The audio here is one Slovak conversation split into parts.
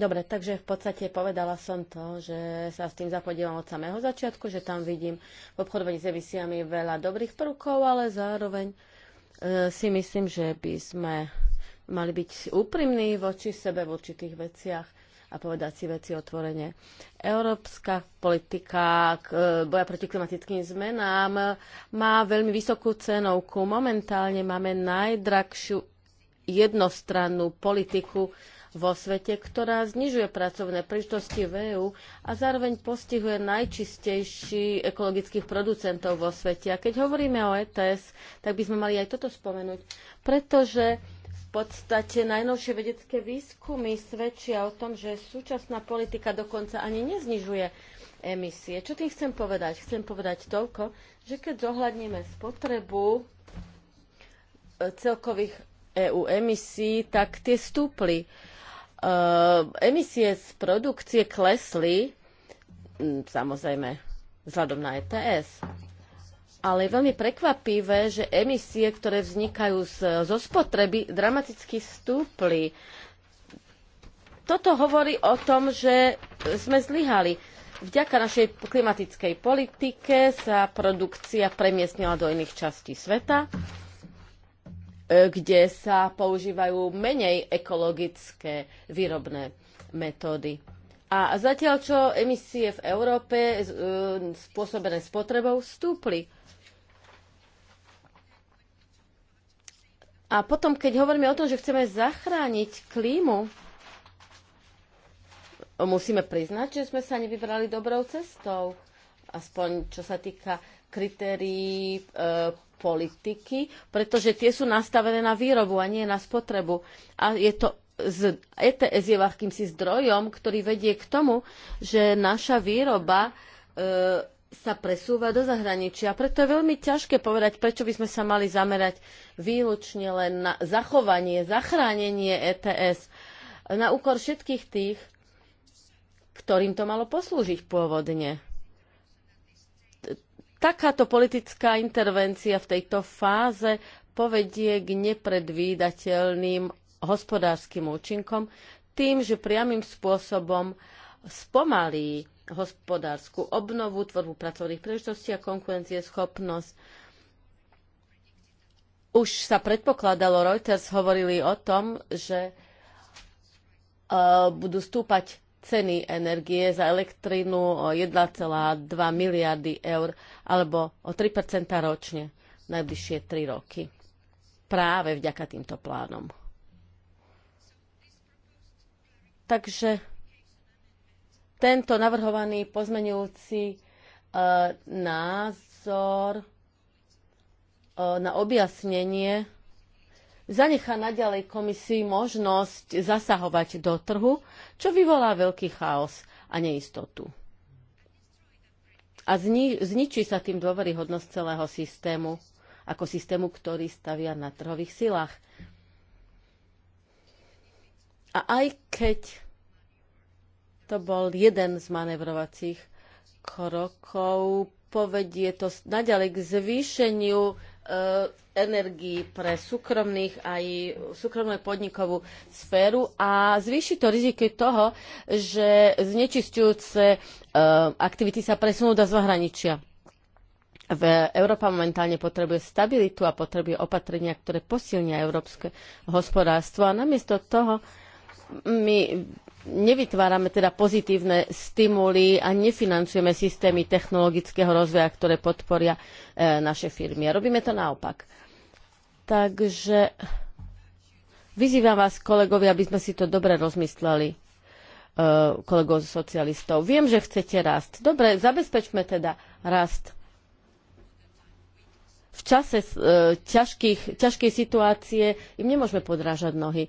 Dobre, takže v podstate povedala som to, že sa s tým zapodívam od samého začiatku, že tam vidím v obchodovaní s emisiami veľa dobrých prvkov, ale zároveň e, si myslím, že by sme mali byť úprimní voči sebe v určitých veciach a povedať si veci otvorene. Európska politika e, boja proti klimatickým zmenám má veľmi vysokú cenovku. Momentálne máme najdrahšiu jednostrannú politiku vo svete, ktorá znižuje pracovné príležitosti v EÚ a zároveň postihuje najčistejší ekologických producentov vo svete. A keď hovoríme o ETS, tak by sme mali aj toto spomenúť, pretože v podstate najnovšie vedecké výskumy svedčia o tom, že súčasná politika dokonca ani neznižuje emisie. Čo tým chcem povedať? Chcem povedať toľko, že keď zohľadníme spotrebu e, celkových EU emisí, tak tie stúpli Eh, emisie z produkcie klesli, mm, samozrejme vzhľadom na ETS, ale je veľmi prekvapivé, že emisie, ktoré vznikajú z, zo spotreby, dramaticky stúpli. Toto hovorí o tom, že sme zlyhali. Vďaka našej klimatickej politike sa produkcia premiestnila do iných častí sveta E, kde sa používajú menej ekologické výrobné metódy. A zatiaľ, čo emisie v Európe e, spôsobené spotrebou vstúpli. A potom, keď hovoríme o tom, že chceme zachrániť klímu, musíme priznať, že sme sa nevybrali dobrou cestou. Aspoň čo sa týka kritérií e, politiky, pretože tie sú nastavené na výrobu a nie na spotrebu. A je to z ETS je si zdrojom, ktorý vedie k tomu, že naša výroba e, sa presúva do zahraničia. Preto je veľmi ťažké povedať, prečo by sme sa mali zamerať výlučne len na zachovanie, zachránenie ETS na úkor všetkých tých, ktorým to malo poslúžiť pôvodne Takáto politická intervencia v tejto fáze povedie k nepredvídateľným hospodárskym účinkom tým, že priamým spôsobom spomalí hospodárskú obnovu, tvorbu pracovných príležitostí a konkurencieschopnosť. Už sa predpokladalo, Reuters hovorili o tom, že e, budú stúpať ceny energie za elektrínu o 1,2 miliardy eur alebo o 3 ročne najbližšie 3 roky. Práve vďaka týmto plánom. Takže tento navrhovaný pozmenujúci e, názor e, na objasnenie zanechá naďalej komisii možnosť zasahovať do trhu, čo vyvolá veľký chaos a neistotu. A zni- zničí sa tým dôveryhodnosť celého systému, ako systému, ktorý stavia na trhových silách. A aj keď to bol jeden z manevrovacích krokov, povedie to naďalej k zvýšeniu Eh, energii pre súkromných aj súkromnú podnikovú sféru a zvýši to riziko toho, že znečisťujúce eh, aktivity sa presunú do zahraničia. V Európa momentálne potrebuje stabilitu a potrebuje opatrenia, ktoré posilnia európske hospodárstvo a namiesto toho my nevytvárame teda pozitívne stimuly a nefinancujeme systémy technologického rozvoja, ktoré podporia e, naše firmy. A robíme to naopak. Takže vyzývam vás, kolegovi, aby sme si to dobre rozmysleli, e, kolegov socialistov. Viem, že chcete rast. Dobre, zabezpečme teda rast v čase e, ťažkých, ťažkej situácie im nemôžeme podrážať nohy.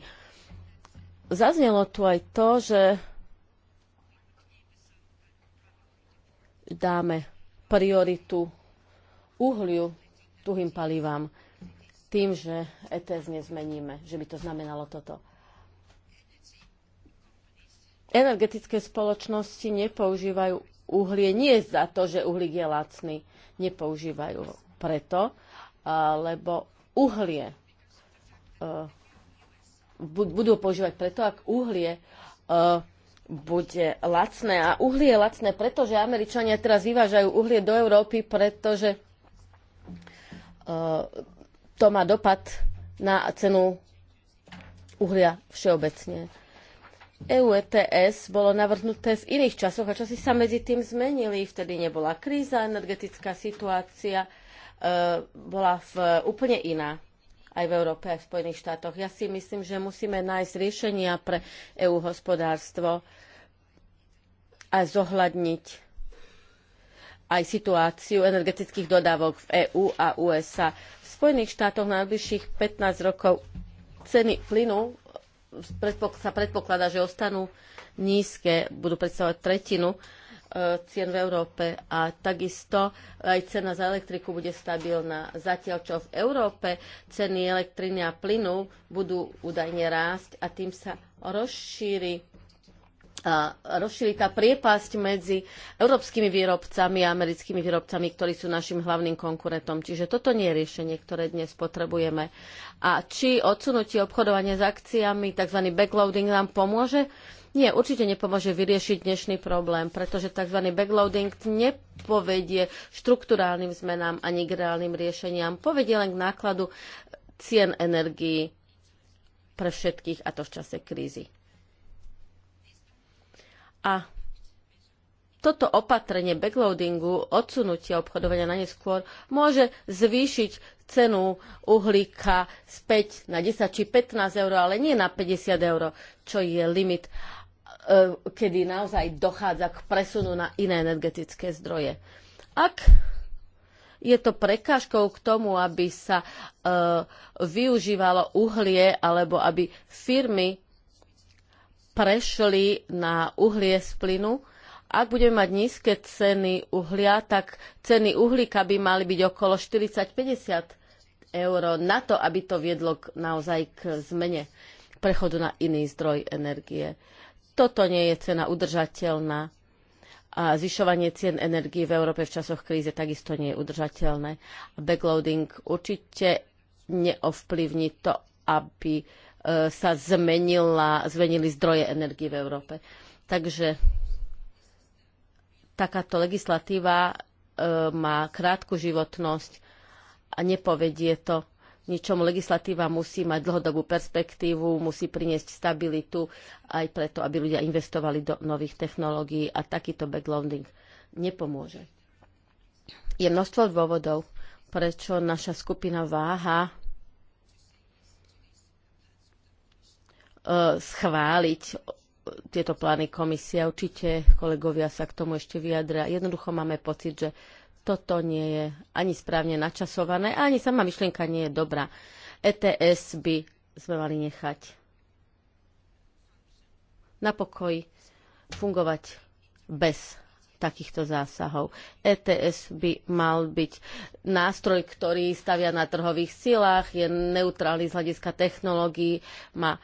Zaznelo tu aj to, že dáme prioritu uhliu, tuhým palivám, tým, že ETS nezmeníme, že by to znamenalo toto. Energetické spoločnosti nepoužívajú uhlie nie za to, že uhlík je lacný. Nepoužívajú preto, lebo uhlie e, budú používať preto, ak uhlie uh, bude lacné. A uhlie je lacné, pretože Američania teraz vyvážajú uhlie do Európy, pretože uh, to má dopad na cenu uhlia všeobecne. EU ETS bolo navrhnuté v iných časoch a časy sa medzi tým zmenili. Vtedy nebola kríza, energetická situácia uh, bola v, úplne iná aj v Európe, aj v Spojených štátoch. Ja si myslím, že musíme nájsť riešenia pre EU hospodárstvo a zohľadniť aj situáciu energetických dodávok v EÚ a USA. V Spojených štátoch na najbližších 15 rokov ceny plynu sa predpokladá, že ostanú nízke, budú predstavovať tretinu cien v Európe a takisto aj cena za elektriku bude stabilná. Zatiaľ, čo v Európe ceny elektriny a plynu budú údajne rásť a tým sa rozšíri a rozšíri tá priepasť medzi európskymi výrobcami a americkými výrobcami, ktorí sú našim hlavným konkurentom. Čiže toto nie je riešenie, ktoré dnes potrebujeme. A či odsunutie obchodovania s akciami, tzv. backloading, nám pomôže? Uh, nie, určite nepomôže vyriešiť dnešný problém, pretože tzv. backloading nepovedie štruktúrálnym zmenám ani k reálnym riešeniam. Povedie len k nákladu cien energií pre všetkých, a to v čase krízy. A toto opatrenie backloadingu, odsunutie obchodovania na neskôr, môže zvýšiť cenu uhlíka späť na 10 či 15 eur, ale nie na 50 eur, čo je limit. E, kedy naozaj dochádza k presunu na iné energetické zdroje. Ak je to prekážkou k tomu, aby sa e, využívalo uhlie alebo aby firmy prešli na uhlie z plynu, ak budeme mať nízke ceny uhlia, tak ceny uhlíka by mali byť okolo 40-50 eur na to, aby to viedlo k, naozaj k zmene prechodu na iný zdroj energie. Uh, toto nie je cena udržateľná a zvyšovanie cien energii v Európe v časoch kríze takisto nie je udržateľné. Backloading určite neovplyvní to, aby e, sa zmenila, zmenili zdroje energii v Európe. Takže takáto legislatíva e, má krátku životnosť a nepovedie to Ničom legislatíva musí mať dlhodobú perspektívu, musí priniesť stabilitu aj preto, aby ľudia investovali do nových technológií a takýto backloading nepomôže. Je množstvo dôvodov, prečo naša skupina váha eh, schváliť tieto plány komisie. Určite kolegovia sa k tomu ešte vyjadria. Jednoducho máme pocit, že toto nie je ani správne načasované, ani sama myšlienka nie je dobrá. ETS by sme mali nechať na pokoj fungovať bez takýchto zásahov. ETS by mal byť nástroj, ktorý stavia na trhových silách, je neutrálny z hľadiska technológií, má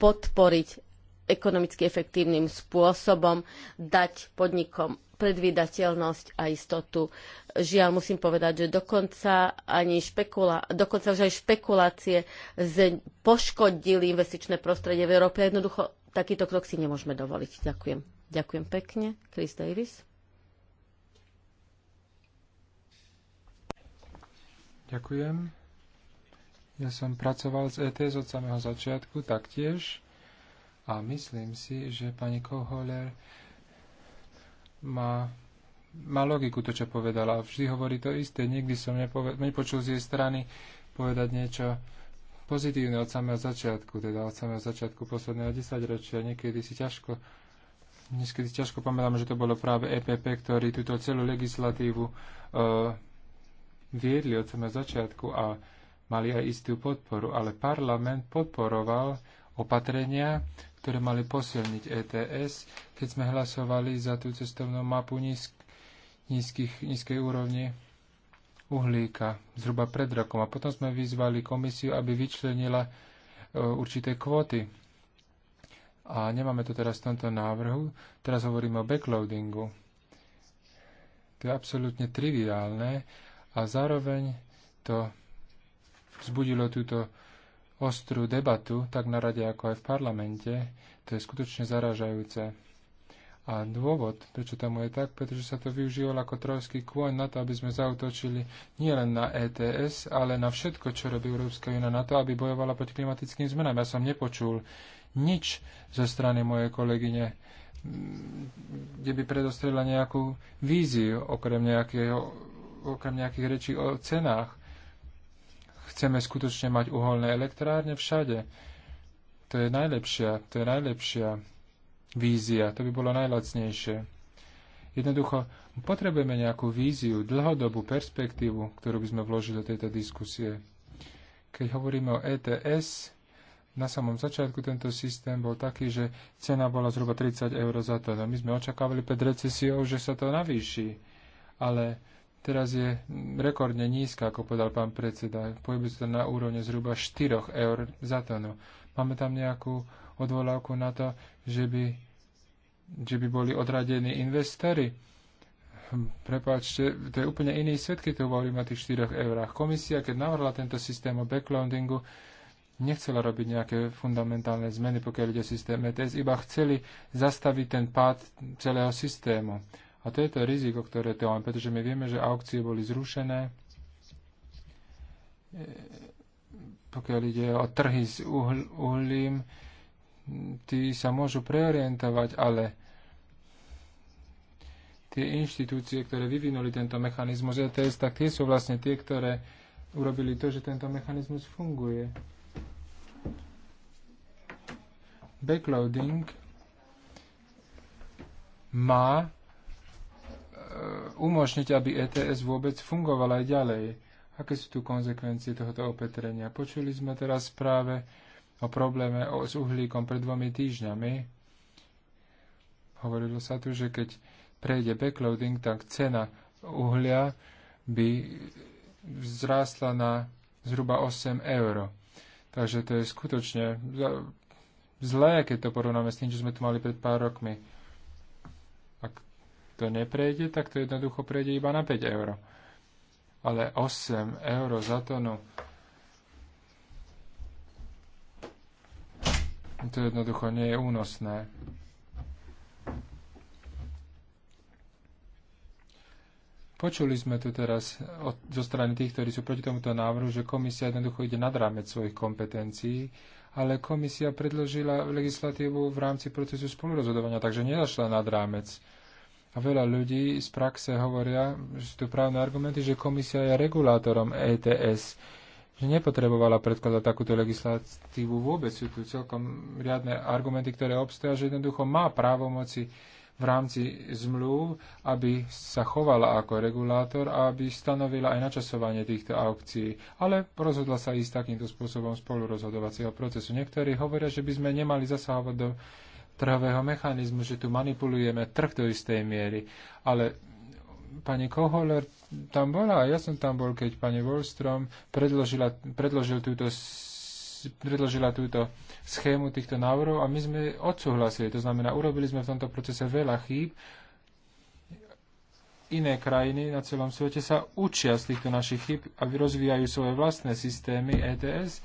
podporiť ekonomicky efektívnym spôsobom, dať podnikom predvídateľnosť a istotu. Žiaľ, musím povedať, že dokonca, ani špekula, dokonca už aj špekulácie z, poškodili investičné prostredie v Európe. Jednoducho takýto krok si nemôžeme dovoliť. Ďakujem. Ďakujem pekne. Chris Davis. Ďakujem. Ja som pracoval s ETS od samého začiatku taktiež a myslím si, že pani Koholer má, má logiku to, čo povedala. Vždy hovorí to isté. Nikdy som nepoved- nepočul z jej strany povedať niečo pozitívne od samého začiatku, teda od samého začiatku posledného desaťročia. Niekedy si ťažko Niekedy ťažko pamätám, že to bolo práve EPP, ktorí túto celú legislatívu uh, viedli od samého začiatku a mali aj istú podporu, ale parlament podporoval opatrenia, ktoré mali posilniť ETS. Keď sme hlasovali za tú cestovnú mapu nízk, nízkych, nízkej úrovne uhlíka, zhruba pred rokom. A potom sme vyzvali komisiu, aby vyčlenila e, určité kvóty. A nemáme to teraz v tomto návrhu. Teraz hovoríme o backloadingu. To je absolútne triviálne a zároveň to vzbudilo túto ostrú debatu, tak na rade ako aj v parlamente, to je skutočne zaražajúce. A dôvod, prečo tomu je tak, pretože sa to využívalo ako trojský kôň na to, aby sme zautočili nielen na ETS, ale na všetko, čo robí Európska únia na to, aby bojovala proti klimatickým zmenám. Ja som nepočul nič zo strany mojej kolegyne, mm, kde by predostrela nejakú víziu, okrem, nejakého, okrem nejakých rečí o cenách chceme skutočne mať uholné elektrárne všade. To je najlepšia, to je najlepšia vízia, to by bolo najlacnejšie. Jednoducho, potrebujeme nejakú víziu, dlhodobú perspektívu, ktorú by sme vložili do tejto diskusie. Keď hovoríme o ETS, na samom začiatku tento systém bol taký, že cena bola zhruba 30 eur za No My sme očakávali pred recesiou, že sa to navýši, ale teraz je rekordne nízka, ako povedal pán predseda. Pohybuje sa to na úrovne zhruba 4 eur za tonu. Máme tam nejakú odvolávku na to, že by, že by boli odradení investori. Prepáčte, to je úplne iný svet, keď to hovoríme o tých 4 eurách. Komisia, keď navrhla tento systém o backloadingu, nechcela robiť nejaké fundamentálne zmeny, pokiaľ ide o systém ETS, iba chceli zastaviť ten pád celého systému. A to je to riziko, ktoré to máme, pretože my vieme, že aukcie boli zrušené, e, pokiaľ ide o trhy s uhl- uhlím, tí sa môžu preorientovať, ale tie inštitúcie, ktoré vyvinuli tento mechanizmus ETS, tak tie sú vlastne tie, ktoré urobili to, že tento mechanizmus funguje. Backloading má Eh, umožniť, aby ETS vôbec fungoval aj ďalej. Aké sú tu konsekvencie tohoto opetrenia? Počuli sme teraz práve o probléme s uhlíkom pred dvomi týždňami. Hovorilo sa tu, že keď prejde backloading, tak cena uhlia by vzrástla na zhruba 8 eur. Takže to je skutočne zlé, keď to porovnáme s tým, čo sme tu mali pred pár rokmi to neprejde, tak to jednoducho prejde iba na 5 eur. Ale 8 eur za tonu to jednoducho nie je únosné. Počuli sme tu teraz od, zo strany tých, ktorí sú proti tomuto návrhu, že komisia jednoducho ide nad rámec svojich kompetencií, ale komisia predložila legislatívu v rámci procesu spolurozhodovania, takže nezašla nad rámec a veľa ľudí z praxe hovoria, že sú tu právne argumenty, že komisia je regulátorom ETS, že nepotrebovala predkladať takúto legislatívu vôbec. Sú tu celkom riadne argumenty, ktoré obstoja, že jednoducho má právomoci v rámci zmluv, aby sa chovala ako regulátor a aby stanovila aj načasovanie týchto aukcií. Ale rozhodla sa ísť takýmto spôsobom spolurozhodovacieho procesu. Niektorí hovoria, že by sme nemali zasahovať do trhového mechanizmu, že tu manipulujeme trh do istej miery. Ale pani Koholer tam bola, ja som tam bol, keď pani Wallstrom predložila, predložil túto predložila túto schému týchto návrhov a my sme odsúhlasili. To znamená, urobili sme v tomto procese veľa chýb. Iné krajiny na celom svete sa učia z týchto našich chýb a rozvíjajú svoje vlastné systémy ETS,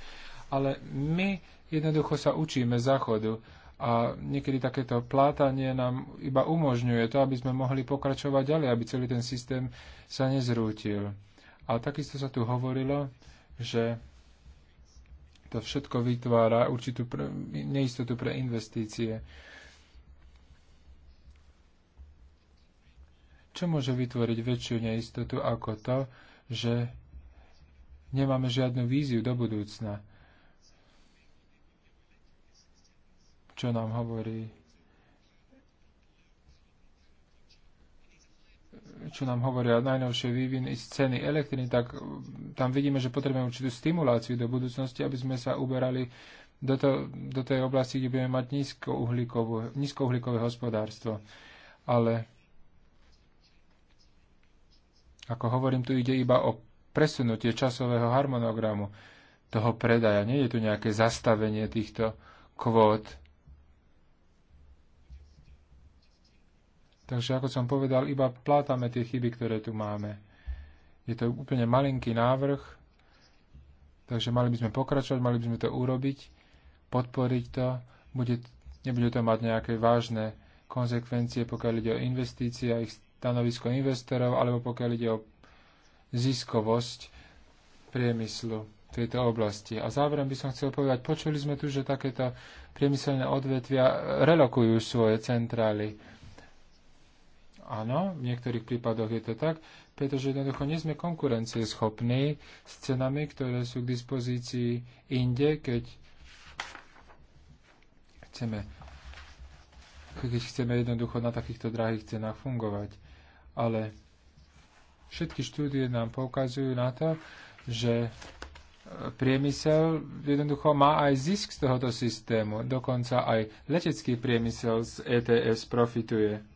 ale my jednoducho sa učíme záchodu a niekedy takéto plátanie nám iba umožňuje to, aby sme mohli pokračovať ďalej, aby celý ten systém sa nezrútil. A takisto sa tu hovorilo, že to všetko vytvára určitú pre, neistotu pre investície. Čo môže vytvoriť väčšiu neistotu ako to, že nemáme žiadnu víziu do budúcna? čo nám hovorí čo nám hovoria najnovšie výviny z ceny elektriny, tak tam vidíme, že potrebujeme určitú stimuláciu do budúcnosti, aby sme sa uberali do, to, do tej oblasti, kde budeme mať nízkouhlíkové, nízkouhlíkové hospodárstvo. Ale ako hovorím, tu ide iba o presunutie časového harmonogramu toho predaja. Nie je tu nejaké zastavenie týchto kvót. Takže ako som povedal, iba plátame tie chyby, ktoré tu máme. Je to úplne malinký návrh, takže mali by sme pokračovať, mali by sme to urobiť, podporiť to. Bude, nebude to mať nejaké vážne konsekvencie, pokiaľ ide o investície a ich stanovisko investorov, alebo pokiaľ ide o ziskovosť priemyslu v tejto oblasti. A záverom by som chcel povedať, počuli sme tu, že takéto priemyselné odvetvia relokujú svoje centrály. Áno, v niektorých prípadoch je to tak, pretože jednoducho nie sme konkurencieschopní s cenami, ktoré sú k dispozícii inde, keď chceme, keď chceme jednoducho na takýchto drahých cenách fungovať. Ale všetky štúdie nám poukazujú na to, že e, priemysel jednoducho má aj zisk z tohoto systému. Dokonca aj letecký priemysel z ETS profituje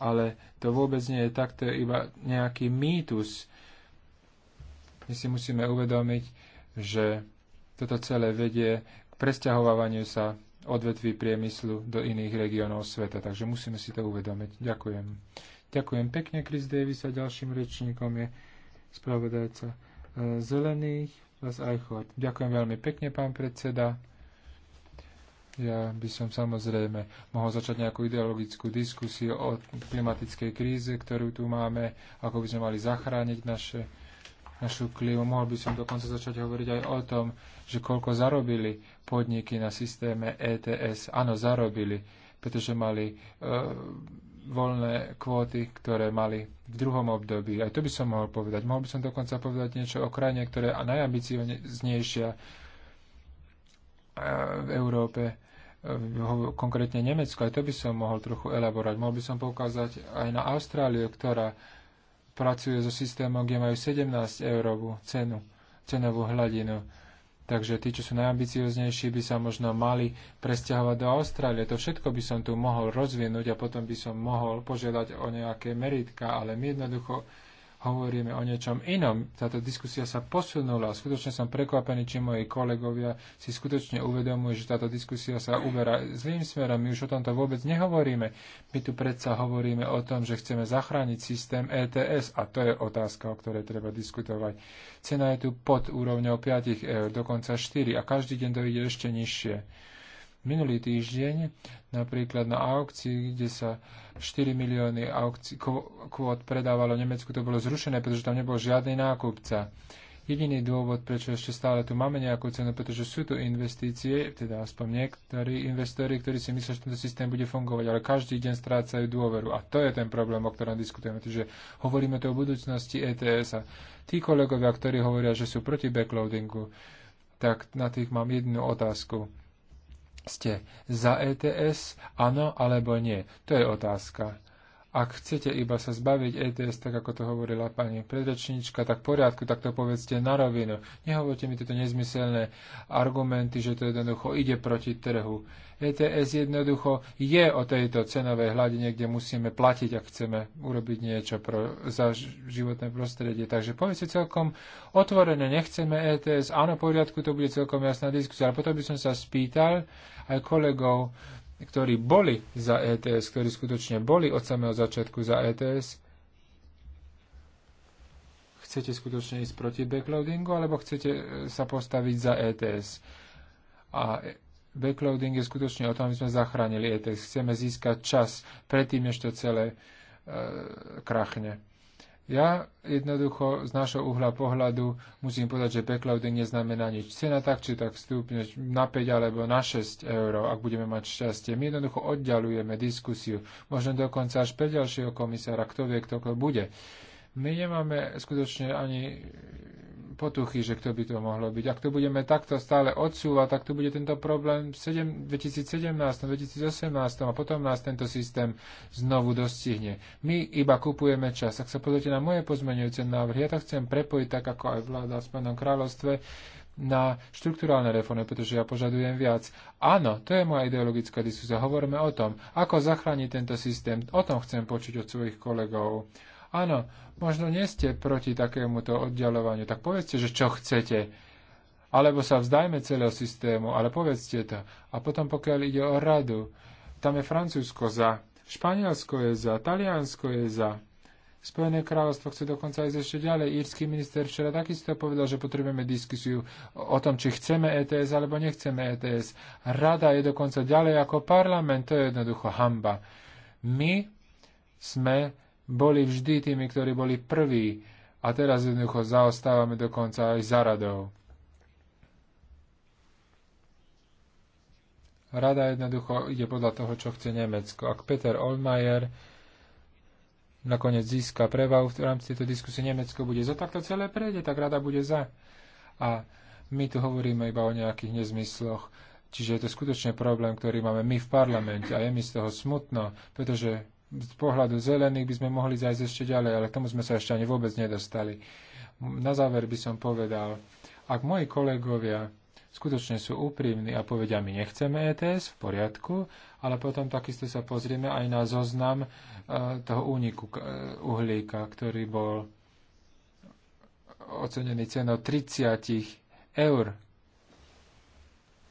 ale to vôbec nie je tak, to je iba nejaký mýtus. My si musíme uvedomiť, že toto celé vedie k presťahovávaniu sa odvetví priemyslu do iných regiónov sveta. Takže musíme si to uvedomiť. Ďakujem. Ďakujem pekne, Chris Davis a ďalším rečníkom je spravodajca eh, zelených, Ďakujem veľmi pekne, pán predseda. Ja by som samozrejme mohol začať nejakú ideologickú diskusiu o klimatickej kríze, ktorú tu máme, ako by sme mali zachrániť naše, našu klímu. Mohol by som dokonca začať hovoriť aj o tom, že koľko zarobili podniky na systéme ETS. Áno, zarobili, pretože mali e, voľné kvóty, ktoré mali v druhom období. Aj to by som mohol povedať. Mohol by som dokonca povedať niečo o krajine, ktoré je najambicioznejšia e, v Európe konkrétne Nemecko, aj to by som mohol trochu elaborať. Mohol by som poukázať aj na Austráliu, ktorá pracuje so systémom, kde majú 17 eurovú cenu, cenovú hladinu. Takže tí, čo sú najambicioznejší, by sa možno mali presťahovať do Austrálie. To všetko by som tu mohol rozvinúť a potom by som mohol požiadať o nejaké meritka, ale my jednoducho hovoríme o niečom inom. Táto diskusia sa posunula. Skutočne som prekvapený, či moji kolegovia si skutočne uvedomujú, že táto diskusia sa uberá zlým smerom. My už o tomto vôbec nehovoríme. My tu predsa hovoríme o tom, že chceme zachrániť systém ETS a to je otázka, o ktorej treba diskutovať. Cena je tu pod úrovňou 5 eur, dokonca 4 a každý deň dojde ešte nižšie. Minulý týždeň napríklad na aukcii, kde sa 4 milióny aukci- kvót predávalo v Nemecku, to bolo zrušené, pretože tam nebol žiadny nákupca. Jediný dôvod, prečo ešte stále tu máme nejakú cenu, pretože sú tu investície, teda aspoň niektorí investori, ktorí si myslia, že tento systém bude fungovať, ale každý deň strácajú dôveru. A to je ten problém, o ktorom diskutujeme. Takže hovoríme tu o budúcnosti ETS. A tí kolegovia, ktorí hovoria, že sú proti backloadingu, tak na tých mám jednu otázku. Ste za ETS, áno alebo nie? To je otázka. Ak chcete iba sa zbaviť ETS, tak ako to hovorila pani predrečníčka, tak v poriadku, tak to povedzte na rovinu. Nehovorte mi tieto nezmyselné argumenty, že to jednoducho ide proti trhu. ETS jednoducho je o tejto cenovej hladine, kde musíme platiť, ak chceme urobiť niečo pro, za životné prostredie. Takže povedzte celkom otvorené, nechceme ETS. Áno, v poriadku, to bude celkom jasná diskusia. Ale potom by som sa spýtal aj kolegov, ktorí boli za ETS, ktorí skutočne boli od samého začiatku za ETS, chcete skutočne ísť proti backloadingu, alebo chcete e, sa postaviť za ETS. A backloading je skutočne o tom, aby sme zachránili ETS. Chceme získať čas predtým, než to celé e, krachne. Ja jednoducho z našho uhla pohľadu musím povedať, že backloading neznamená nič. Cena tak či tak stúpne na 5 alebo na 6 eur, ak budeme mať šťastie. My jednoducho oddialujeme diskusiu, možno dokonca až pre ďalšieho komisára, kto vie, kto to bude. My nemáme skutočne ani potuchy, že kto by to mohlo byť. Ak to budeme takto stále odsúvať, tak tu bude tento problém v 2017, 2018 a potom nás tento systém znovu dostihne. My iba kupujeme čas. Ak sa pozrite na moje pozmeňujúce návrhy, ja to chcem prepojiť tak, ako aj vláda v Spojenom kráľovstve, na štruktúrálne reformy, pretože ja požadujem viac. Áno, to je moja ideologická diskusia. Hovoríme o tom, ako zachrániť tento systém. O tom chcem počuť od svojich kolegov. Áno, možno nie ste proti takémuto oddialovaniu, tak povedzte, že čo chcete. Alebo sa vzdajme celého systému, ale povedzte to. A potom pokiaľ ide o radu, tam je Francúzsko za, Španielsko je za, Taliansko je za. Spojené kráľovstvo chce dokonca ísť ešte ďalej. Írsky minister včera takisto povedal, že potrebujeme diskusiu o tom, či chceme ETS alebo nechceme ETS. Rada je dokonca ďalej ako parlament, to je jednoducho hamba. My sme boli vždy tými, ktorí boli prví a teraz jednoducho zaostávame dokonca aj za radou. Rada jednoducho ide podľa toho, čo chce Nemecko. Ak Peter Olmayer nakoniec získa prevahu v rámci tejto diskusie, Nemecko bude za, tak to celé prejde, tak rada bude za. A my tu hovoríme iba o nejakých nezmysloch. Čiže je to skutočne problém, ktorý máme my v parlamente a je mi z toho smutno, pretože z pohľadu zelených by sme mohli zajsť ešte ďalej, ale k tomu sme sa ešte ani vôbec nedostali. Na záver by som povedal, ak moji kolegovia skutočne sú úprimní a povedia, my nechceme ETS, v poriadku, ale potom takisto sa pozrieme aj na zoznam e, toho úniku e, uhlíka, ktorý bol ocenený cenou 30 eur.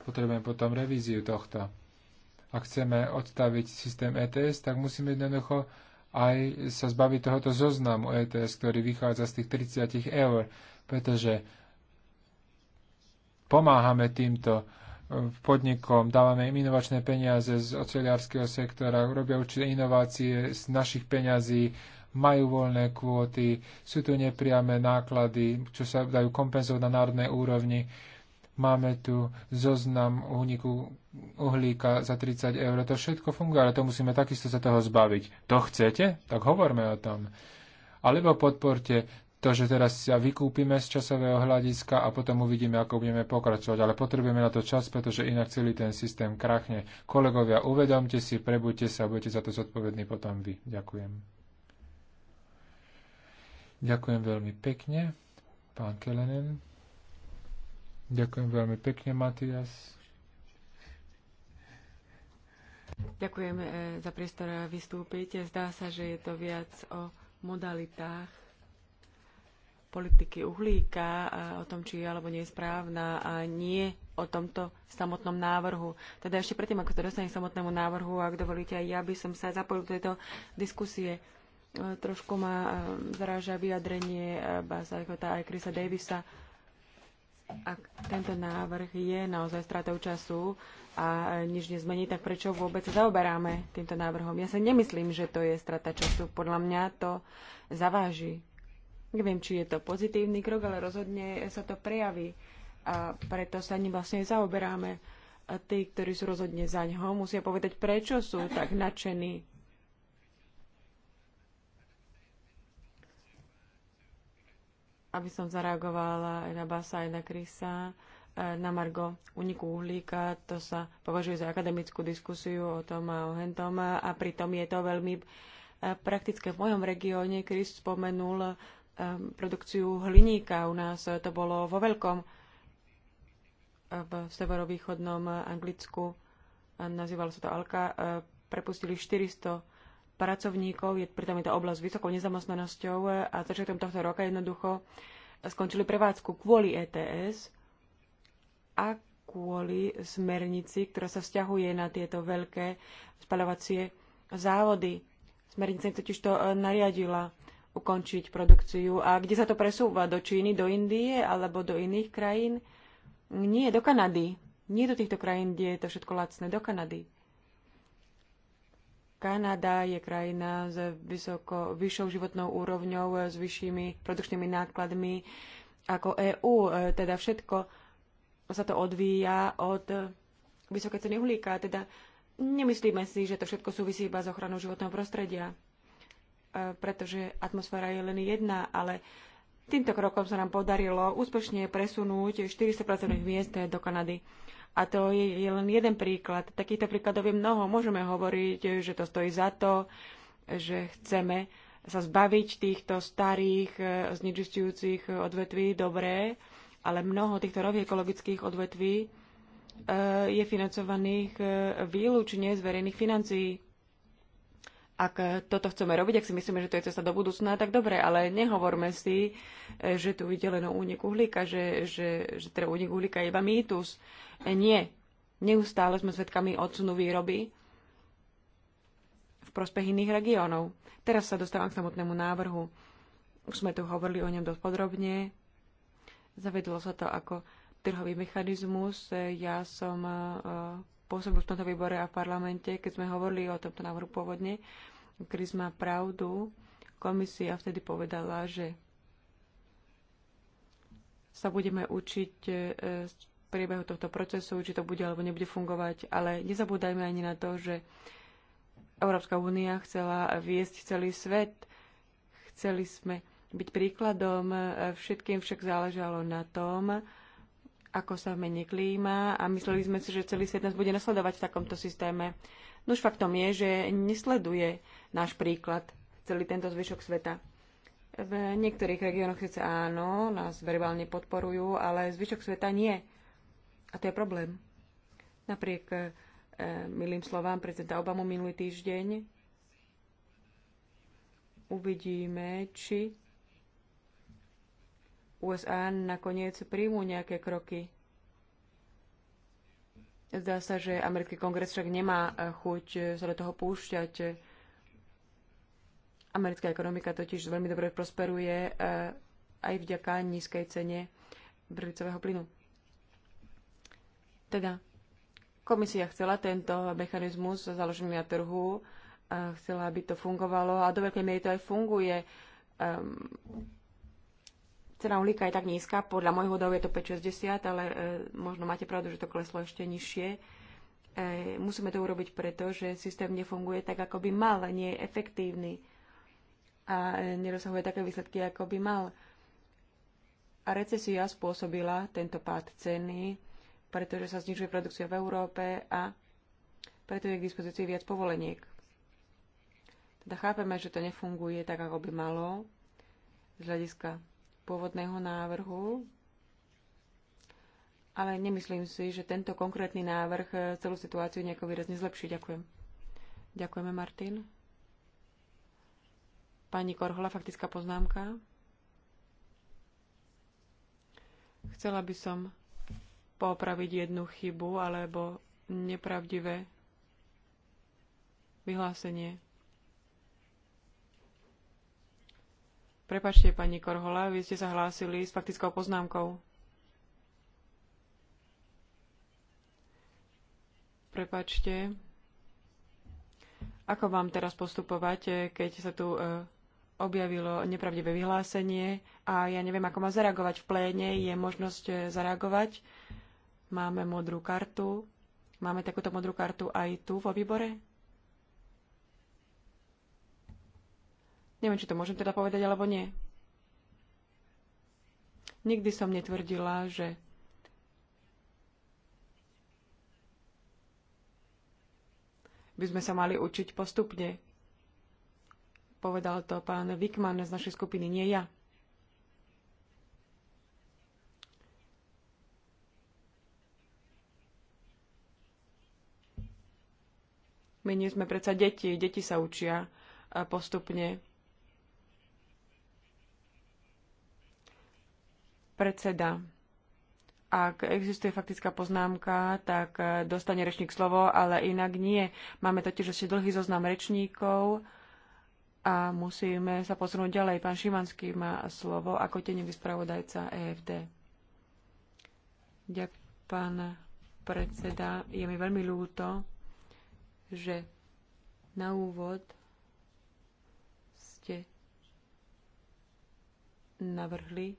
Potrebujem potom revíziu tohto. Ak chceme odstaviť systém ETS, tak musíme jednoducho aj sa zbaviť tohoto zoznamu ETS, ktorý vychádza z tých 30 eur, pretože pomáhame týmto e, podnikom, dávame im inovačné peniaze z oceliarského sektora, robia určité inovácie z našich peňazí, majú voľné kvóty, sú tu nepriame náklady, čo sa dajú kompenzovať na národnej úrovni. Máme tu zoznam úniku uhlíka za 30 eur. To všetko funguje, ale to musíme takisto sa toho zbaviť. To chcete? Tak hovorme o tom. Alebo podporte to, že teraz sa vykúpime z časového hľadiska a potom uvidíme, ako budeme pokračovať. Ale potrebujeme na to čas, pretože inak celý ten systém krachne. Kolegovia, uvedomte si, prebuďte sa a budete za to zodpovední potom vy. Ďakujem. Ďakujem veľmi pekne, pán Kelenen. Ďakujem veľmi pekne, Matias. Ďakujem eh, za priestor vystúpiť. Zdá sa, že je to viac o modalitách politiky uhlíka a o tom, či je alebo nie je správna a nie o tomto samotnom návrhu. Teda ešte predtým, ako sa dostane k samotnému návrhu, ak dovolíte, aj ja by som sa zapojil do tejto diskusie. Eh, trošku ma eh, zaráža vyjadrenie Basa aj Krisa Davisa, ak tento návrh je naozaj stratou času a nič nezmení, tak prečo vôbec sa zaoberáme týmto návrhom? Ja sa nemyslím, že to je strata času. Podľa mňa to zaváži. Neviem, či je to pozitívny krok, ale rozhodne sa to prejaví. A preto sa ním vlastne zaoberáme. A tí, ktorí sú rozhodne za ňoho, musia povedať, prečo sú tak nadšení aby som zareagovala aj na Basa, aj na Krisa, e, na Margo uniku uhlíka. To sa považuje za akademickú diskusiu o tom a o hentom a pritom je to veľmi e, praktické. V mojom regióne Kris spomenul e, produkciu hliníka. U nás to bolo vo veľkom v severovýchodnom Anglicku. Nazývalo sa to Alka. Prepustili 400 pracovníkov, je pritom je to oblasť s vysokou nezamestnanosťou eh, a začiatkom tohto roka jednoducho skončili prevádzku kvôli ETS a kvôli smernici, ktorá sa vzťahuje na tieto veľké spalovacie závody. Smernica totiž to eh, nariadila ukončiť produkciu. A kde sa to presúva? Do Číny, do Indie alebo do iných krajín? Nie, do Kanady. Nie do týchto krajín, kde je to všetko lacné. Do Kanady. Kanada je krajina s vysoko, vyššou životnou úrovňou, s vyššími produkčnými nákladmi ako EÚ. E, teda všetko sa to odvíja od vysokej ceny uhlíka. Teda nemyslíme si, že to všetko súvisí iba s ochranou životného prostredia, e, pretože atmosféra je len jedna, ale týmto krokom sa nám podarilo úspešne presunúť 400 pracovných miest do Kanady. A to je len jeden príklad. Takýchto príkladov je mnoho. Môžeme hovoriť, že to stojí za to, že chceme sa zbaviť týchto starých e, znečistujúcich odvetví, dobré, ale mnoho týchto nových ekologických odvetví e, je financovaných e, výlučne z verejných financií ak toto chceme robiť, ak si myslíme, že to je cesta do budúcna, tak dobre, ale nehovorme si, e, že tu ide len o únik uhlíka, že, že, že teda únik uhlíka je iba mýtus. E, nie. Neustále sme svedkami odsunu výroby v prospech iných regiónov. Teraz sa dostávam k samotnému návrhu. Už sme tu hovorili o ňom dosť podrobne. Zavedlo sa to ako trhový mechanizmus. E, ja som pôsobil v tomto výbore a v parlamente, keď sme hovorili o tomto návrhu pôvodne, Chris má pravdu. Komisia vtedy povedala, že sa budeme učiť e, z priebehu tohto procesu, či to bude alebo nebude fungovať. Ale nezabúdajme ani na to, že Európska únia chcela viesť celý svet. Chceli sme byť príkladom. E, všetkým však záležalo na tom, ako sa mení klíma a mysleli sme si, že celý svet nás bude nasledovať v takomto systéme. Nuž no faktom je, že nesleduje náš príklad celý tento zvyšok sveta. V niektorých regiónoch síce áno, nás verbálne podporujú, ale zvyšok sveta nie. A to je problém. Napriek e, milým slovám prezidenta Obamu minulý týždeň uvidíme, či USA nakoniec príjmu nejaké kroky Zdá sa, že americký kongres však nemá e, chuť e, sa do toho púšťať. Americká ekonomika totiž veľmi dobre prosperuje e, aj vďaka nízkej cene brlicového plynu. Teda, komisia chcela tento mechanizmus založený na trhu, chcela, aby to fungovalo a do veľkej miery to aj funguje. Um, Cena uhlíka je tak nízka, podľa môjho údajov je to 5,60, ale e, možno máte pravdu, že to kleslo ešte nižšie. E, musíme to urobiť preto, že systém nefunguje tak, ako by mal, nie je efektívny a e, nerozsahuje také výsledky, ako by mal. A recesia spôsobila tento pád ceny, pretože sa znižuje produkcia v Európe a preto je k dispozícii viac povoleniek. Teda chápeme, že to nefunguje tak, ako by malo z hľadiska pôvodného návrhu, ale nemyslím si, že tento konkrétny návrh celú situáciu nejako výrazne zlepší. Ďakujem. Ďakujeme, Martin. Pani Korhola, faktická poznámka. Chcela by som popraviť jednu chybu alebo nepravdivé vyhlásenie. Prepačte, pani Korhola, vy ste sa hlásili s faktickou poznámkou. Prepačte. Ako mám teraz postupovať, eh, keď sa tu eh, objavilo nepravdivé vyhlásenie a ja neviem, ako mám zareagovať v pléne. Je možnosť eh, zareagovať. Máme modrú kartu. Máme takúto modrú kartu aj tu vo výbore? Neviem, či to môžem teda povedať alebo nie. Nikdy som netvrdila, že by sme sa mali učiť postupne. Povedal to pán Vikman z našej skupiny, nie ja. My nie sme predsa deti, deti sa učia postupne. Predseda, ak existuje faktická poznámka, tak eh, dostane rečník slovo, ale inak nie. Máme totiž ešte dlhý zoznam rečníkov a musíme sa posunúť ďalej. Pán Šimanský má slovo ako tenevý spravodajca EFD. Ďakujem, pán predseda. Je mi veľmi ľúto, že na úvod ste navrhli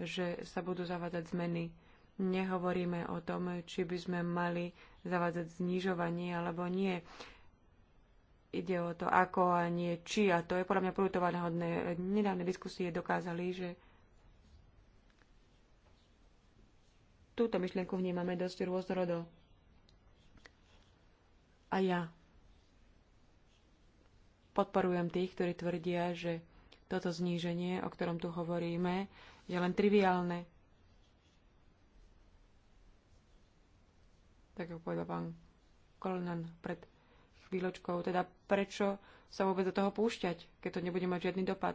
že sa budú zavádzať zmeny. Nehovoríme o tom, či by sme mali zavádzať znižovanie alebo nie. Ide o to, ako a nie či. A to je podľa mňa prútované hodné. Nedávne diskusie dokázali, že túto myšlienku vnímame dosť rôznorodo. A ja podporujem tých, ktorí tvrdia, že toto zníženie, o ktorom tu hovoríme, je len triviálne. Tak ako povedal pán Kolnan pred chvíľočkou, teda prečo sa vôbec do toho púšťať, keď to nebude mať žiadny dopad.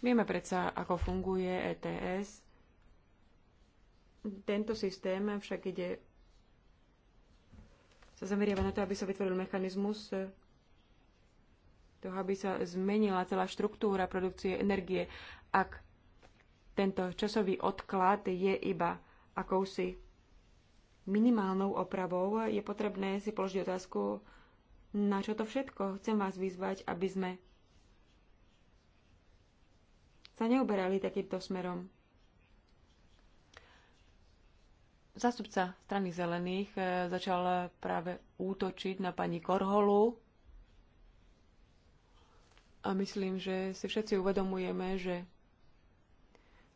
Vieme predsa, ako funguje ETS. Tento systém však ide sa zameriava na to, aby sa vytvoril mechanizmus toho, aby sa zmenila celá štruktúra produkcie energie. Ak tento časový odklad je iba akousi minimálnou opravou. Je potrebné si položiť otázku, na čo to všetko. Chcem vás vyzvať, aby sme sa neuberali takýmto smerom. Zástupca strany zelených e, začal práve útočiť na pani Korholu a myslím, že si všetci uvedomujeme, že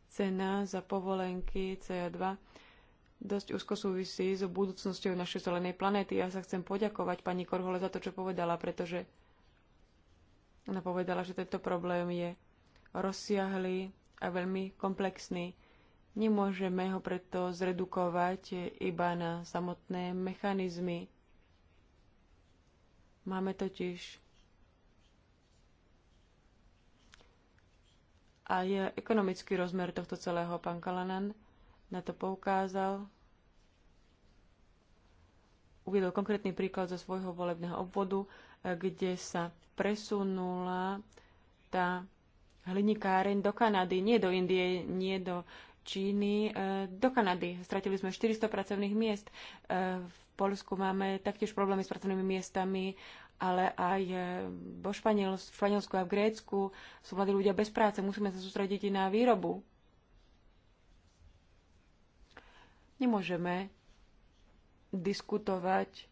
cena za povolenky CO2 dosť úzko súvisí s budúcnosťou našej zelenej planéty. Ja sa chcem poďakovať pani Korhole za to, čo povedala, pretože ona povedala, že tento problém je rozsiahly a veľmi komplexný. Nemôžeme ho preto zredukovať iba na samotné mechanizmy. Máme totiž aj ekonomický rozmer tohto celého. Pán Kalanan na to poukázal. Uviedol konkrétny príklad zo svojho volebného obvodu, eh, kde sa presunula tá hlinikáreň do Kanady, nie do Indie, nie do Číny, eh, do Kanady. Stratili sme 400 pracovných miest. Eh, v Polsku máme taktiež problémy s pracovnými miestami ale aj e, vo Španielsku, Španielsku a v Grécku sú mladí ľudia bez práce. Musíme sa sústrediť na výrobu. Nemôžeme diskutovať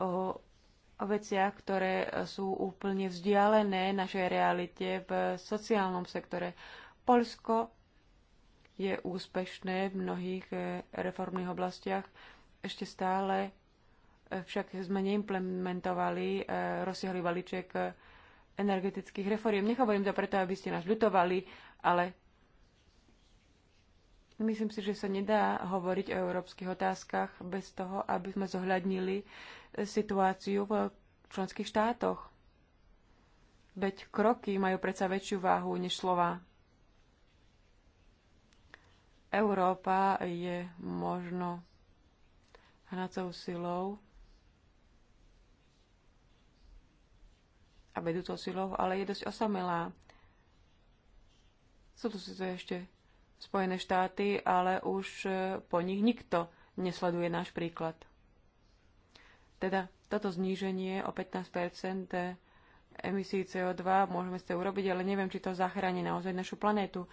o veciach, ktoré sú úplne vzdialené našej realite v sociálnom sektore. Polsko je úspešné v mnohých e, reformných oblastiach. Ešte stále však sme neimplementovali eh, rozsiahly balíček eh, energetických reforiem. Nehovorím to preto, aby ste nás ľutovali, ale myslím si, že sa nedá hovoriť o európskych otázkach bez toho, aby sme zohľadnili eh, situáciu v členských štátoch. Veď kroky majú predsa väčšiu váhu než slova. Európa je možno hnacou silou a vedú to silou, ale je dosť osamelá. Sú tu to ešte Spojené štáty, ale už e, po nich nikto nesleduje náš príklad. Teda toto zníženie o 15 e, emisí CO2 môžeme ste urobiť, ale neviem, či to zachráni naozaj našu planétu.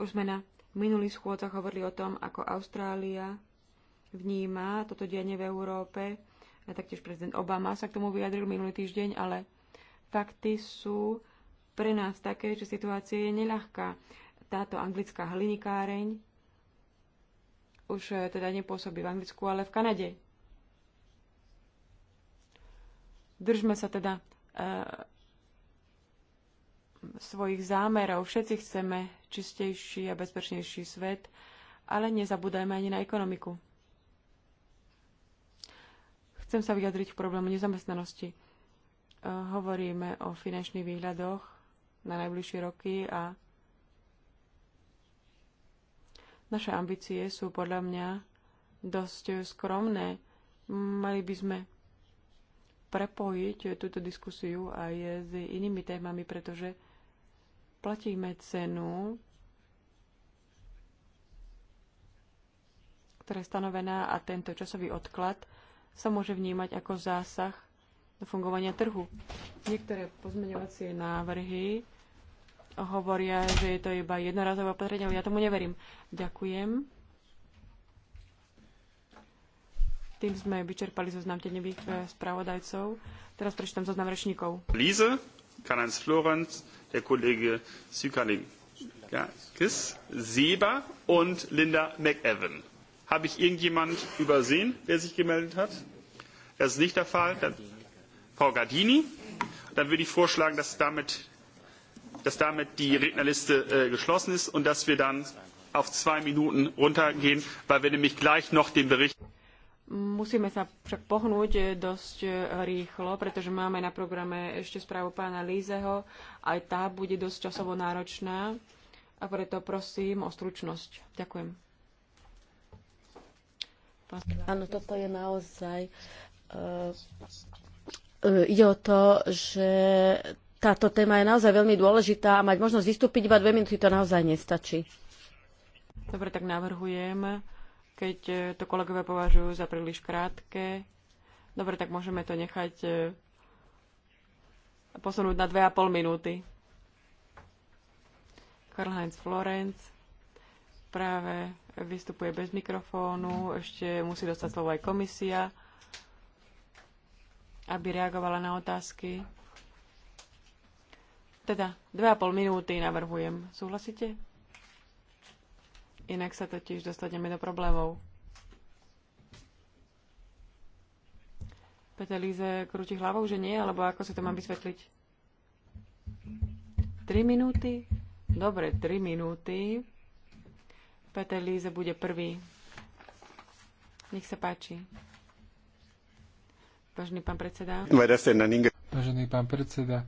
Už sme na minulých schôdzach hovorili o tom, ako Austrália vníma toto dianie v Európe. A taktiež prezident Obama sa k tomu vyjadril minulý týždeň, ale fakty sú pre nás také, že situácia je neľahká. Táto anglická hlinikáreň už eh, teda nepôsobí v Anglicku, ale v Kanade. Držme sa teda e svojich zámerov. Všetci chceme čistejší a bezpečnejší svet, ale nezabúdajme ani na ekonomiku. Chcem sa vyjadriť k problému nezamestnanosti hovoríme o finančných výhľadoch na najbližšie roky a naše ambície sú podľa mňa dosť skromné. Mali by sme prepojiť túto diskusiu aj s inými témami, pretože platíme cenu, ktorá je stanovená a tento časový odklad sa môže vnímať ako zásah do fungovania trhu. Niektoré pozmeňovacie návrhy hovoria, že je to iba jednorazové opatrenie, ale ja tomu neverím. Ďakujem. Tým sme vyčerpali zoznam tenevých e, spravodajcov. Teraz prečítam zoznam rečníkov. Líze, Karl-Heinz Florenz, der Kollege Sükaling. Ja, Chris Seber und Linda McEwan. Habe ich irgendjemand übersehen, der sich gemeldet hat? Das ist nicht der Fall. Dann Frau Gardini. Dann würde ich vorschlagen, dass damit, dass damit die Rednerliste äh, geschlossen ist und dass wir dann auf zwei Minuten runtergehen, weil wir nämlich gleich noch den Bericht. Musíme sa však pohnúť äh, dosť äh, rýchlo, pretože máme na programe ešte správu pána Lízeho. Aj tá bude dosť časovo náročná a preto prosím o stručnosť. Ďakujem. Áno, toto je naozaj uh, E, ide o to, že táto téma je naozaj veľmi dôležitá a mať možnosť vystúpiť iba dve minúty to naozaj nestačí. Dobre, tak navrhujem, keď e, to kolegovia považujú za príliš krátke, dobre, tak môžeme to nechať e, posunúť na dve a pol minúty. Karl-Heinz Florenc práve vystupuje bez mikrofónu, ešte musí dostať slovo aj komisia aby reagovala na otázky. Teda, dve a pol minúty navrhujem. Súhlasíte? Inak sa totiž dostaneme do problémov. Peter Líze krúti hlavou, že nie, alebo ako si to mám vysvetliť? Tri minúty? Dobre, tri minúty. Peter Líze bude prvý. Nech sa páči. Vážený pán predseda. Vážený pán predseda,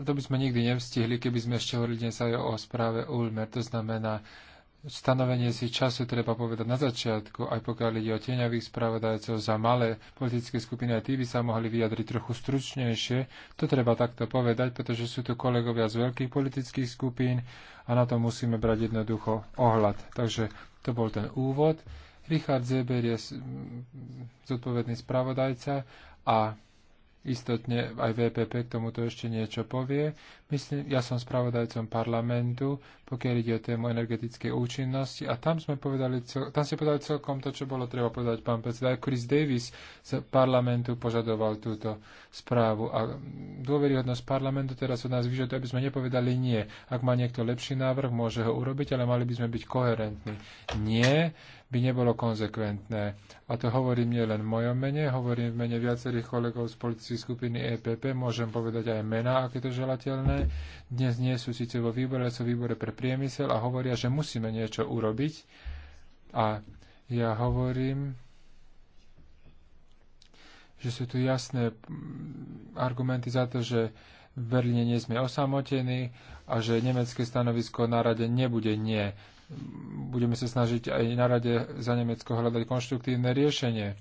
to by sme nikdy nevstihli, keby sme ešte hovorili dnes aj o správe Ulmer. To znamená, stanovenie si času treba povedať na začiatku, aj pokiaľ ide o tieňavých spravodajcov za malé politické skupiny, aj tí by sa mohli vyjadriť trochu stručnejšie. To treba takto povedať, pretože sú tu kolegovia z veľkých politických skupín a na to musíme brať jednoducho ohľad. Takže to bol ten úvod. Richard Zeber je zodpovedný spravodajca a istotne aj VPP k tomuto ešte niečo povie. Myslím, ja som spravodajcom parlamentu, pokiaľ ide o tému energetickej účinnosti a tam sme povedali, tam ste povedali celkom to, čo bolo treba povedať pán predseda. Aj Chris Davis z parlamentu požadoval túto správu a dôveryhodnosť parlamentu teraz od nás vyžaduje, aby sme nepovedali nie. Ak má niekto lepší návrh, môže ho urobiť, ale mali by sme byť koherentní. Nie, by nebolo konzekventné. A to hovorím nie len v mojom mene, hovorím v mene viacerých kolegov z politickej skupiny EPP, môžem povedať aj mená, ak je to želateľné. Dnes nie sú síce vo výbore, sú výbore pre priemysel a hovoria, že musíme niečo urobiť. A ja hovorím, že sú tu jasné mm, argumenty za to, že v Berlíne nie sme osamotení a že nemecké stanovisko na rade nebude nie budeme sa snažiť aj na rade za Nemecko hľadať konštruktívne riešenie.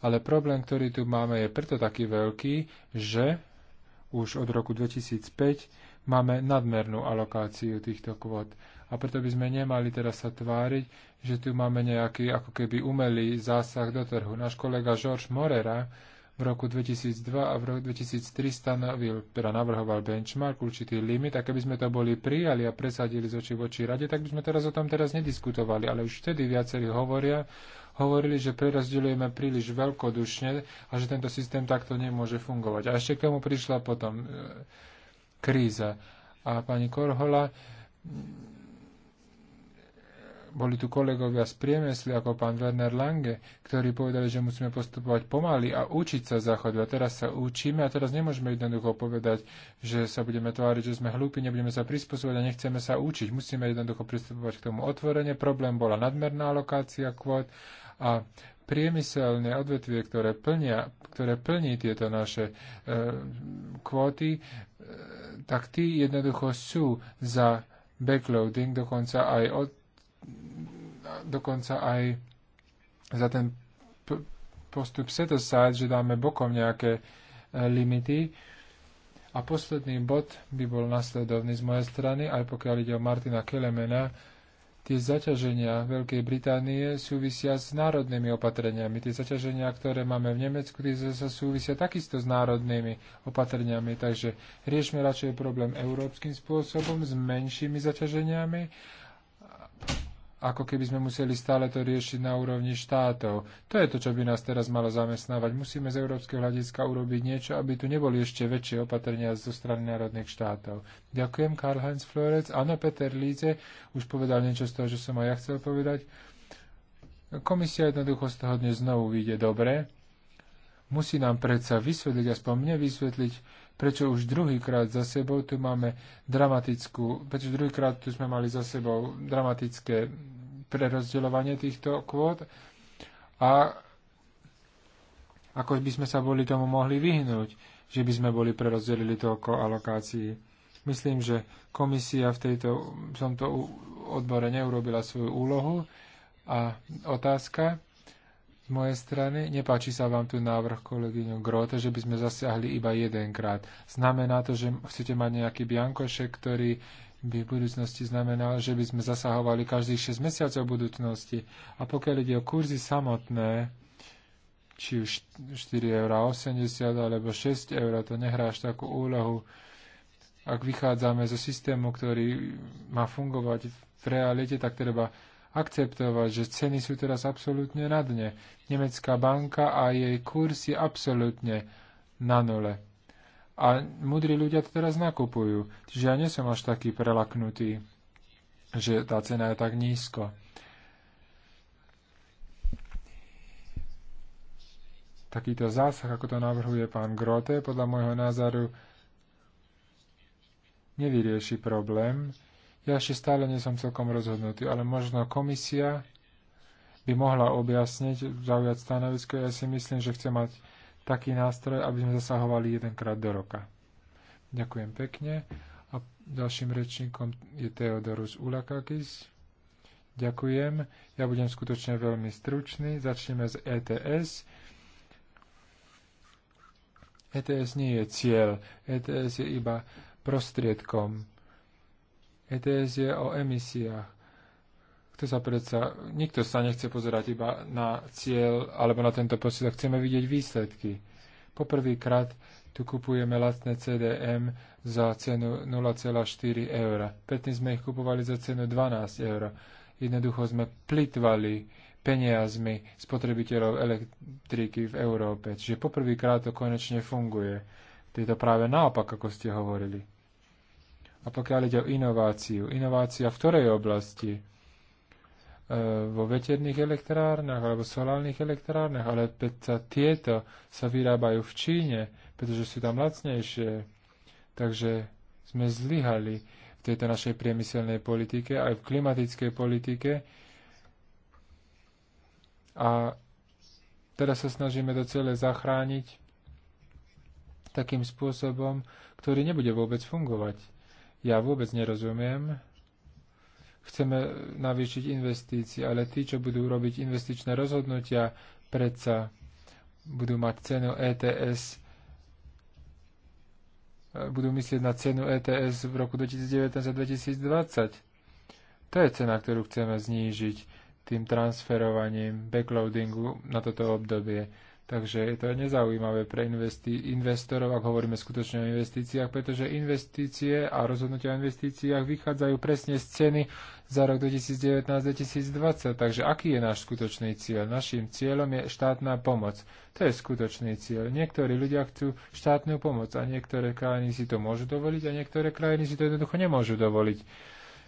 Ale problém, ktorý tu máme, je preto taký veľký, že už od roku 2005 máme nadmernú alokáciu týchto kvót. A preto by sme nemali teraz sa tváriť, že tu máme nejaký ako keby umelý zásah do trhu. Náš kolega George Morera v roku 2002 a v roku 2003 stanovil, teda navrhoval benchmark, určitý limit a keby sme to boli prijali a presadili z očí voči rade, tak by sme teraz o tom teraz nediskutovali, ale už vtedy viacerí hovoria, hovorili, že prerozdeľujeme príliš veľkodušne a že tento systém takto nemôže fungovať. A ešte k tomu prišla potom e, kríza. A pani Korhola boli tu kolegovia z priemyslu, ako pán Werner Lange, ktorí povedali, že musíme postupovať pomaly a učiť sa záchodu. A teraz sa učíme a teraz nemôžeme jednoducho povedať, že sa budeme tváriť, že sme hlúpi, nebudeme sa prispôsobiť a nechceme sa učiť. Musíme jednoducho pristupovať k tomu otvorene. Problém bola nadmerná alokácia kvót a priemyselné odvetvie, ktoré, plnia, ktoré plní tieto naše e, kvóty, e, tak tí jednoducho sú za backloading, dokonca aj od, dokonca aj za ten postup set aside, že dáme bokom nejaké e, limity. A posledný bod by bol nasledovný z mojej strany, aj pokiaľ ide o Martina Kelemena. Tie zaťaženia Veľkej Británie súvisia s národnými opatreniami. Tie zaťaženia, ktoré máme v Nemecku, tie sa súvisia takisto s národnými opatreniami. Takže riešme radšej problém európskym spôsobom, s menšími zaťaženiami ako keby sme museli stále to riešiť na úrovni štátov. To je to, čo by nás teraz malo zamestnávať. Musíme z európskeho hľadiska urobiť niečo, aby tu neboli ešte väčšie opatrenia zo strany národných štátov. Ďakujem, Karl-Heinz Florec. Áno, Peter Líze už povedal niečo z toho, čo som aj ja chcel povedať. Komisia jednoducho z toho dnes znovu vyjde dobre. Musí nám predsa vysvetliť, aspoň mne vysvetliť, prečo už druhýkrát za sebou tu máme dramatickú, prečo druhýkrát tu sme mali za sebou dramatické prerozdeľovanie týchto kvót a ako by sme sa boli tomu mohli vyhnúť, že by sme boli prerozdelili toľko alokácií. Myslím, že komisia v, tejto, v tomto odbore neurobila svoju úlohu a otázka, mojej strany. Nepáči sa vám tu návrh kolegyňu Grote, že by sme zasiahli iba jedenkrát. Znamená to, že chcete mať nejaký biankošek, ktorý by v budúcnosti znamenal, že by sme zasahovali každých 6 mesiacov budúcnosti. A pokiaľ ide o kurzy samotné, či už 4,80 eur alebo 6 eur, to nehrá až takú úlohu. Ak vychádzame zo systému, ktorý má fungovať v realite, tak treba akceptovať, že ceny sú teraz absolútne na dne. Nemecká banka a jej kurz je absolútne na nule. A mudrí ľudia to teraz nakupujú. Čiže ja nie som až taký prelaknutý, že tá cena je tak nízko. Takýto zásah, ako to navrhuje pán Grote, podľa môjho názoru nevyrieši problém, ja ešte stále nie som celkom rozhodnutý, ale možno komisia by mohla objasniť, zaujať stanovisko. Ja si myslím, že chce mať taký nástroj, aby sme zasahovali jedenkrát do roka. Ďakujem pekne. A ďalším rečníkom je Teodorus Ulakakis. Ďakujem. Ja budem skutočne veľmi stručný. Začneme z ETS. ETS nie je cieľ. ETS je iba prostriedkom. ETS je o emisiách. Kto sa predsa, nikto sa nechce pozerať iba na cieľ alebo na tento posiedok, Chceme vidieť výsledky. Poprvýkrát tu kupujeme lacné CDM za cenu 0,4 eur. Predtým sme ich kupovali za cenu 12 eur. Jednoducho sme plitvali peniazmi spotrebiteľov elektriky v Európe. Čiže poprvýkrát to konečne funguje. Je to práve naopak, ako ste hovorili. A pokiaľ ide o inováciu, inovácia v ktorej oblasti? E, vo veterných elektrárnach alebo solárnych elektrárnach, ale predsa tieto sa vyrábajú v Číne, pretože sú tam lacnejšie. Takže sme zlyhali v tejto našej priemyselnej politike, aj v klimatickej politike. A teraz sa snažíme to celé zachrániť takým spôsobom, ktorý nebude vôbec fungovať. Ja vôbec nerozumiem. Chceme navýšiť investície, ale tí, čo budú robiť investičné rozhodnutia, predsa budú mať cenu ETS, budú myslieť na cenu ETS v roku 2019 a 2020. To je cena, ktorú chceme znížiť tým transferovaním backloadingu na toto obdobie. Takže je to nezaujímavé pre investi- investorov, ak hovoríme skutočne o investíciách, pretože investície a rozhodnutia o investíciách vychádzajú presne z ceny za rok 2019-2020. Takže aký je náš skutočný cieľ? Naším cieľom je štátna pomoc. To je skutočný cieľ. Niektorí ľudia chcú štátnu pomoc a niektoré krajiny si to môžu dovoliť a niektoré krajiny si to jednoducho nemôžu dovoliť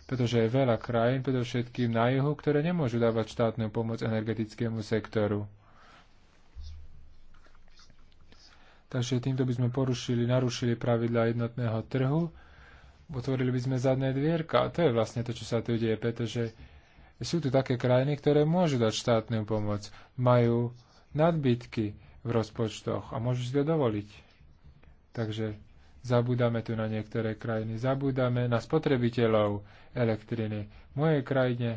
pretože je veľa krajín, predovšetkým na juhu, ktoré nemôžu dávať štátnu pomoc energetickému sektoru. Takže týmto by sme porušili, narušili pravidla jednotného trhu, otvorili by sme zadné dvierka. A to je vlastne to, čo sa tu deje, pretože sú tu také krajiny, ktoré môžu dať štátnu pomoc, majú nadbytky v rozpočtoch a môžu si to dovoliť. Takže zabúdame tu na niektoré krajiny, zabúdame na spotrebiteľov elektriny. V mojej krajine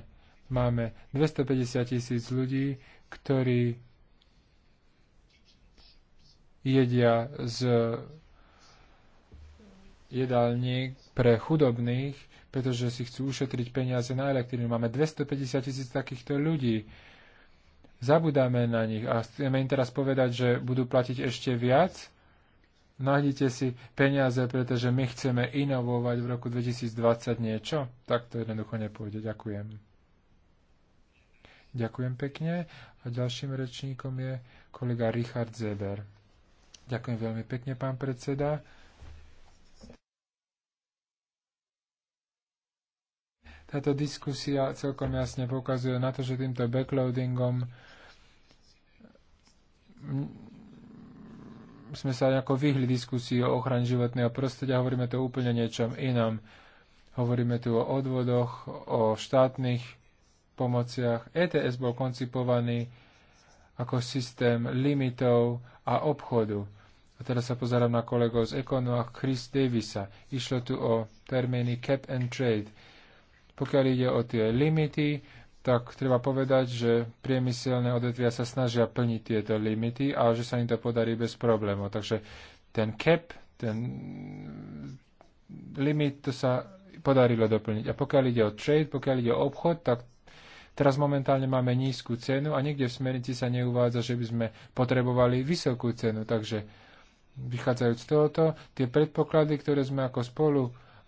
máme 250 tisíc ľudí, ktorí jedia z jedálni pre chudobných, pretože si chcú ušetriť peniaze na elektrínu. Máme 250 tisíc takýchto ľudí. Zabudáme na nich a chceme im teraz povedať, že budú platiť ešte viac. Nájdite si peniaze, pretože my chceme inovovať v roku 2020 niečo. Tak to jednoducho nepôjde. Ďakujem. Ďakujem pekne. A ďalším rečníkom je kolega Richard Zeber. Ďakujem veľmi pekne, pán predseda. Táto diskusia celkom jasne pokazuje na to, že týmto backloadingom sme sa nejako vyhli diskusii o ochrane životného prostredia, hovoríme to úplne niečom inom. Hovoríme tu o odvodoch, o štátnych pomociach. ETS bol koncipovaný ako systém limitov a obchodu a teraz sa pozerám na kolegov z Ekonu Chris Davisa. Išlo tu o termíny cap and trade. Pokiaľ ide o tie limity, tak treba povedať, že priemyselné odvetvia sa snažia plniť tieto limity a že sa im to podarí bez problémov. Takže ten cap, ten limit, to sa podarilo doplniť. A pokiaľ ide o trade, pokiaľ ide o obchod, tak Teraz momentálne máme nízku cenu a niekde v smernici sa neuvádza, že by sme potrebovali vysokú cenu. Takže vychádzajúc z tohoto, tie predpoklady, ktoré sme ako spolu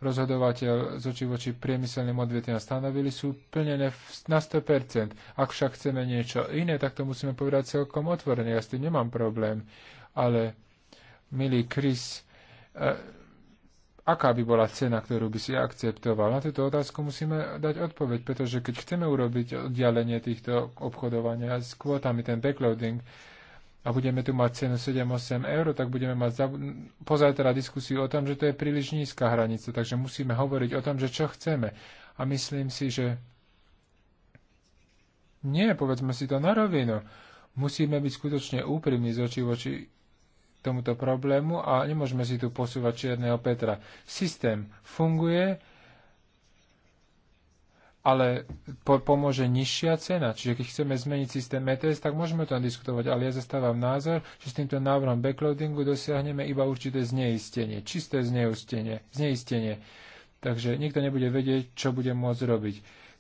rozhodovateľ z oči voči priemyselným odvetviam stanovili, sú plnené na 100%. Ak však chceme niečo iné, tak to musíme povedať celkom otvorene. Ja s tým nemám problém. Ale, milý Chris, e, aká by bola cena, ktorú by si akceptoval? Na túto otázku musíme dať odpoveď, pretože keď chceme urobiť oddialenie týchto obchodovania s kvótami, ten backloading, a budeme tu mať cenu 7-8 eur, tak budeme mať pozajtra diskusiu o tom, že to je príliš nízka hranica, takže musíme hovoriť o tom, že čo chceme. A myslím si, že nie, povedzme si to na rovinu. Musíme byť skutočne úprimní z očí voči tomuto problému a nemôžeme si tu posúvať čierneho Petra. Systém funguje, ale po, pomôže nižšia cena. Čiže keď chceme zmeniť systém ETS, tak môžeme to diskutovať, ale ja zastávam názor, že s týmto návrhom backloadingu dosiahneme iba určité zneistenie, čisté zneistenie. zneistenie. Takže nikto nebude vedieť, čo bude môcť robiť.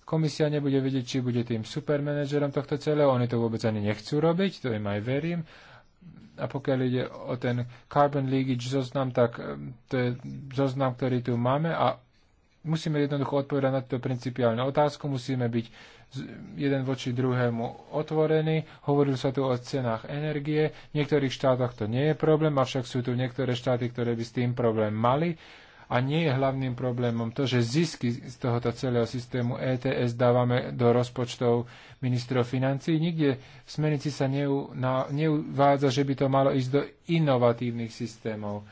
Komisia nebude vedieť, či bude tým supermanagerom tohto celého, oni to vôbec ani nechcú robiť, to im aj verím. A pokiaľ ide o ten carbon leakage zoznam, tak ehm, to je zoznam, ktorý tu máme a musíme jednoducho odpovedať na túto principiálnu otázku, musíme byť jeden voči druhému otvorení. Hovoril sa tu o cenách energie. V niektorých štátoch to nie je problém, avšak sú tu niektoré štáty, ktoré by s tým problém mali. A nie je hlavným problémom to, že zisky z tohoto celého systému ETS dávame do rozpočtov ministrov financí. Nikde v smernici sa neuvádza, že by to malo ísť do inovatívnych systémov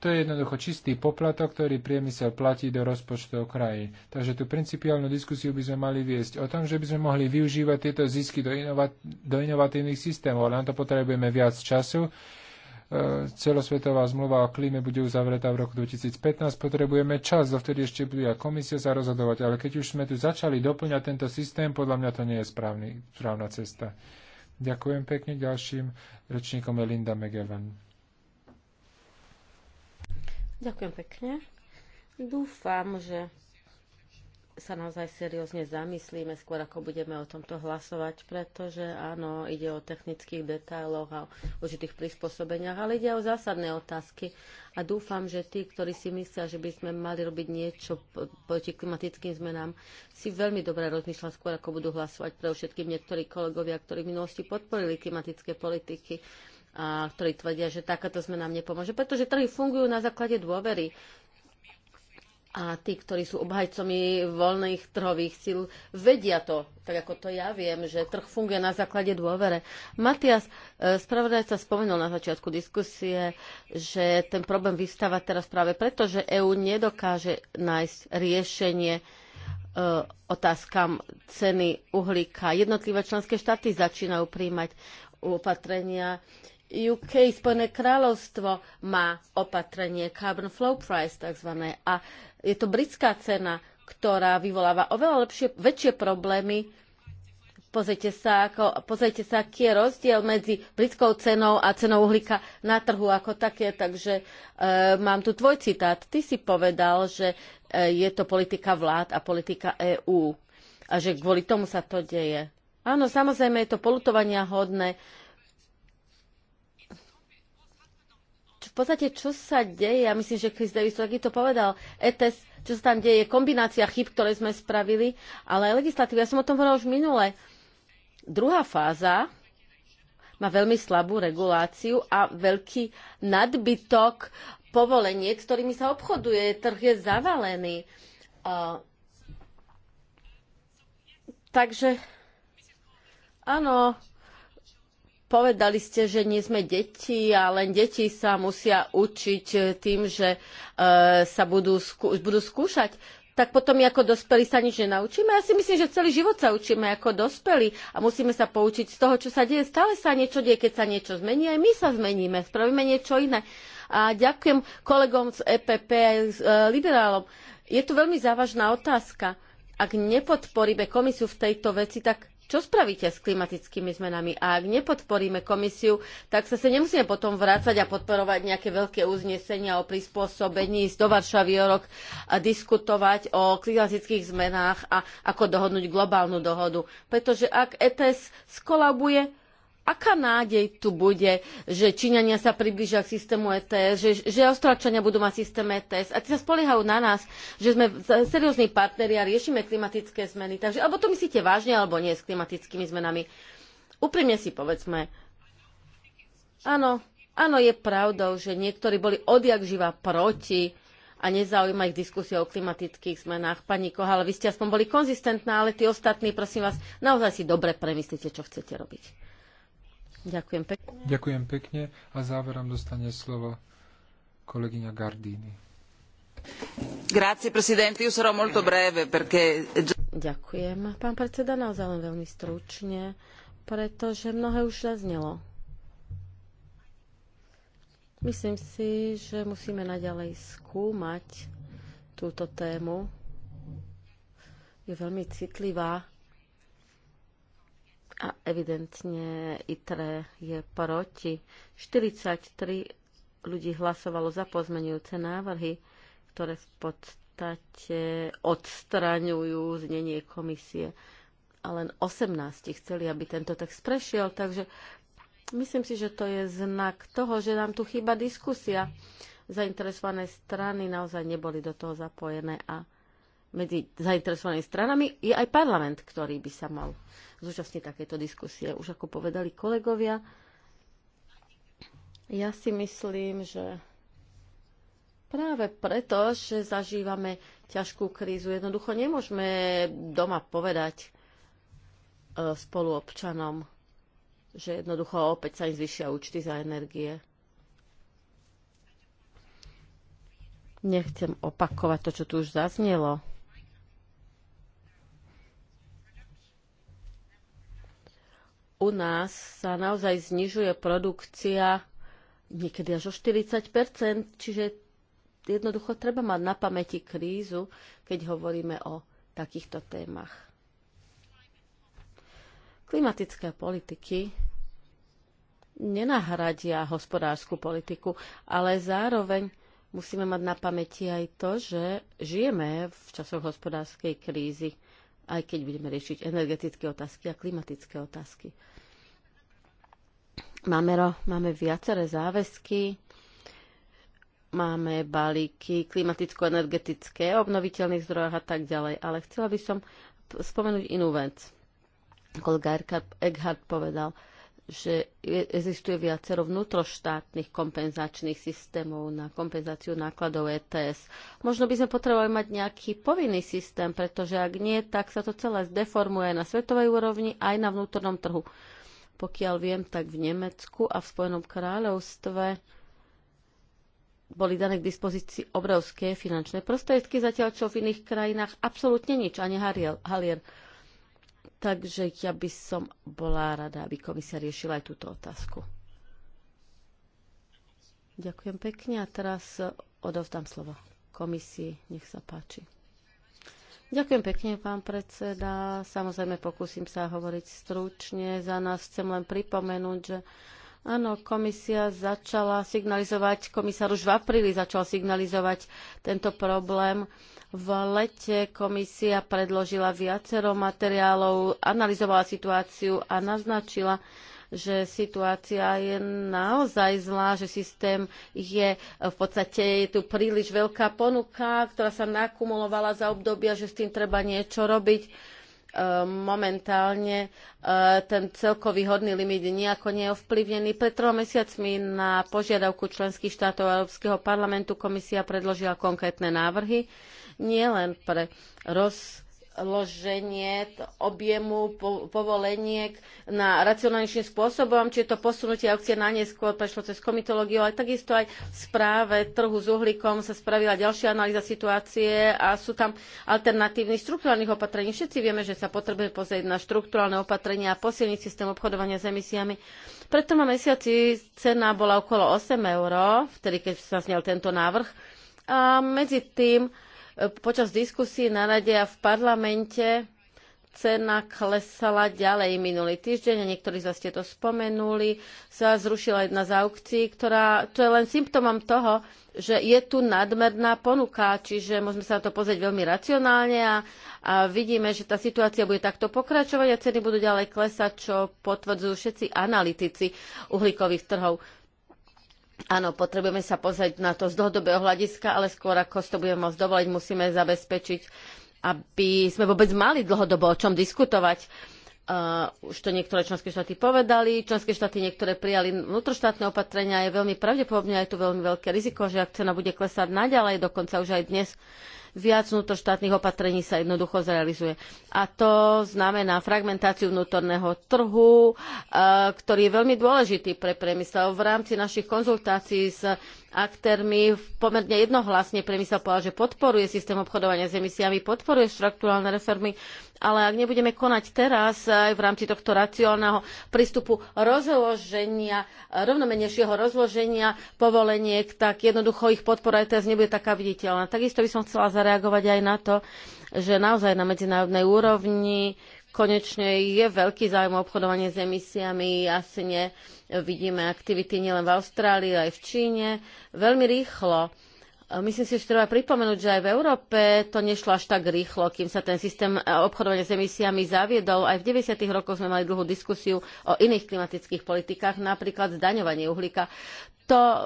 to je jednoducho čistý poplatok, ktorý priemysel platí do rozpočtov krajín. Takže tú principiálnu diskusiu by sme mali viesť o tom, že by sme mohli využívať tieto zisky do, inovat- do inovatívnych systémov, ale na to potrebujeme viac času. E, celosvetová zmluva o klíme bude uzavretá v roku 2015. Potrebujeme čas, dovtedy ešte bude aj komisia sa rozhodovať, ale keď už sme tu začali doplňať tento systém, podľa mňa to nie je správny, správna cesta. Ďakujem pekne. Ďalším rečníkom je Linda McEwan. Ďakujem pekne. Dúfam, že sa naozaj seriózne zamyslíme, skôr ako budeme o tomto hlasovať, pretože áno, ide o technických detailoch a o určitých prispôsobeniach, ale ide o zásadné otázky. A dúfam, že tí, ktorí si myslia, že by sme mali robiť niečo proti klimatickým zmenám, si veľmi dobre rozmýšľa skôr, ako budú hlasovať pre všetkým niektorí kolegovia, ktorí v minulosti podporili klimatické politiky a, ktorí tvrdia, že takáto zmena nám nepomôže, pretože trhy fungujú na základe dôvery. A tí, ktorí sú obhajcomi voľných trhových síl, vedia to, tak ako to ja viem, že trh funguje na základe dôvere. Matias, e, spravodajca spomenul na začiatku diskusie, že ten problém vystáva teraz práve preto, že EÚ nedokáže nájsť riešenie e, otázkam ceny uhlíka. Jednotlivé členské štáty začínajú príjmať opatrenia UK, Spojené kráľovstvo má opatrenie Carbon Flow Price tzv. A je to britská cena, ktorá vyvoláva oveľa lepšie, väčšie problémy. Pozrite sa, ako, pozrite sa, aký je rozdiel medzi britskou cenou a cenou uhlíka na trhu ako také. Takže e, mám tu tvoj citát. Ty si povedal, že e, je to politika vlád a politika EÚ a že kvôli tomu sa to deje. Áno, samozrejme je to polutovania hodné, v podstate, čo sa deje, ja myslím, že Chris Davis to takýto povedal, ETS, čo sa tam deje, je kombinácia chyb, ktoré sme spravili, ale aj legislatívy. Ja som o tom hovoril už minule. Druhá fáza má veľmi slabú reguláciu a veľký nadbytok povolenie, ktorými sa obchoduje. Trh je zavalený. Uh, takže, áno, Povedali ste, že nie sme deti a len deti sa musia učiť tým, že e, sa budú, skú, budú skúšať tak potom my ako dospelí sa nič nenaučíme. Ja si myslím, že celý život sa učíme ako dospelí a musíme sa poučiť z toho, čo sa deje. Stále sa niečo deje, keď sa niečo zmení, aj my sa zmeníme, spravíme niečo iné. A ďakujem kolegom z EPP aj z e, liberálom. Je tu veľmi závažná otázka. Ak nepodporíme komisiu v tejto veci, tak čo spravíte s klimatickými zmenami. A ak nepodporíme komisiu, tak sa sa nemusíme potom vrácať a podporovať nejaké veľké uznesenia o prispôsobení, ísť do Varšavy o rok a diskutovať o klimatických zmenách a ako dohodnúť globálnu dohodu. Pretože ak ETS skolabuje, aká nádej tu bude, že Číňania sa približia k systému ETS, že, že Austrálčania budú mať systém ETS a tí sa spoliehajú na nás, že sme seriózni partneri a riešime klimatické zmeny. Takže alebo to myslíte vážne, alebo nie s klimatickými zmenami. Úprimne si povedzme. Áno, áno, je pravdou, že niektorí boli odjak živa proti a nezaujíma ich diskusia o klimatických zmenách. Pani Kohal, vy ste aspoň boli konzistentná, ale tí ostatní, prosím vás, naozaj si dobre premyslite, čo chcete robiť. Ďakujem pekne. Ďakujem pekne a záverom dostane slovo kolegyňa Gardini. Grazie, presidente. Io sarò molto breve perché... Ďakujem. Pán predseda, naozaj len veľmi stručne, pretože mnohé už zaznelo. Myslím si, že musíme naďalej skúmať túto tému. Je veľmi citlivá evidentne ITRE je proti. 43 ľudí hlasovalo za pozmenujúce návrhy, ktoré v podstate odstraňujú znenie komisie. A len 18 chceli, aby tento text prešiel, takže myslím si, že to je znak toho, že nám tu chýba diskusia. Zainteresované strany naozaj neboli do toho zapojené a medzi zainteresovanými stranami je aj parlament, ktorý by sa mal zúčastniť takéto diskusie. Už ako povedali kolegovia, ja si myslím, že práve preto, že zažívame ťažkú krízu, jednoducho nemôžeme doma povedať e, spoluobčanom, že jednoducho opäť sa im zvyšia účty za energie. Nechcem opakovať to, čo tu už zaznelo u nás sa naozaj znižuje produkcia niekedy až o 40 čiže jednoducho treba mať na pamäti krízu, keď hovoríme o takýchto témach. Klimatické politiky nenahradia hospodárskú politiku, ale zároveň musíme mať na pamäti aj to, že žijeme v časoch hospodárskej krízy, aj keď budeme riešiť energetické otázky a klimatické otázky. Máme, ro, máme viaceré záväzky, máme balíky klimaticko-energetické, obnoviteľných zdrojov a tak ďalej. Ale chcela by som spomenúť inú vec. Kolega Eckhart povedal, že existuje viacero vnútroštátnych kompenzačných systémov na kompenzáciu nákladov ETS. Možno by sme potrebovali mať nejaký povinný systém, pretože ak nie, tak sa to celé zdeformuje na svetovej úrovni aj na vnútornom trhu. Pokiaľ viem, tak v Nemecku a v Spojenom kráľovstve boli dané k dispozícii obrovské finančné prostriedky, zatiaľ čo v iných krajinách absolútne nič, ani halier. halier. Takže ja by som bola rada, aby komisia riešila aj túto otázku. Ďakujem pekne a teraz odovzdám slovo komisii. Nech sa páči. Ďakujem pekne, pán predseda. Samozrejme, pokúsim sa hovoriť stručne. Za nás chcem len pripomenúť, že áno, komisia začala signalizovať, komisár už v apríli začal signalizovať tento problém. V lete komisia predložila viacero materiálov, analyzovala situáciu a naznačila, že situácia je naozaj zlá, že systém je v podstate je tu príliš veľká ponuka, ktorá sa nakumulovala za obdobia, že s tým treba niečo robiť e, momentálne e, ten celkový hodný limit nejako nie je ovplyvnený. Pred troma mesiacmi na požiadavku členských štátov Európskeho parlamentu komisia predložila konkrétne návrhy nielen pre roz rozloženie objemu povoleniek na racionálnejším spôsobom, či je to posunutie aukcie na neskôr, prešlo cez komitológiu, ale takisto aj v správe trhu s uhlíkom sa spravila ďalšia analýza situácie a sú tam alternatívny štruktúrálnych opatrení. Všetci vieme, že sa potrebujeme pozrieť na štruktúrálne opatrenia a posilniť systém obchodovania s emisiami. Pred troma mesiaci cena bola okolo 8 eur, vtedy keď sa znel tento návrh. A medzi tým počas diskusí na rade a v parlamente cena klesala ďalej minulý týždeň a niektorí z vás ste to spomenuli, sa zrušila jedna z aukcií, ktorá, to je len symptomom toho, že je tu nadmerná ponuka, čiže môžeme sa na to pozrieť veľmi racionálne a, a vidíme, že tá situácia bude takto pokračovať a ceny budú ďalej klesať, čo potvrdzujú všetci analytici uhlíkových trhov. Áno, potrebujeme sa pozrieť na to z dlhodobého hľadiska, ale skôr ako si to budeme môcť dovoliť, musíme zabezpečiť, aby sme vôbec mali dlhodobo o čom diskutovať. Uh, už to niektoré členské štáty povedali, členské štáty niektoré prijali vnútroštátne opatrenia, je veľmi pravdepodobne aj tu veľmi veľké riziko, že ak cena bude klesať naďalej, dokonca už aj dnes uh, viac vnútroštátnych opatrení sa jednoducho zrealizuje. A to znamená fragmentáciu vnútorného trhu, eh, ktorý je veľmi dôležitý pre priemysel. V rámci našich konzultácií s aktérmi pomerne jednohlasne priemysel povedal, že podporuje systém obchodovania s emisiami, podporuje štrukturálne reformy, ale ak nebudeme konať teraz aj v rámci tohto racionálneho prístupu rozloženia, rovnomenejšieho rozloženia povoleniek, tak jednoducho ich podpora aj e teraz nebude taká viditeľná. Takisto by som chcela zareagovať aj na to, že naozaj na medzinárodnej úrovni konečne je veľký záujem o obchodovanie s emisiami. Jasne vidíme aktivity nielen v Austrálii, aj v Číne. Veľmi rýchlo. Myslím si, že treba pripomenúť, že aj v Európe to nešlo až tak rýchlo, kým sa ten systém obchodovania s emisiami zaviedol. Aj v 90. rokoch sme mali dlhú diskusiu o iných klimatických politikách, napríklad zdaňovanie uhlíka to eh,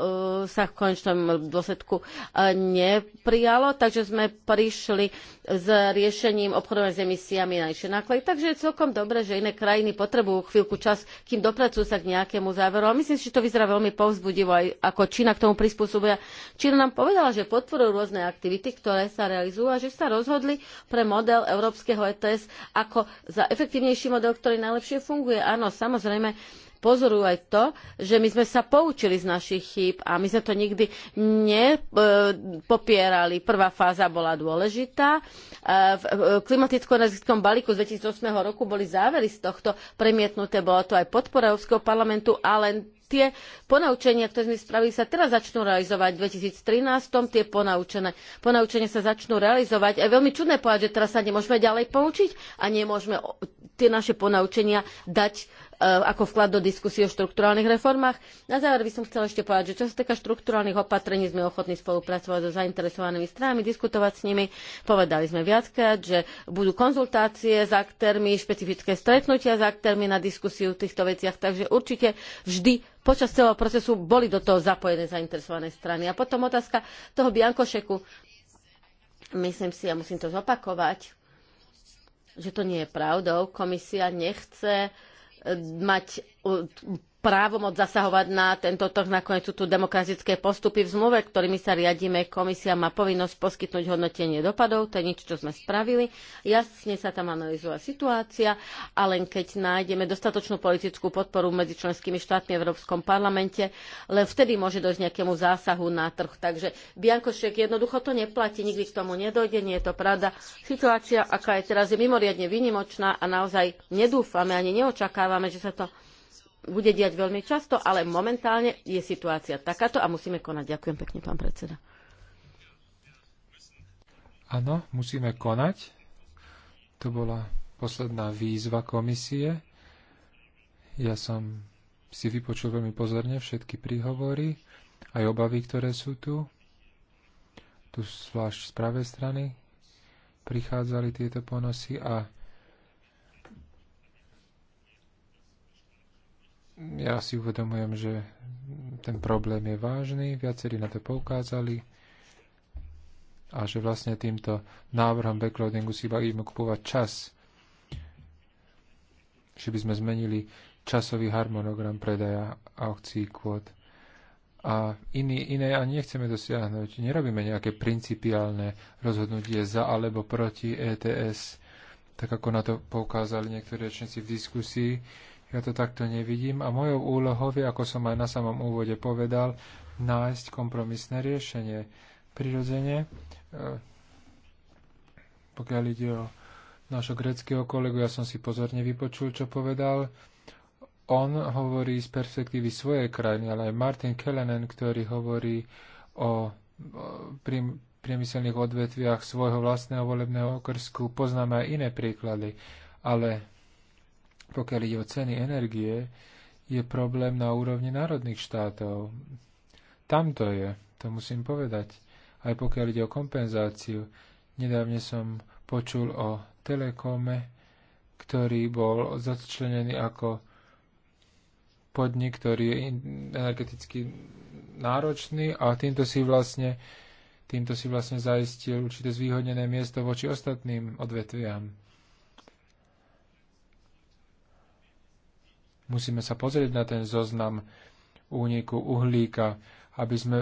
sa v konečnom dôsledku eh, neprijalo, takže sme prišli s riešením obchodovania s emisiami na nižšie náklady. Takže je celkom dobré, že iné krajiny potrebujú chvíľku čas, kým dopracujú sa k nejakému záveru. A myslím si, že to vyzerá veľmi povzbudivo, aj ako Čína k tomu prispôsobuje. Čína nám povedala, že podporujú rôzne aktivity, ktoré sa realizujú a že sa rozhodli pre model európskeho ETS ako za efektívnejší model, ktorý najlepšie funguje. Áno, samozrejme, pozorujú aj to, že my sme sa poučili z našich chýb a my sme to nikdy nepopierali. E, Prvá fáza bola dôležitá. E, e, v klimaticko-energetickom balíku z 2008 roku boli závery z tohto premietnuté. Bola to aj podpora Európskeho parlamentu, ale tie ponaučenia, ktoré sme spravili, sa teraz začnú realizovať v 2013, tie ponaučené. Ponaučenia sa začnú realizovať. A je veľmi čudné povedať, že teraz sa nemôžeme ďalej poučiť a nemôžeme tie naše ponaučenia dať Eh, ako vklad do diskusie o štrukturálnych reformách. Na záver by som chcela ešte povedať, že čo sa týka štrukturálnych opatrení, sme ochotní spolupracovať so zainteresovanými stranami, diskutovať s nimi. Povedali sme viackrát, že budú konzultácie s aktérmi, špecifické stretnutia s aktérmi na diskusiu v týchto veciach, takže určite vždy počas celého procesu boli do toho zapojené zainteresované strany. A potom otázka toho Biankošeku. Myslím si, ja musím to zopakovať, že to nie je pravdou. Komisia nechce mať právomoc zasahovať na tento trh. Nakoniec sú tu demokratické postupy v zmluve, ktorými sa riadíme. Komisia má povinnosť poskytnúť hodnotenie dopadov. To je niečo, čo sme spravili. Jasne sa tam analyzuje situácia a len keď nájdeme dostatočnú politickú podporu medzi členskými štátmi v Európskom parlamente, len vtedy môže dojsť nejakému zásahu na trh. Takže Biankošek jednoducho to neplatí, nikdy k tomu nedojde, nie je to pravda. Situácia, aká je teraz, je mimoriadne výnimočná a naozaj nedúfame ani neočakávame, že sa to bude diať veľmi často, ale momentálne je situácia takáto a musíme konať. Ďakujem pekne, pán predseda. Áno, musíme konať. To bola posledná výzva komisie. Ja som si vypočul veľmi pozorne všetky príhovory, aj obavy, ktoré sú tu. Tu zvlášť z pravej strany prichádzali tieto ponosy a ja si uvedomujem, že ten problém je vážny, viacerí na to poukázali a že vlastne týmto návrhom backloadingu si iba ideme kupovať čas, že by sme zmenili časový harmonogram predaja aukcií kvót. A iný, iné ani nechceme dosiahnuť. Nerobíme nejaké principiálne rozhodnutie za alebo proti ETS, tak ako na to poukázali niektorí rečníci v diskusii ja to takto nevidím a mojou úlohou je, ako som aj na samom úvode povedal, nájsť kompromisné riešenie. Prirodzene, e, pokiaľ ide o nášho greckého kolegu, ja som si pozorne vypočul, čo povedal. On hovorí z perspektívy svojej krajiny, ale aj Martin Kellenen, ktorý hovorí o priemyselných odvetviach svojho vlastného volebného okrsku. Poznáme aj iné príklady, ale pokiaľ ide o ceny energie, je problém na úrovni národných štátov. Tam to je, to musím povedať. Aj pokiaľ ide o kompenzáciu, nedávne som počul o Telekome, ktorý bol začlenený ako podnik, ktorý je energeticky náročný a týmto si vlastne, týmto si vlastne zaistil určité zvýhodnené miesto voči ostatným odvetviam. Musíme sa pozrieť na ten zoznam úniku uhlíka, aby sme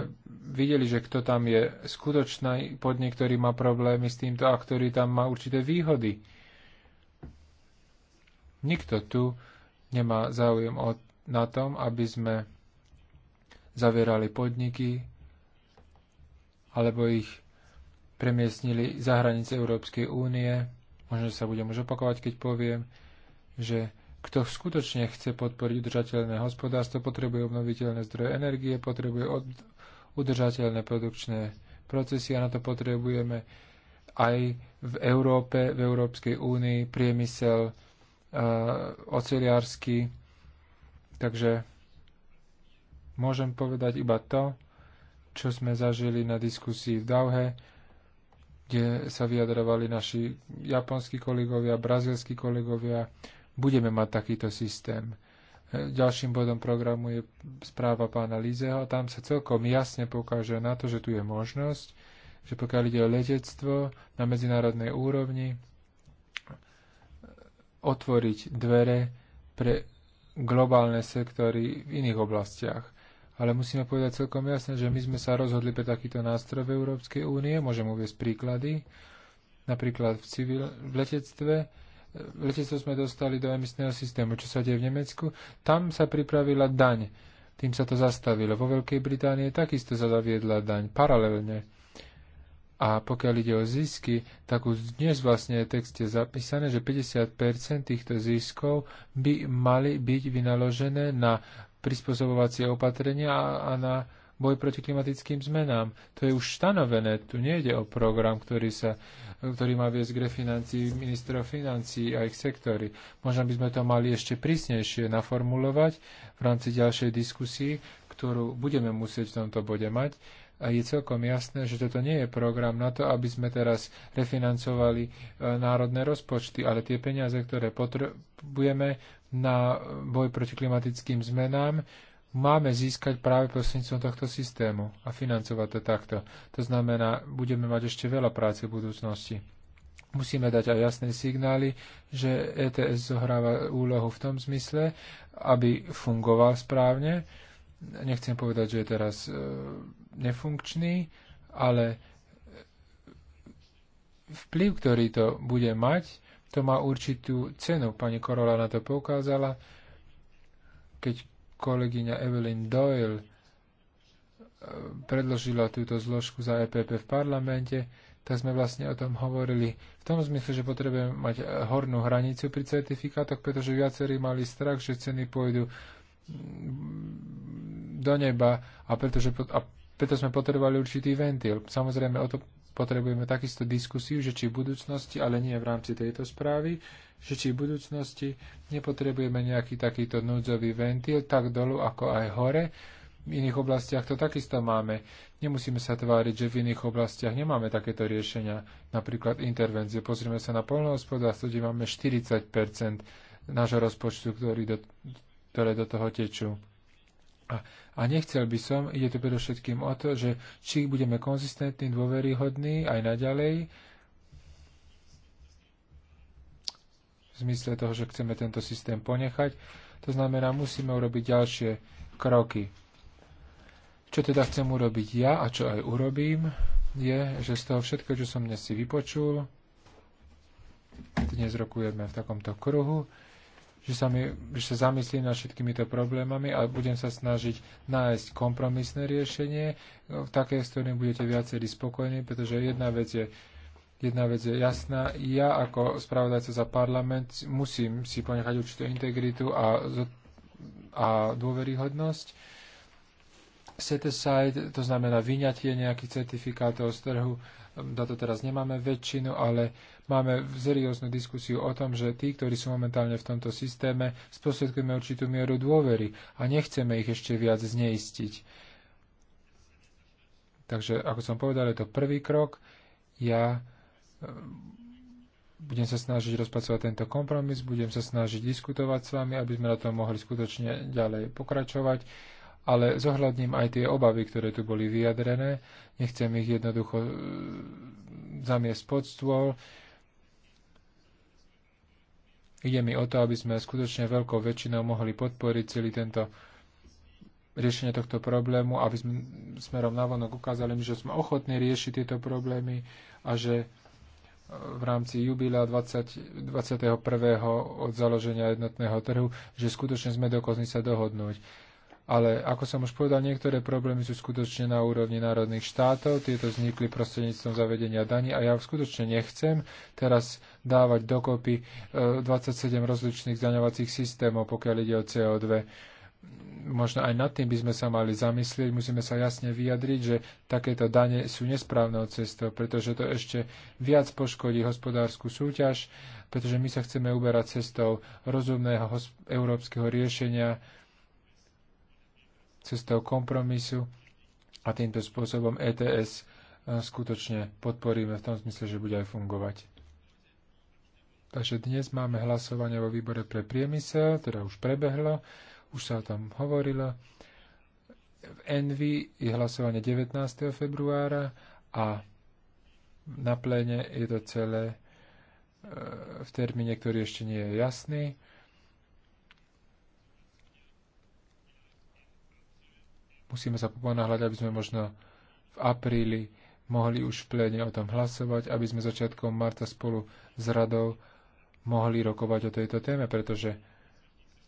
videli, že kto tam je skutočný podnik, ktorý má problémy s týmto a ktorý tam má určité výhody. Nikto tu nemá záujem o, na tom, aby sme zavierali podniky alebo ich premiestnili za hranice Európskej únie. Možno sa budem už opakovať, keď poviem, že kto skutočne chce podporiť udržateľné hospodárstvo, potrebuje obnoviteľné zdroje energie, potrebuje od, udržateľné produkčné procesy a na to potrebujeme aj v Európe, v Európskej únii priemysel uh, oceliársky. Takže môžem povedať iba to, čo sme zažili na diskusii v Dauhe, kde sa vyjadrovali naši japonskí kolegovia, brazilskí kolegovia, budeme mať takýto systém. E, ďalším bodom programu je správa pána Lízeho. Tam sa celkom jasne pokáže na to, že tu je možnosť, že pokiaľ ide o letectvo na medzinárodnej úrovni, e, otvoriť dvere pre globálne sektory v iných oblastiach. Ale musíme povedať celkom jasne, že my sme sa rozhodli pre takýto nástroj v Európskej únie, môžem uvieť príklady, napríklad v, civil, v letectve, letectvo sme dostali do emisného systému, čo sa deje v Nemecku, tam sa pripravila daň. Tým sa to zastavilo. Vo Veľkej Británii takisto zaviedla daň paralelne. A pokiaľ ide o zisky, tak už dnes vlastne je texte zapísané, že 50% týchto ziskov by mali byť vynaložené na prispôsobovacie opatrenia a, a na boj proti klimatickým zmenám. To je už stanovené. Tu nejde o program, ktorý, sa, ktorý má viesť k refinancii ministra financí a ich sektory. Možno by sme to mali ešte prísnejšie naformulovať v rámci ďalšej diskusii, ktorú budeme musieť v tomto bode mať. A je celkom jasné, že toto nie je program na to, aby sme teraz refinancovali e, národné rozpočty, ale tie peniaze, ktoré potrebujeme na boj proti klimatickým zmenám, máme získať práve prostredníctvom tohto systému a financovať to takto. To znamená, budeme mať ešte veľa práce v budúcnosti. Musíme dať aj jasné signály, že ETS zohráva úlohu v tom zmysle, aby fungoval správne. Nechcem povedať, že je teraz e, nefunkčný, ale vplyv, ktorý to bude mať, to má určitú cenu. Pani Korola na to poukázala, keď kolegyňa Evelyn Doyle eh, predložila túto zložku za EPP v parlamente, tak sme vlastne o tom hovorili v tom zmysle, že potrebujeme mať eh, hornú hranicu pri certifikátoch, pretože viacerí mali strach, že ceny pôjdu mm, do neba a, pretože, a preto sme potrebovali určitý ventil. Samozrejme, o to potrebujeme takisto diskusiu, že či v budúcnosti, ale nie v rámci tejto správy, že či v budúcnosti nepotrebujeme nejaký takýto núdzový ventil tak dolu ako aj hore. V iných oblastiach to takisto máme. Nemusíme sa tváriť, že v iných oblastiach nemáme takéto riešenia, napríklad intervencie. Pozrieme sa na polnohospodárstvo, kde máme 40 nášho rozpočtu, ktorý do, ktoré do toho tečú. A, a nechcel by som, ide to predovšetkým o to, že či budeme konzistentní, dôveryhodní aj naďalej, v zmysle toho, že chceme tento systém ponechať, to znamená, musíme urobiť ďalšie kroky. Čo teda chcem urobiť ja a čo aj urobím, je, že z toho všetko, čo som dnes si vypočul, dnes rokujeme v takomto kruhu, že sa, mi, že sa zamyslím nad všetkýmito problémami a budem sa snažiť nájsť kompromisné riešenie, také, s ktorým budete viacerí spokojní, pretože jedna vec je Jedna vec je jasná, ja ako spravodajca za parlament musím si ponechať určitú integritu a, a dôveryhodnosť. Set aside, to znamená vyňatie nejakých certifikátov z trhu, na to teraz nemáme väčšinu, ale Máme serióznu diskusiu o tom, že tí, ktorí sú momentálne v tomto systéme, sprostredkujeme určitú mieru dôvery a nechceme ich ešte viac zneistiť. Takže, ako som povedal, je to prvý krok. Ja ehm, budem sa snažiť rozpracovať tento kompromis, budem sa snažiť diskutovať s vami, aby sme na tom mohli skutočne ďalej pokračovať, ale zohľadním aj tie obavy, ktoré tu boli vyjadrené. Nechcem ich jednoducho ehm, zamiesť pod stôl. Ide mi o to, aby sme skutočne veľkou väčšinou mohli podporiť celý tento riešenie tohto problému, aby sme smerom navonok ukázali, že sme ochotní riešiť tieto problémy a že e, v rámci jubilea 20, 21. od založenia jednotného trhu, že skutočne sme dokozni sa dohodnúť ale ako som už povedal, niektoré problémy sú skutočne na úrovni národných štátov, tieto vznikli prostredníctvom zavedenia daní a ja skutočne nechcem teraz dávať dokopy 27 e, rozličných zdaňovacích systémov, pokiaľ ide o CO2 možno aj nad tým by sme sa mali zamyslieť, musíme sa jasne vyjadriť, že takéto dane sú nesprávnou cestou, pretože to ešte viac poškodí hospodárskú súťaž, pretože my sa chceme uberať cestou rozumného európskeho riešenia cestou kompromisu a týmto spôsobom ETS e, skutočne podporíme v tom smysle, že bude aj fungovať. Takže dnes máme hlasovanie vo výbore pre priemysel, teda už prebehlo, už sa o tom hovorilo. V NV je hlasovanie 19. februára a na pléne je to celé e, v termíne, ktorý ešte nie je jasný. Musíme sa poponáhľať, aby sme možno v apríli mohli už v pléne o tom hlasovať, aby sme začiatkom marca spolu s radou mohli rokovať o tejto téme, pretože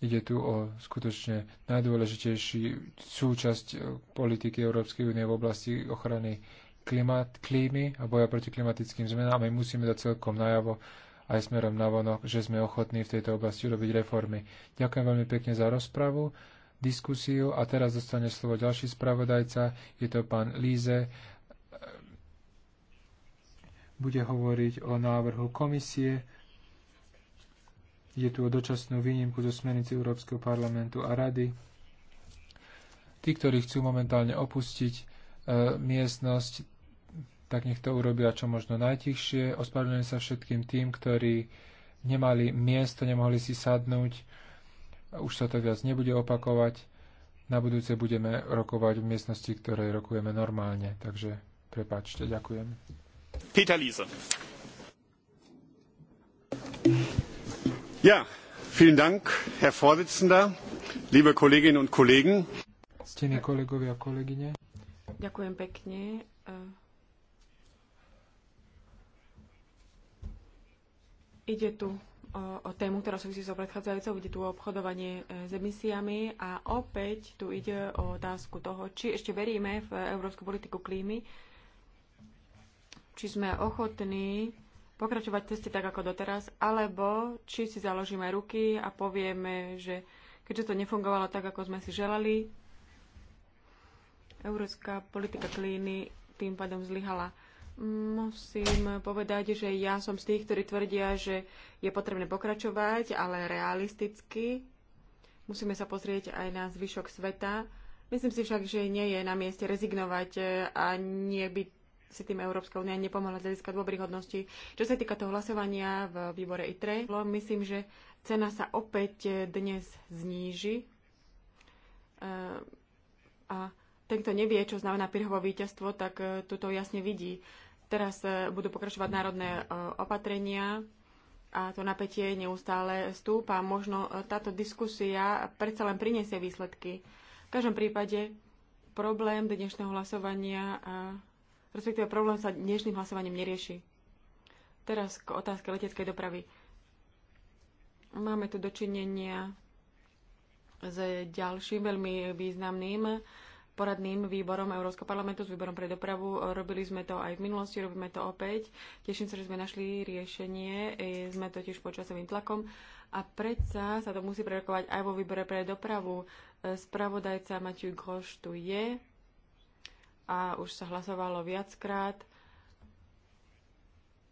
ide tu o skutočne najdôležitejší súčasť eh, politiky Európskej únie v oblasti ochrany klimat, klímy a boja proti klimatickým zmenám. My musíme dať celkom najavo aj smerom na vonok, že sme ochotní v tejto oblasti robiť reformy. Ďakujem veľmi pekne za rozpravu diskusiu a teraz dostane slovo ďalší spravodajca, je to pán Líze. Bude hovoriť o návrhu komisie. Je tu o dočasnú výnimku zo smernice Európskeho parlamentu a rady. Tí, ktorí chcú momentálne opustiť e, miestnosť, tak nech to urobia čo možno najtichšie. Ospravedlňujem sa všetkým tým, ktorí nemali miesto, nemohli si sadnúť už sa to viac nebude opakovať. Na budúce budeme rokovať v miestnosti, ktorej rokujeme normálne. Takže prepáčte, ďakujem. Peter Liese. Ja, vielen Dank, Herr Vorsitzender, liebe Kolleginnen und Kollegen. Stení kolegovia a kolegyne. Ďakujem pekne. E, ide tu o, o tému, ktorá súvisí so predchádzajúcou, ide tu o obchodovanie e, s emisiami a opäť tu ide o otázku toho, či ešte veríme v európsku politiku klímy, či sme ochotní pokračovať v ceste tak ako doteraz, alebo či si založíme ruky a povieme, že keďže to nefungovalo tak, ako sme si želali, európska politika klíny tým pádom zlyhala. Musím povedať, že ja som z tých, ktorí tvrdia, že je potrebné pokračovať, ale realisticky. Musíme sa pozrieť aj na zvyšok sveta. Myslím si však, že nie je na mieste rezignovať a nie by si tým Európska únia nepomohla získať hľadiska dobrých hodností. Čo sa týka toho hlasovania v výbore ITRE, myslím, že cena sa opäť dnes zníži. Ehm, a ten, kto nevie, čo znamená pirhovo víťazstvo, tak e, tuto jasne vidí. Teraz e, budú pokračovať národné e, opatrenia a to napätie neustále stúpa. Možno e, táto diskusia predsa len priniesie výsledky. V každom prípade problém dnešného hlasovania, respektíve problém sa dnešným hlasovaním nerieši. Teraz k otázke leteckej dopravy. Máme tu dočinenia s ďalším veľmi významným poradným výborom Európskeho parlamentu, s výborom pre dopravu. Robili sme to aj v minulosti, robíme to opäť. Teším sa, že sme našli riešenie. E, sme to tiež pod časovým tlakom. A predsa sa to musí prerokovať aj vo výbore pre dopravu. E, spravodajca Matiu Groš tu je a už sa hlasovalo viackrát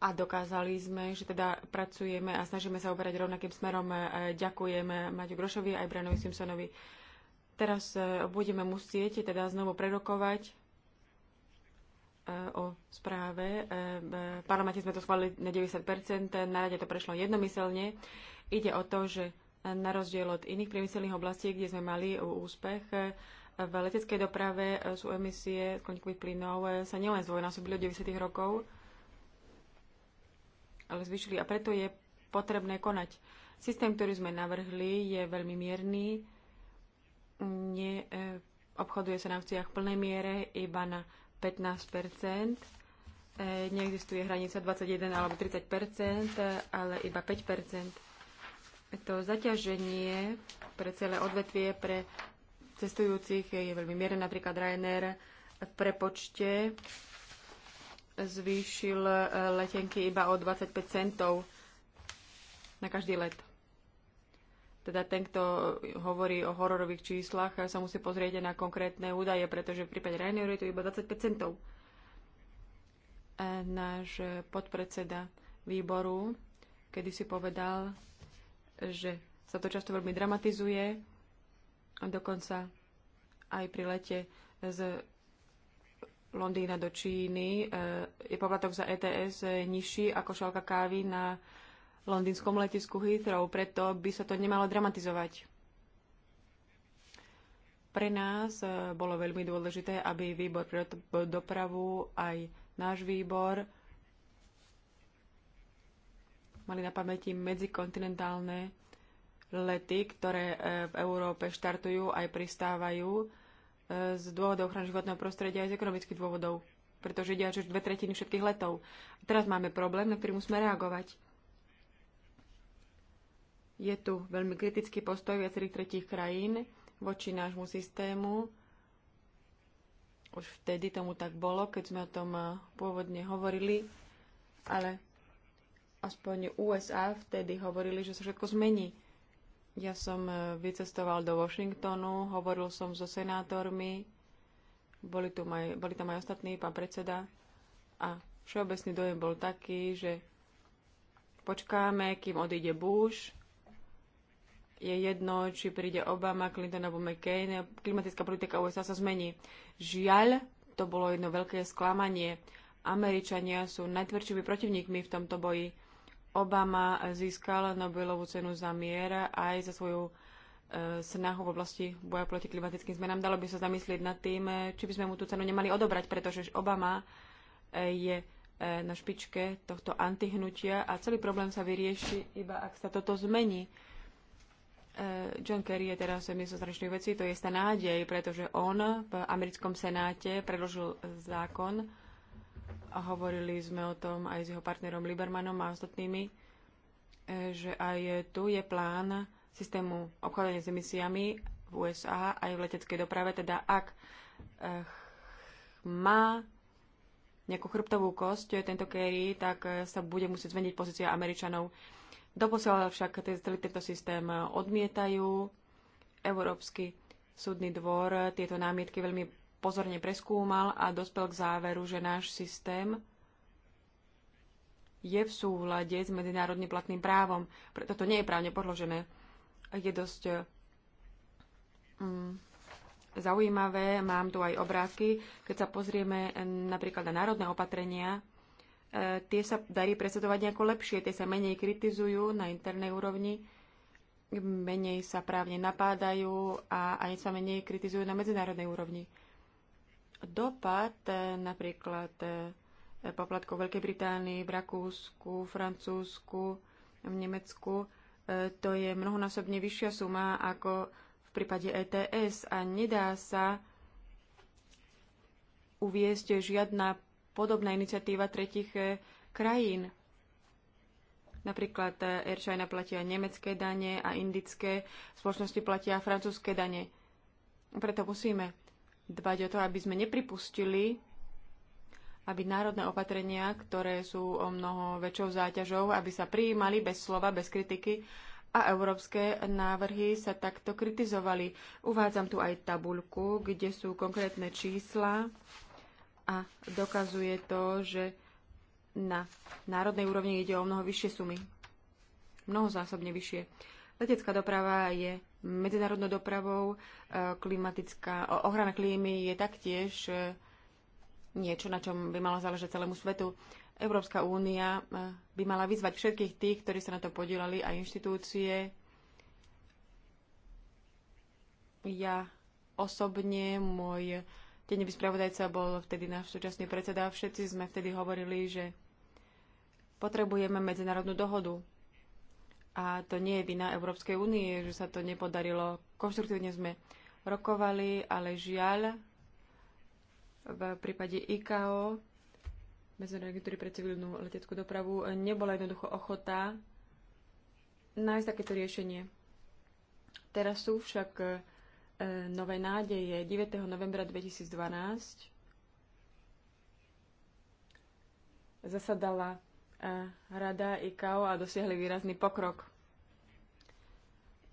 a dokázali sme, že teda pracujeme a snažíme sa uberať rovnakým smerom. E, Ďakujeme Maťu Grošovi aj Branovi Simpsonovi. Teraz e, budeme musieť teda znovu prerokovať e, o správe. E, v parlamente sme to schválili na 90%, na rade to prešlo jednomyselne. Ide o to, že na rozdiel od iných priemyselných oblastí, kde sme mali úspech, v leteckej doprave sú emisie skleníkových plynov sa nielen zdvojnásobili od 90. rokov, ale zvyšili a preto je potrebné konať. Systém, ktorý sme navrhli, je veľmi mierný, ne, obchoduje sa na akciách v plnej miere iba na 15 e, Neexistuje hranica 21 alebo 30 ale iba 5 To zaťaženie pre celé odvetvie pre cestujúcich je veľmi mierne. Napríklad Ryanair v prepočte zvýšil e, letenky iba o 25 centov na každý let. Teda ten, kto hovorí o hororových číslach, sa musí pozrieť na konkrétne údaje, pretože v prípade Ryanair je to iba 25 centov. A náš podpredseda výboru kedy si povedal, že sa to často veľmi dramatizuje a dokonca aj pri lete z Londýna do Číny e, je poplatok za ETS nižší ako šalka kávy na londýnskom letisku Heathrow, preto by sa to nemalo dramatizovať. Pre nás eh, bolo veľmi dôležité, aby výbor pre dopravu aj náš výbor mali na pamäti medzikontinentálne lety, ktoré eh, v Európe štartujú aj pristávajú eh, z dôvodov ochrany životného prostredia aj z ekonomických dôvodov, pretože ide až dve tretiny všetkých letov. A teraz máme problém, na ktorý musíme reagovať. Je tu veľmi kritický postoj viacerých tretích krajín voči nášmu systému. Už vtedy tomu tak bolo, keď sme o tom eh, pôvodne hovorili, ale aspoň USA vtedy hovorili, že sa všetko zmení. Ja som eh, vycestoval do Washingtonu, hovoril som so senátormi, boli, tu maj, boli tam aj ostatní, pán predseda, a všeobecný dojem bol taký, že počkáme, kým odíde Bush, je jedno, či príde Obama, Clinton alebo McCain, klimatická politika USA sa zmení. Žiaľ, to bolo jedno veľké sklamanie. Američania sú najtvrdšími protivníkmi v tomto boji. Obama získal Nobelovú cenu za mier aj za svoju e, snahu v oblasti boja proti klimatickým zmenám. Dalo by sa zamyslieť nad tým, e, či by sme mu tú cenu nemali odobrať, pretože Obama e, je e, na špičke tohto antihnutia a celý problém sa vyrieši iba ak sa toto zmení. Eh, John Kerry je teraz minister zahraničných vecí, to je istá nádej, pretože on v americkom senáte predložil eh, zákon a hovorili sme o tom aj s jeho partnerom Libermanom a ostatnými, eh, že aj tu je plán systému obchádzania s emisiami v USA aj v leteckej doprave, teda ak má nejakú chrbtovú kosť, tento Kerry, tak sa bude musieť zmeniť pozícia Američanov. Doposiaľ však celý tento systém odmietajú. Európsky súdny dvor tieto námietky veľmi pozorne preskúmal a dospel k záveru, že náš systém je v súhľade s medzinárodným platným právom. Preto to nie je právne podložené. Je dosť mm, zaujímavé, mám tu aj obrázky, keď sa pozrieme eh, napríklad na národné opatrenia, E, tie sa darí presedovať nejako lepšie, tie sa menej kritizujú na internej úrovni, menej sa právne napádajú a ani sa menej kritizujú na medzinárodnej úrovni. Dopad e, napríklad e, poplatkov Veľkej Británii, v Rakúsku, Francúzsku, v Nemecku, to je mnohonásobne vyššia suma ako v prípade ETS a nedá sa uviezť žiadna podobná iniciatíva tretich eh, krajín. Napríklad eh, China platia nemecké dane a indické spoločnosti platia francúzske dane. Preto musíme dbať o to, aby sme nepripustili, aby národné opatrenia, ktoré sú o mnoho väčšou záťažou, aby sa prijímali bez slova, bez kritiky a európske návrhy sa takto kritizovali. Uvádzam tu aj tabuľku, kde sú konkrétne čísla a dokazuje to, že na národnej úrovni ide o mnoho vyššie sumy. Mnohozásobne vyššie. Letecká doprava je medzinárodnou dopravou, e, klimatická, ochrana klímy je taktiež e, niečo, na čom by malo záležať celému svetu. Európska únia e, by mala vyzvať všetkých tých, ktorí sa na to podielali a inštitúcie. Ja osobne, môj tenevý spravodajca bol vtedy náš súčasný predseda. Všetci sme vtedy hovorili, že potrebujeme medzinárodnú dohodu. A to nie je vina Európskej únie, že sa to nepodarilo. Konštruktívne sme rokovali, ale žiaľ, v prípade IKO, Medzinárodnej agentúry pre civilnú leteckú dopravu, nebola jednoducho ochota nájsť takéto riešenie. Teraz sú však E, nové nádeje 9. novembra 2012 zasadala e, Rada IKAO a dosiahli výrazný pokrok.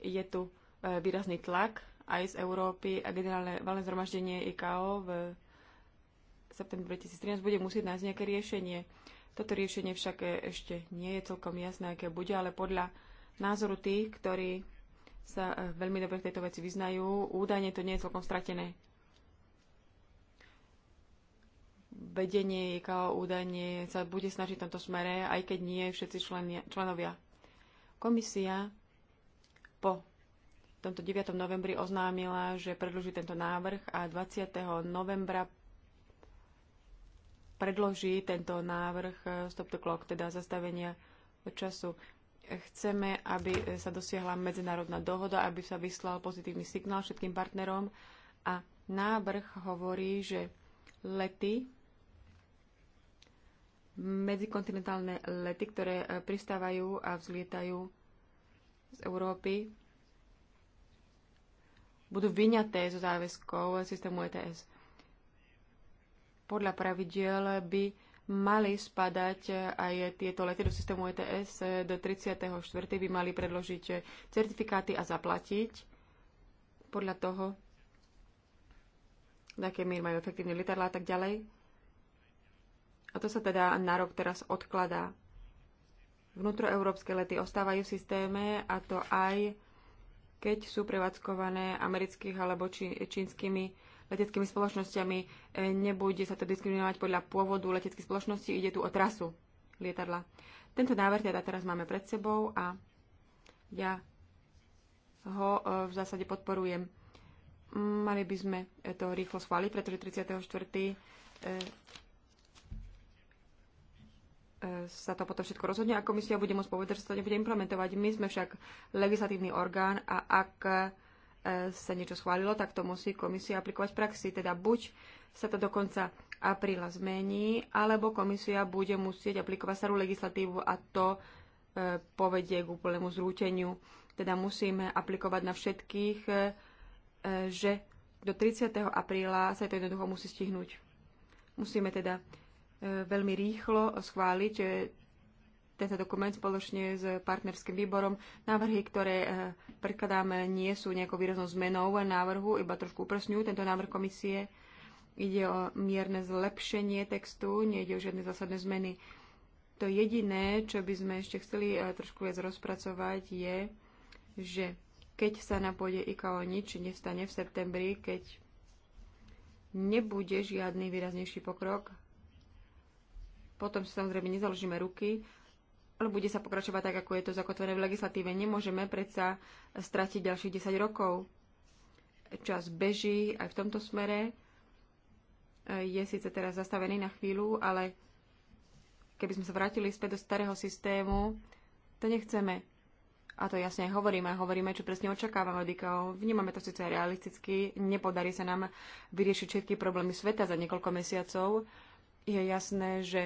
Je tu e, výrazný tlak aj z Európy a generálne valné zhromaždenie IKO v septembri 2013 bude musieť nájsť nejaké riešenie. Toto riešenie však ešte nie je celkom jasné, aké bude, ale podľa názoru tých, ktorí sa e, veľmi dobre v tejto veci vyznajú. Údajne to nie je celkom stratené. Vedenie IKO údajne sa bude snažiť v tomto smere, aj keď nie všetci členia, členovia. Komisia po tomto 9. novembri oznámila, že predloží tento návrh a 20. novembra predloží tento návrh e, stop the clock, teda zastavenia času. Chceme, aby e, sa dosiahla medzinárodná dohoda, aby sa vyslal pozitívny signál všetkým partnerom a návrh hovorí, že lety, medzikontinentálne lety, ktoré e, pristávajú a vzlietajú z Európy, budú vyňaté zo záväzkov systému ETS. Podľa pravidiel by mali spadať aj tieto lety do systému ETS. Do 34. by mali predložiť certifikáty a zaplatiť podľa toho, do aké míry majú efektívne lietadla a tak ďalej. A to sa teda na rok teraz odkladá. Vnútroeurópske lety ostávajú v systéme a to aj keď sú prevádzkované amerických alebo či, čínskymi leteckými spoločnosťami. E, nebude sa to diskriminovať podľa pôvodu leteckej spoločnosti, ide tu o trasu lietadla. Tento návrh teda teraz máme pred sebou a ja ho e, v zásade podporujem. Mali by sme to rýchlo schváliť, pretože 34. E, sa to potom všetko rozhodne a komisia bude môcť povedať, že sa to nebude implementovať. My sme však legislatívny orgán a ak E, sa niečo schválilo, tak to musí komisia aplikovať v praxi. Teda buď sa to do konca apríla zmení, alebo komisia bude musieť aplikovať starú legislatívu a to e, povedie k úplnému zrúteniu. Teda musíme aplikovať na všetkých, e, že do 30. apríla sa to jednoducho musí stihnúť. Musíme teda veľmi rýchlo schváliť tento dokument spoločne s partnerským výborom. Návrhy, ktoré eh, predkladáme, nie sú nejakou výraznou zmenou návrhu, iba trošku upresňujú tento návrh komisie. Ide o mierne zlepšenie textu, nejde o žiadne zásadné zmeny. To jediné, čo by sme ešte chceli eh, trošku viac rozpracovať, je, že keď sa na pôde IKO nič nestane v septembri, keď nebude žiadny výraznejší pokrok, potom si samozrejme nezaložíme ruky, ale bude sa pokračovať tak, ako je to zakotvené v legislatíve. Nemôžeme predsa stratiť ďalších 10 rokov. Čas beží aj v tomto smere. Je síce teraz zastavený na chvíľu, ale keby sme sa vrátili späť do starého systému, to nechceme. A to jasne aj hovoríme. A hovoríme, čo presne očakávame od IKO. Vnímame to síce realisticky. Nepodarí sa nám vyriešiť všetky problémy sveta za niekoľko mesiacov. Je jasné, že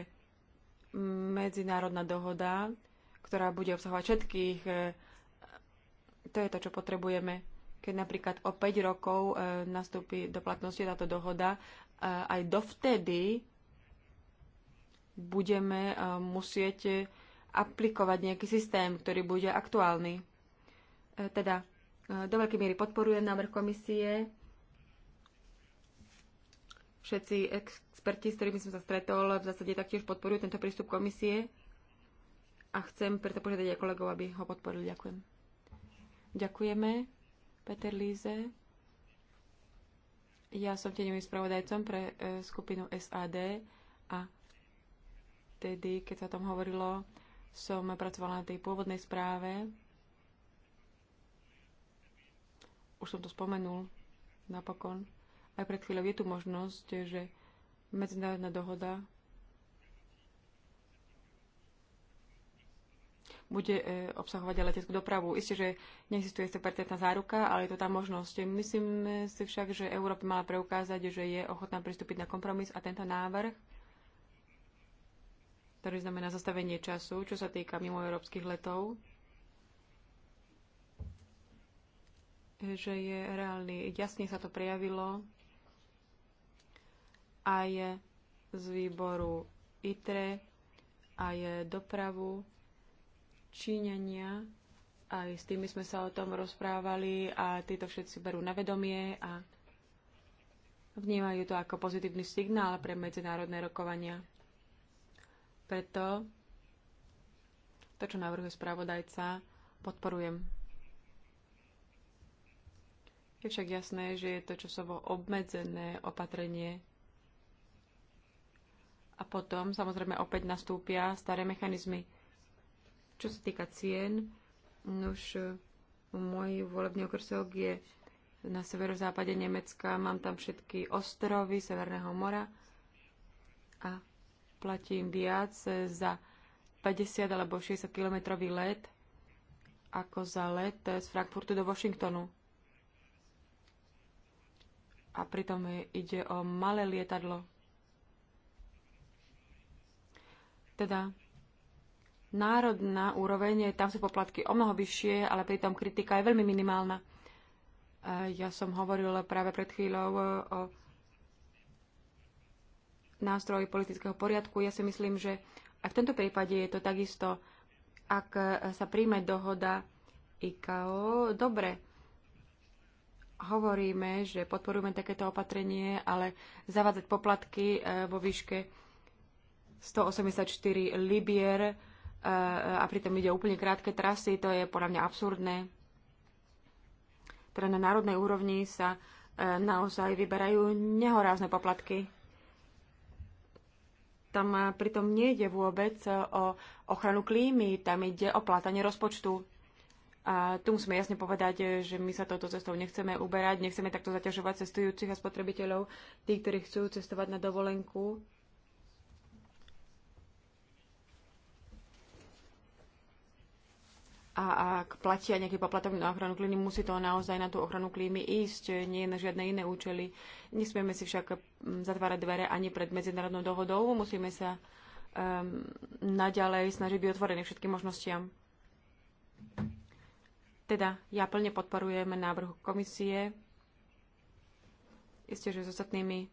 medzinárodná dohoda, ktorá bude obsahovať všetkých, e, to je to, čo potrebujeme. Keď napríklad o 5 rokov e, nastúpi do platnosti táto dohoda, e, aj dovtedy budeme musieť aplikovať nejaký systém, ktorý bude aktuálny. Teda do veľkej miery podporujem návrh komisie. Všetci ex- experti, s ktorými som sa stretol, v zásade taktiež podporujú tento prístup komisie a chcem preto požiadať aj kolegov, aby ho podporili. Ďakujem. Ďakujeme. Peter Líze. Ja som tenevým spravodajcom pre e, skupinu SAD a vtedy, keď sa o tom hovorilo, som pracovala na tej pôvodnej správe. Už som to spomenul napokon. Aj pred chvíľou je tu možnosť, že medzinárodná dohoda bude e, obsahovať aj leteckú dopravu. Isté, že neexistuje 100% záruka, ale je to tá možnosť. Myslím si však, že Európa mala preukázať, že je ochotná pristúpiť na kompromis a tento návrh, ktorý znamená zastavenie času, čo sa týka mimoeurópskych letov, že je reálny. Jasne sa to prejavilo aj z výboru ITRE, aj dopravu, činenia. aj s tými sme sa o tom rozprávali a títo všetci berú na vedomie a vnímajú to ako pozitívny signál pre medzinárodné rokovania. Preto to, čo navrhuje spravodajca, podporujem. Je však jasné, že je to časovo obmedzené opatrenie a potom samozrejme opäť nastúpia staré mechanizmy. Čo sa týka cien, už môj volebný okrsok je na severozápade Nemecka, mám tam všetky ostrovy Severného mora a platím viac za 50 alebo 60 kilometrový let ako za let z Frankfurtu do Washingtonu. A pritom ide o malé lietadlo, Teda národná úroveň, tam sú poplatky o mnoho vyššie, ale pritom kritika je veľmi minimálna. Ja som hovoril práve pred chvíľou e, o nástroji politického poriadku. Ja si myslím, že aj v tomto prípade je to takisto, ak sa príjme dohoda IKO, dobre, hovoríme, že podporujeme takéto opatrenie, ale zavádzať poplatky e, vo výške 184 libier e, e, a pritom ide úplne krátke trasy, to je podľa mňa absurdné. Teda na národnej úrovni sa e, naozaj vyberajú nehorázne poplatky. Tam pritom nejde vôbec o ochranu klímy, tam ide o plátanie rozpočtu. A tu musíme jasne povedať, že my sa touto cestou nechceme uberať, nechceme takto zaťažovať cestujúcich a spotrebiteľov, tí, ktorí chcú cestovať na dovolenku a ak platia nejaký poplatok na ochranu klímy, musí to naozaj na tú ochranu klímy ísť, nie na žiadne iné účely. Nesmieme si však mm, zatvárať dvere ani pred medzinárodnou dohodou, musíme sa um, naďalej snažiť byť otvorení všetkým možnostiam. Teda ja plne podporujem návrh komisie. Isté, že s ostatnými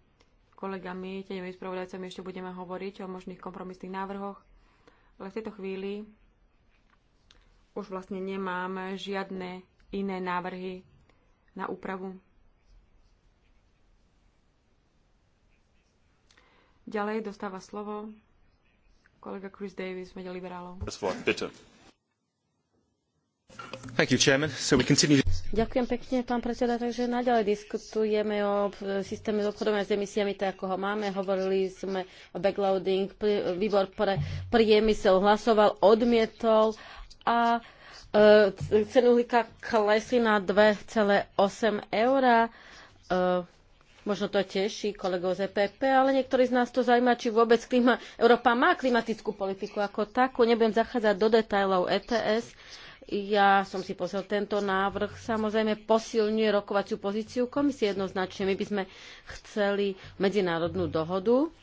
kolegami, tieňovými spravodajcami ešte budeme hovoriť o možných kompromisných návrhoch, ale v tejto chvíli už vlastne nemám žiadne iné návrhy na úpravu. Ďalej dostáva slovo kolega Chris Davis, mede liberálov. You, so continue... Ďakujem pekne, pán predseda. Takže naďalej diskutujeme o systéme obchodovania s emisiami, tak ako ho máme. Hovorili sme o backloading. Výbor pre priemysel hlasoval, odmietol a e, cenu uhlíka klesli na 2,8 eura. E, možno to teší kolegov z EPP, ale niektorí z nás to zaujíma, či vôbec klima... Európa má klimatickú politiku ako takú. Nebudem zachádzať do detajlov ETS. Ja som si pozrel tento návrh. Samozrejme posilňuje rokovaciu pozíciu komisie jednoznačne. My by sme chceli medzinárodnú dohodu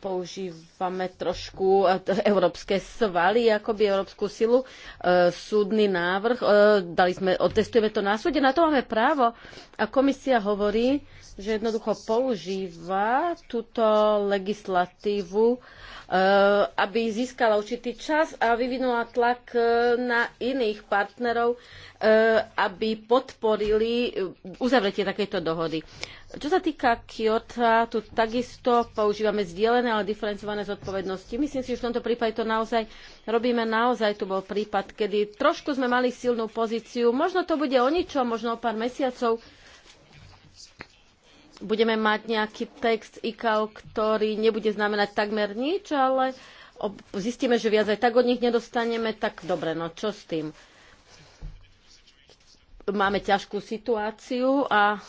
používame trošku e, európske svaly, akoby európsku silu, e, súdny návrh, e, dali sme, otestujeme to na súde, na to máme právo. A komisia hovorí, že jednoducho používa túto legislatívu e, Eh, aby získala určitý čas a vyvinula tlak eh, na iných partnerov, eh, aby podporili uzavretie takejto dohody. Čo sa týka Kyoto, tu takisto používame zdieľané, ale diferencované zodpovednosti. Myslím si, že v tomto prípade to naozaj robíme. Naozaj tu bol prípad, kedy trošku sme mali silnú pozíciu. Možno to bude o ničom, možno o pár mesiacov, budeme mať nejaký text ICAO, ktorý nebude znamenať takmer nič, ale zistíme, že viac aj tak od nich nedostaneme, tak dobre, no čo s tým? Máme ťažkú situáciu a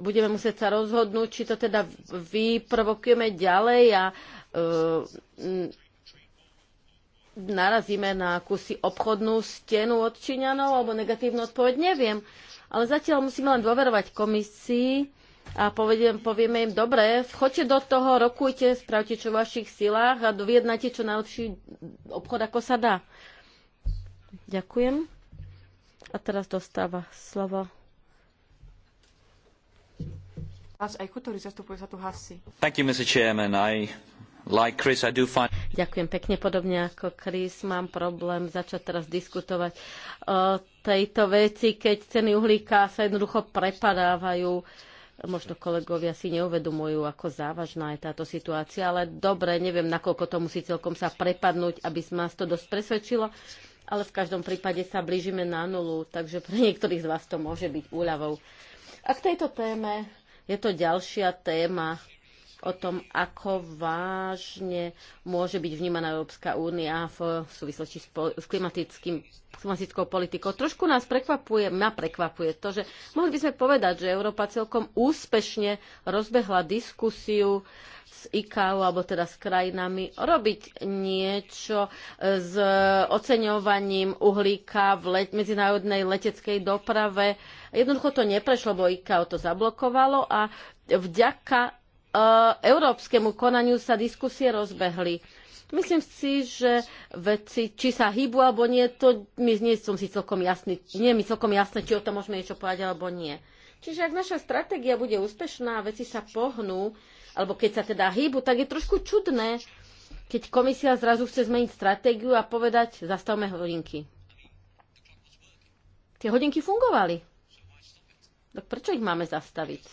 budeme musieť sa rozhodnúť, či to teda vyprovokujeme ďalej a uh, narazíme na akúsi obchodnú stenu od Číňanov alebo negatívnu odpoveď, neviem. Ale zatiaľ musíme len dôverovať komisii, a povedem, povieme im, dobre, vchoďte do toho, rokujte, spravte čo v vašich silách a doviednate čo najlepší obchod, ako sa dá. Ďakujem. A teraz dostáva slovo. Thank you, Mr. Chairman. I Like Chris, find... Ďakujem pekne, podobne ako Chris, mám problém začať teraz diskutovať o tejto veci, keď ceny uhlíka sa jednoducho prepadávajú. Možno kolegovia si neuvedomujú, ako závažná je táto situácia, ale dobre, neviem, nakoľko to musí celkom sa prepadnúť, aby nás to dosť presvedčilo, ale v každom prípade sa blížime na nulu, takže pre niektorých z vás to môže byť úľavou. A k tejto téme je to ďalšia téma, o tom, ako vážne môže byť vnímaná Európska únia v súvislosti s, klimatickým, klimatickou politikou. Trošku nás prekvapuje, ma prekvapuje to, že mohli by sme povedať, že Európa celkom úspešne rozbehla diskusiu s IKAU, alebo teda s krajinami, robiť niečo s oceňovaním uhlíka v let, medzinárodnej leteckej doprave. Jednoducho to neprešlo, bo IKAO to zablokovalo a vďaka E, európskemu konaniu sa diskusie rozbehli. Myslím si, že veci, či sa hýbu alebo nie, to my nie som si celkom jasný, nie je mi celkom jasné, či o tom môžeme niečo povedať alebo nie. Čiže ak naša stratégia bude úspešná, veci sa pohnú, alebo keď sa teda hýbu, tak je trošku čudné, keď komisia zrazu chce zmeniť stratégiu a povedať, zastavme hodinky. Tie hodinky fungovali. Tak prečo ich máme zastaviť?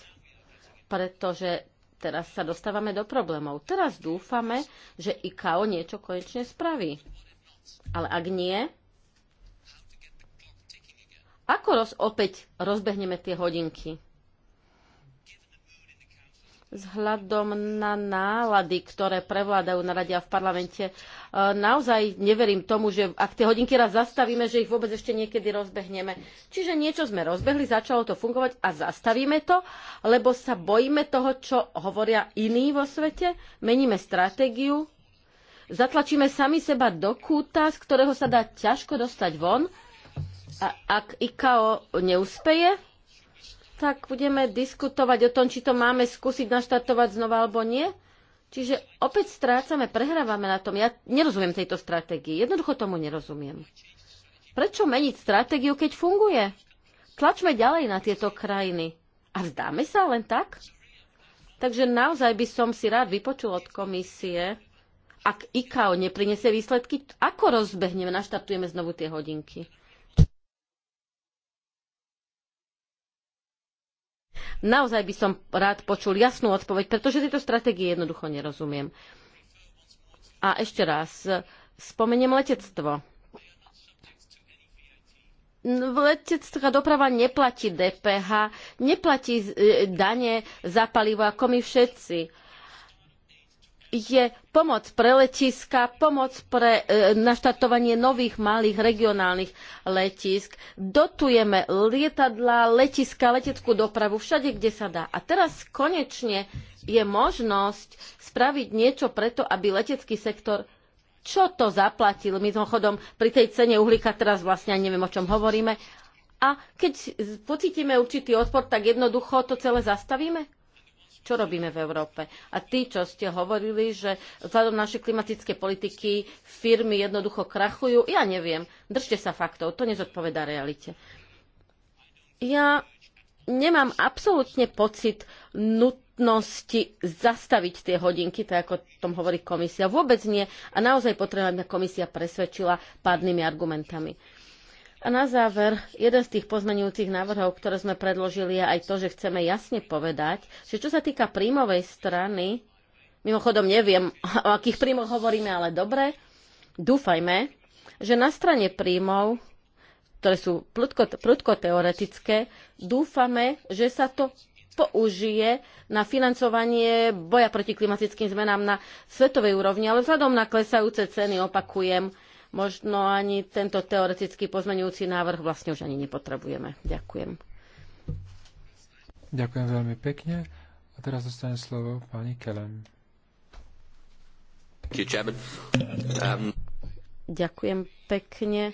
Pretože teraz sa dostávame do problémov. Teraz dúfame, že IKAO niečo konečne spraví. Ale ak nie, ako roz, opäť rozbehneme tie hodinky? vzhľadom na nálady, ktoré prevládajú na radia v parlamente. E, naozaj neverím tomu, že ak tie hodinky raz zastavíme, že ich vôbec ešte niekedy rozbehneme. Čiže niečo sme rozbehli, začalo to fungovať a zastavíme to, lebo sa bojíme toho, čo hovoria iní vo svete, meníme stratégiu, zatlačíme sami seba do kúta, z ktorého sa dá ťažko dostať von a ak IKO neúspeje, tak budeme diskutovať o tom, či to máme skúsiť naštartovať znova alebo nie. Čiže opäť strácame, prehrávame na tom. Ja nerozumiem tejto stratégii. Jednoducho tomu nerozumiem. Prečo meniť stratégiu, keď funguje? Tlačme ďalej na tieto krajiny. A vzdáme sa len tak? Takže naozaj by som si rád vypočul od komisie, ak IKAO neprinese výsledky, ako rozbehneme, naštartujeme znovu tie hodinky. Naozaj by som rád počul jasnú odpoveď, pretože tejto stratégie jednoducho nerozumiem. A ešte raz, spomeniem letectvo. Letecká doprava neplatí DPH, neplatí e, dane za palivo ako my všetci je pomoc pre letiská, pomoc pre e, naštartovanie nových malých regionálnych letísk. Dotujeme lietadlá, letiska, leteckú dopravu všade, kde sa dá. A teraz konečne je možnosť spraviť niečo preto, aby letecký sektor čo to zaplatil. My pri tej cene uhlíka teraz vlastne neviem, o čom hovoríme. A keď pocítime určitý odpor, tak jednoducho to celé zastavíme? čo robíme v Európe. A tí, čo ste hovorili, že vzhľadom našej klimatické politiky firmy jednoducho krachujú, ja neviem. Držte sa faktov, to nezodpovedá realite. Ja nemám absolútne pocit nutnosti zastaviť tie hodinky, tak ako o tom hovorí komisia. Vôbec nie. A naozaj potrebujem, aby komisia presvedčila pádnymi argumentami. A na záver, jeden z tých pozmenujúcich návrhov, ktoré sme predložili, je aj to, že chceme jasne povedať, že čo sa týka príjmovej strany, mimochodom neviem, o akých príjmoch hovoríme, ale dobre, dúfajme, že na strane príjmov ktoré sú prudko, prudko teoretické, dúfame, že sa to použije na financovanie boja proti klimatickým zmenám na svetovej úrovni, ale vzhľadom na klesajúce ceny, opakujem, možno ani tento teoretický pozmeňujúci návrh vlastne už ani nepotrebujeme. Ďakujem. Ďakujem veľmi pekne. A teraz dostane slovo pani Kelem. Um, Ďakujem pekne.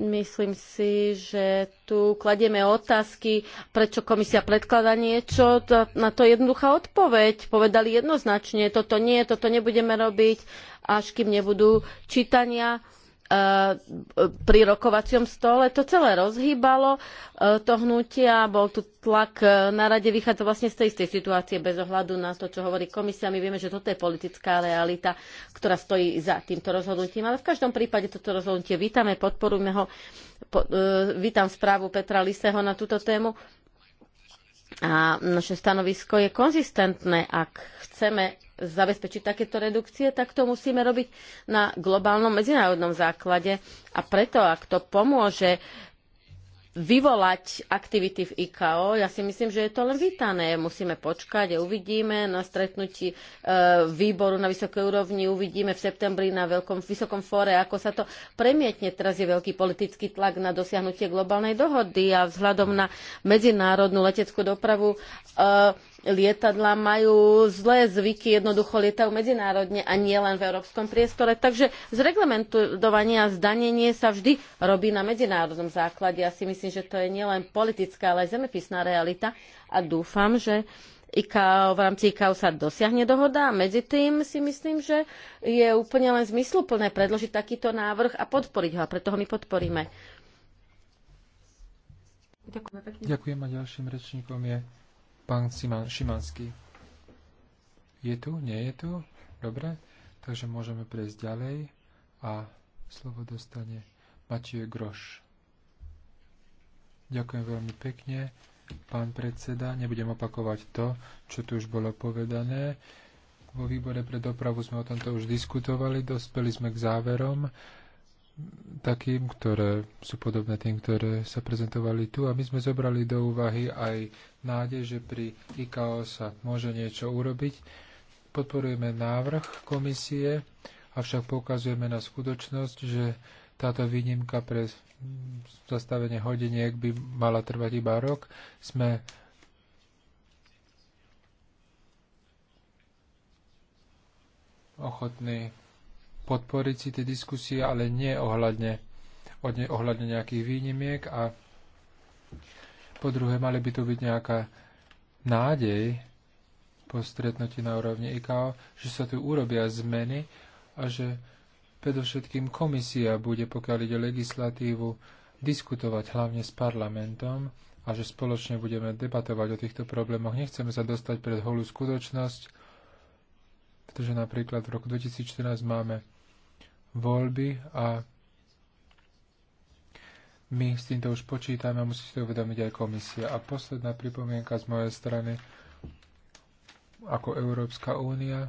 Myslím si, že tu kladieme otázky, prečo komisia predkladá niečo. Na to jednoduchá odpoveď. Povedali jednoznačne, toto nie, toto nebudeme robiť, až kým nebudú čítania Eh, pri rokovacom stole to celé rozhýbalo eh, to hnutie a bol tu tlak eh, na rade vychádza vlastne z tej istej situácie bez ohľadu na to, čo hovorí komisia. My vieme, že toto je politická realita, ktorá stojí za týmto rozhodnutím. Ale v každom prípade toto rozhodnutie vítame, podporujme ho. Po, vítam správu Petra Liseho na túto tému a naše stanovisko je konzistentné. Ak chceme zabezpečiť takéto redukcie, tak to musíme robiť na globálnom medzinárodnom základe. A preto, ak to pomôže vyvolať aktivity v IKO. Ja si myslím, že je to len vítané. Musíme počkať a uvidíme na stretnutí e, výboru na vysokej úrovni. Uvidíme v septembri na veľkom, vysokom fóre, ako sa to premietne. Teraz je veľký politický tlak na dosiahnutie globálnej dohody a vzhľadom na medzinárodnú leteckú dopravu e, lietadla majú zlé zvyky, jednoducho lietajú medzinárodne a nie len v európskom priestore. Takže zreglementovanie a zdanenie sa vždy robí na medzinárodnom základe. Ja si myslím, že to je nielen politická, ale aj zemepisná realita a dúfam, že IKAO, v rámci IKAO sa dosiahne dohoda a medzi tým si myslím, že je úplne len zmysluplné predložiť takýto návrh a podporiť ho a preto ho my podporíme. Ďakujem, Ďakujem a ďalším rečníkom je Pán Siman, Šimanský. Je tu? Nie je tu? Dobre. Takže môžeme prejsť ďalej a slovo dostane Matiu Groš. Ďakujem veľmi pekne, pán predseda. Nebudem opakovať to, čo tu už bolo povedané. Vo výbore pre dopravu sme o tomto už diskutovali, dospeli sme k záverom takým, ktoré sú podobné tým, ktoré sa prezentovali tu. A my sme zobrali do úvahy aj nádej, že pri IKO sa môže niečo urobiť. Podporujeme návrh komisie, avšak poukazujeme na skutočnosť, že táto výnimka pre zastavenie hodiniek by mala trvať iba rok. Sme ochotní podporiť si tie diskusie, ale nie ohľadne, ohľadne nejakých výnimiek a po druhé, mali by tu byť nejaká nádej po stretnutí na úrovni IKO, že sa tu urobia zmeny a že predovšetkým komisia bude, pokiaľ ide o legislatívu, diskutovať hlavne s parlamentom a že spoločne budeme debatovať o týchto problémoch. Nechceme sa dostať pred holú skutočnosť, pretože napríklad v roku 2014 máme voľby a my s týmto už počítame a musí si to uvedomiť aj komisia. A posledná pripomienka z mojej strany ako Európska únia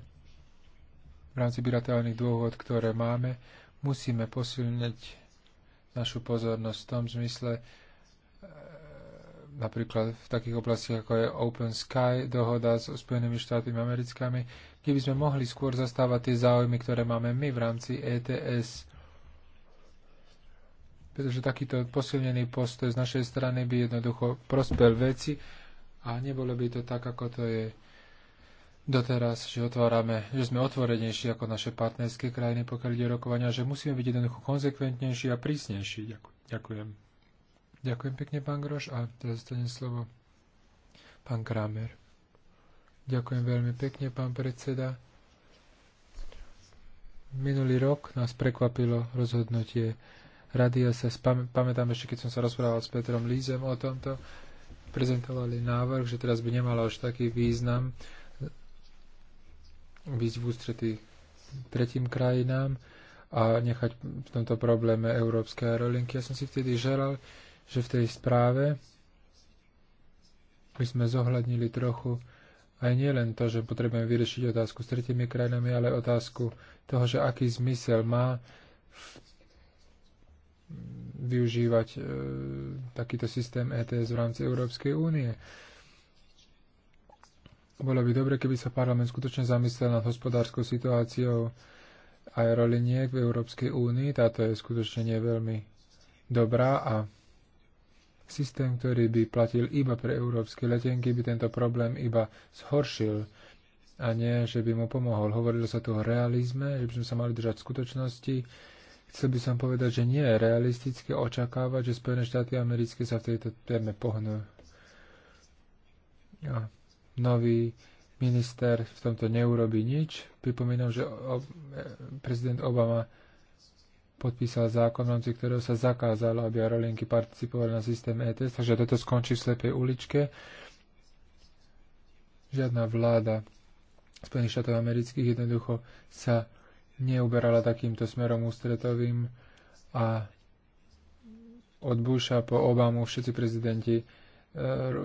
v rámci bilaterálnych dôvod, ktoré máme, musíme posilniť našu pozornosť v tom zmysle, e, napríklad v takých oblastiach ako je Open Sky, dohoda s Spojenými štátmi Americkami by sme mohli skôr zastávať tie záujmy, ktoré máme my v rámci ETS. Pretože takýto posilnený postoj z našej strany by jednoducho prospel veci a nebolo by to tak, ako to je doteraz, že otvárame, že sme otvorenejší ako naše partnerské krajiny, pokiaľ ide rokovania, že musíme byť jednoducho konzekventnejší a prísnejší. Ďakujem. Ďakujem pekne, pán Groš, a teraz zostane slovo pán Kramer. Ďakujem veľmi pekne, pán predseda. Minulý rok nás prekvapilo rozhodnutie rady. Ja sa spam- pamätám ešte, keď som sa rozprával s Petrom Lízem o tomto. Prezentovali návrh, že teraz by nemalo až taký význam byť v ústretí tretím krajinám a nechať v tomto probléme európske aerolinky. Ja som si vtedy želal, že v tej správe by sme zohľadnili trochu aj nie len to, že potrebujeme vyriešiť otázku s tretimi krajinami, ale otázku toho, že aký zmysel má využívať e, takýto systém ETS v rámci Európskej únie. Bolo by dobre, keby sa parlament skutočne zamyslel nad hospodárskou situáciou aeroliniek v Európskej únii. Táto je skutočne veľmi dobrá a Systém, ktorý by platil iba pre európske letenky, by tento problém iba zhoršil a nie, že by mu pomohol. Hovorilo sa tu o realizme, že by sme sa mali držať v skutočnosti. Chcel by som povedať, že nie je realistické očakávať, že Spojené štáty americké sa v tejto téme pohnú. A nový minister v tomto neurobi nič. Pripomínam, že prezident Obama podpísal zákon, v rámci ktorého sa zakázalo, aby aerolinky participovali na systém ETS, takže toto skončí v slepej uličke. Žiadna vláda Spojených štátov amerických jednoducho sa neuberala takýmto smerom ústretovým a od Busha po Obamu všetci prezidenti e,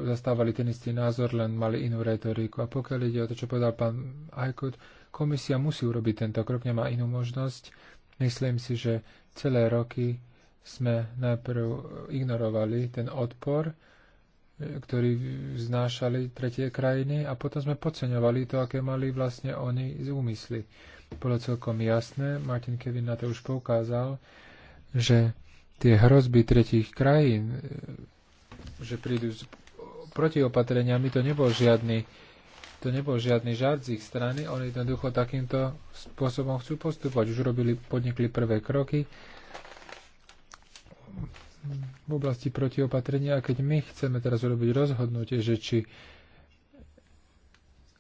zastávali ten istý názor, len mali inú retoriku. A pokiaľ ide o to, čo povedal pán Ajkut, komisia musí urobiť tento krok, nemá inú možnosť Myslím si, že celé roky sme najprv ignorovali ten odpor, e, ktorý vznášali tretie krajiny a potom sme podceňovali to, aké mali vlastne oni z úmysly. Bolo celkom jasné, Martin Kevin na to už poukázal, že tie hrozby tretích krajín, e, že prídu s protiopatreniami, to nebol žiadny to nebol žiadny žart z ich strany, oni jednoducho takýmto spôsobom chcú postupovať. Už robili, podnikli prvé kroky v oblasti protiopatrenia a keď my chceme teraz urobiť rozhodnutie, že či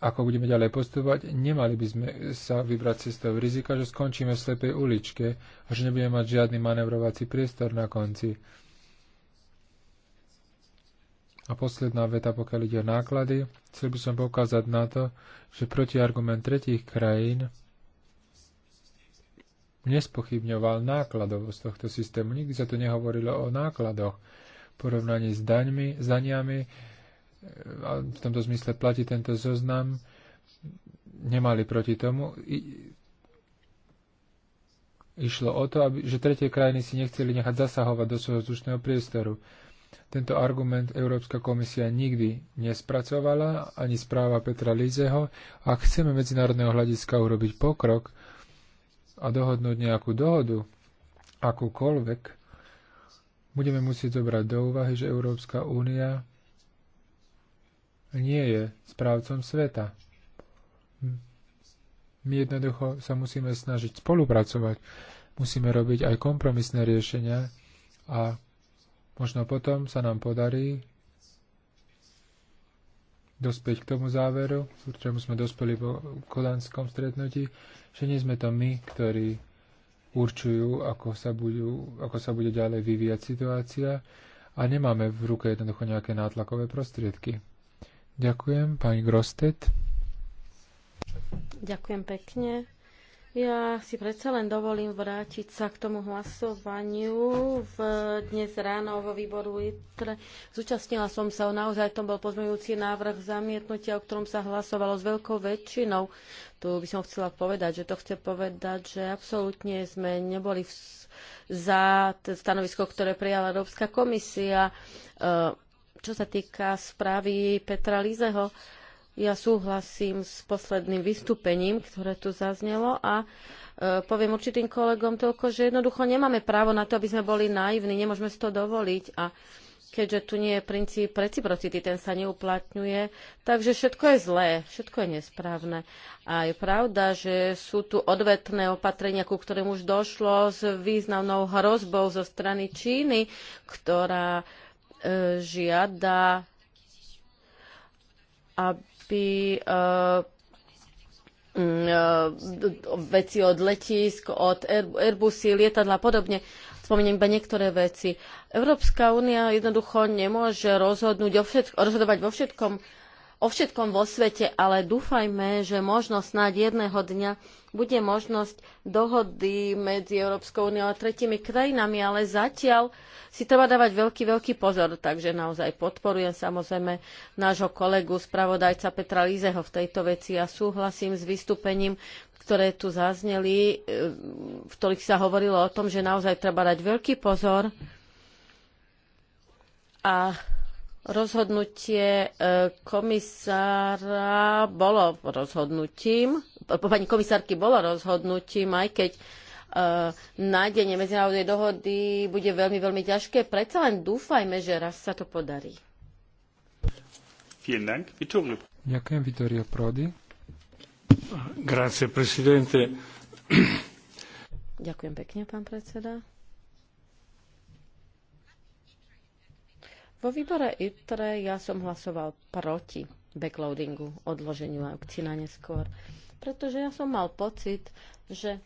ako budeme ďalej postupovať, nemali by sme sa vybrať cestou rizika, že skončíme v slepej uličke a že nebudeme mať žiadny manevrovací priestor na konci. A posledná veta, pokiaľ ide o náklady, chcel by som poukázať na to, že protiargument tretích krajín nespochybňoval nákladovosť tohto systému. Nikdy sa to nehovorilo o nákladoch v porovnaní s daňmi, s daniami. A v tomto zmysle platí tento zoznam. Nemali proti tomu. I, išlo o to, aby, že tretie krajiny si nechceli nechať zasahovať do svojho vzdušného priestoru. Tento argument Európska komisia nikdy nespracovala, ani správa Petra Lízeho. Ak chceme medzinárodného hľadiska urobiť pokrok a dohodnúť nejakú dohodu, akúkoľvek, budeme musieť zobrať do úvahy, že Európska únia nie je správcom sveta. My jednoducho sa musíme snažiť spolupracovať, musíme robiť aj kompromisné riešenia a Možno potom sa nám podarí dospieť k tomu záveru, k ktorému sme dospeli po kodanskom stretnutí, že nie sme to my, ktorí určujú, ako sa, budú, ako sa bude ďalej vyvíjať situácia a nemáme v ruke jednoducho nejaké nátlakové prostriedky. Ďakujem, pani Grostet. Ďakujem pekne. Ja si predsa len dovolím vrátiť sa k tomu hlasovaniu. V, dnes ráno vo výboru ITRE zúčastnila som sa, naozaj to bol pozmeňujúci návrh zamietnutia, o ktorom sa hlasovalo s veľkou väčšinou. Tu by som chcela povedať, že to chce povedať, že absolútne sme neboli v, za stanovisko, ktoré prijala Európska komisia. E, čo sa týka správy Petra Lízeho, ja súhlasím s posledným vystúpením, ktoré tu zaznelo a e, poviem určitým kolegom toľko, že jednoducho nemáme právo na to, aby sme boli naivní, nemôžeme si to dovoliť a keďže tu nie je princíp reciprocity, ten sa neuplatňuje, takže všetko je zlé, všetko je nesprávne. A je pravda, že sú tu odvetné opatrenia, ku ktorým už došlo s významnou hrozbou zo strany Číny, ktorá e, žiada aby nákupy eh, mm, eh, veci od letísk, od Airbusy, lietadla a podobne. Spomeniem iba niektoré veci. Európska únia jednoducho nemôže rozhodnúť o všetko, rozhodovať vo všetkom o všetkom vo svete, ale dúfajme, že možno snáď jedného dňa bude možnosť dohody medzi Európskou úniou a tretími krajinami, ale zatiaľ si treba dávať veľký, veľký pozor. Takže naozaj podporujem samozrejme nášho kolegu, spravodajca Petra Lízeho v tejto veci a súhlasím s vystúpením, ktoré tu zazneli, e, v ktorých sa hovorilo o tom, že naozaj treba dať veľký pozor a Rozhodnutie e, komisára bolo rozhodnutím, pani komisárky bolo rozhodnutím, aj keď e, nájdenie medzinárodnej dohody bude veľmi, veľmi ťažké. Predsa len dúfajme, že raz sa to podarí. Ďakujem, Vittorio Prodi. Grazie, presidente. Ďakujem pekne, pán predseda. Vo výbore ITRE ja som hlasoval proti backloadingu, odloženiu aukcií na neskôr, pretože ja som mal pocit, že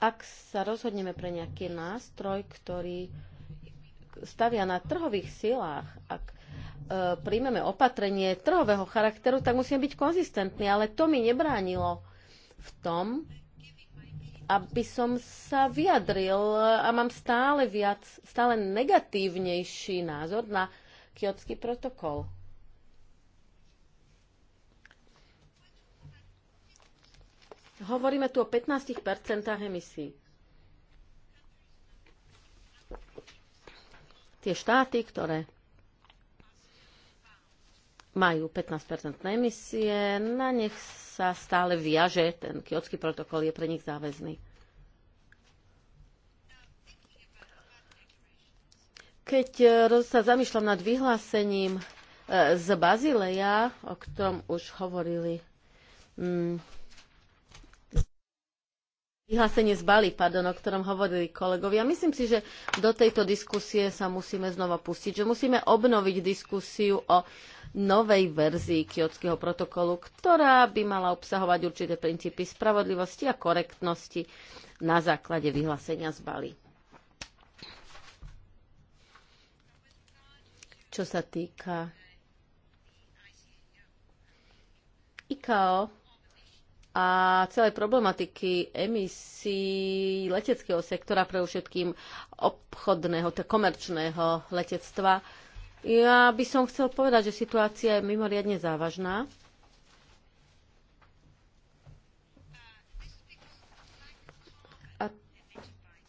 ak sa rozhodneme pre nejaký nástroj, ktorý stavia na trhových silách, ak e, príjmeme opatrenie trhového charakteru, tak musíme byť konzistentní. Ale to mi nebránilo v tom, aby som sa vyjadril e, a mám stále viac, stále negatívnejší názor na kiotský protokol. Hovoríme tu o 15% emisí. Tie štáty, ktoré majú 15 emisie, na nech sa stále viaže, ten kiotský protokol je pre nich záväzný. Keď e, sa zamýšľam nad vyhlásením e, z Bazileja, o ktorom už hovorili mm, vyhlásenie z Bali, pardon, o ktorom hovorili kolegovia. Myslím si, že do tejto diskusie sa musíme znova pustiť, že musíme obnoviť diskusiu o novej verzii kiotského protokolu, ktorá by mala obsahovať určité princípy spravodlivosti a korektnosti na základe vyhlásenia z Bali. Čo sa týka ICAO a celej problematiky emisí leteckého sektora, pre všetkým obchodného, komerčného letectva, ja by som chcel povedať, že situácia je mimoriadne závažná. A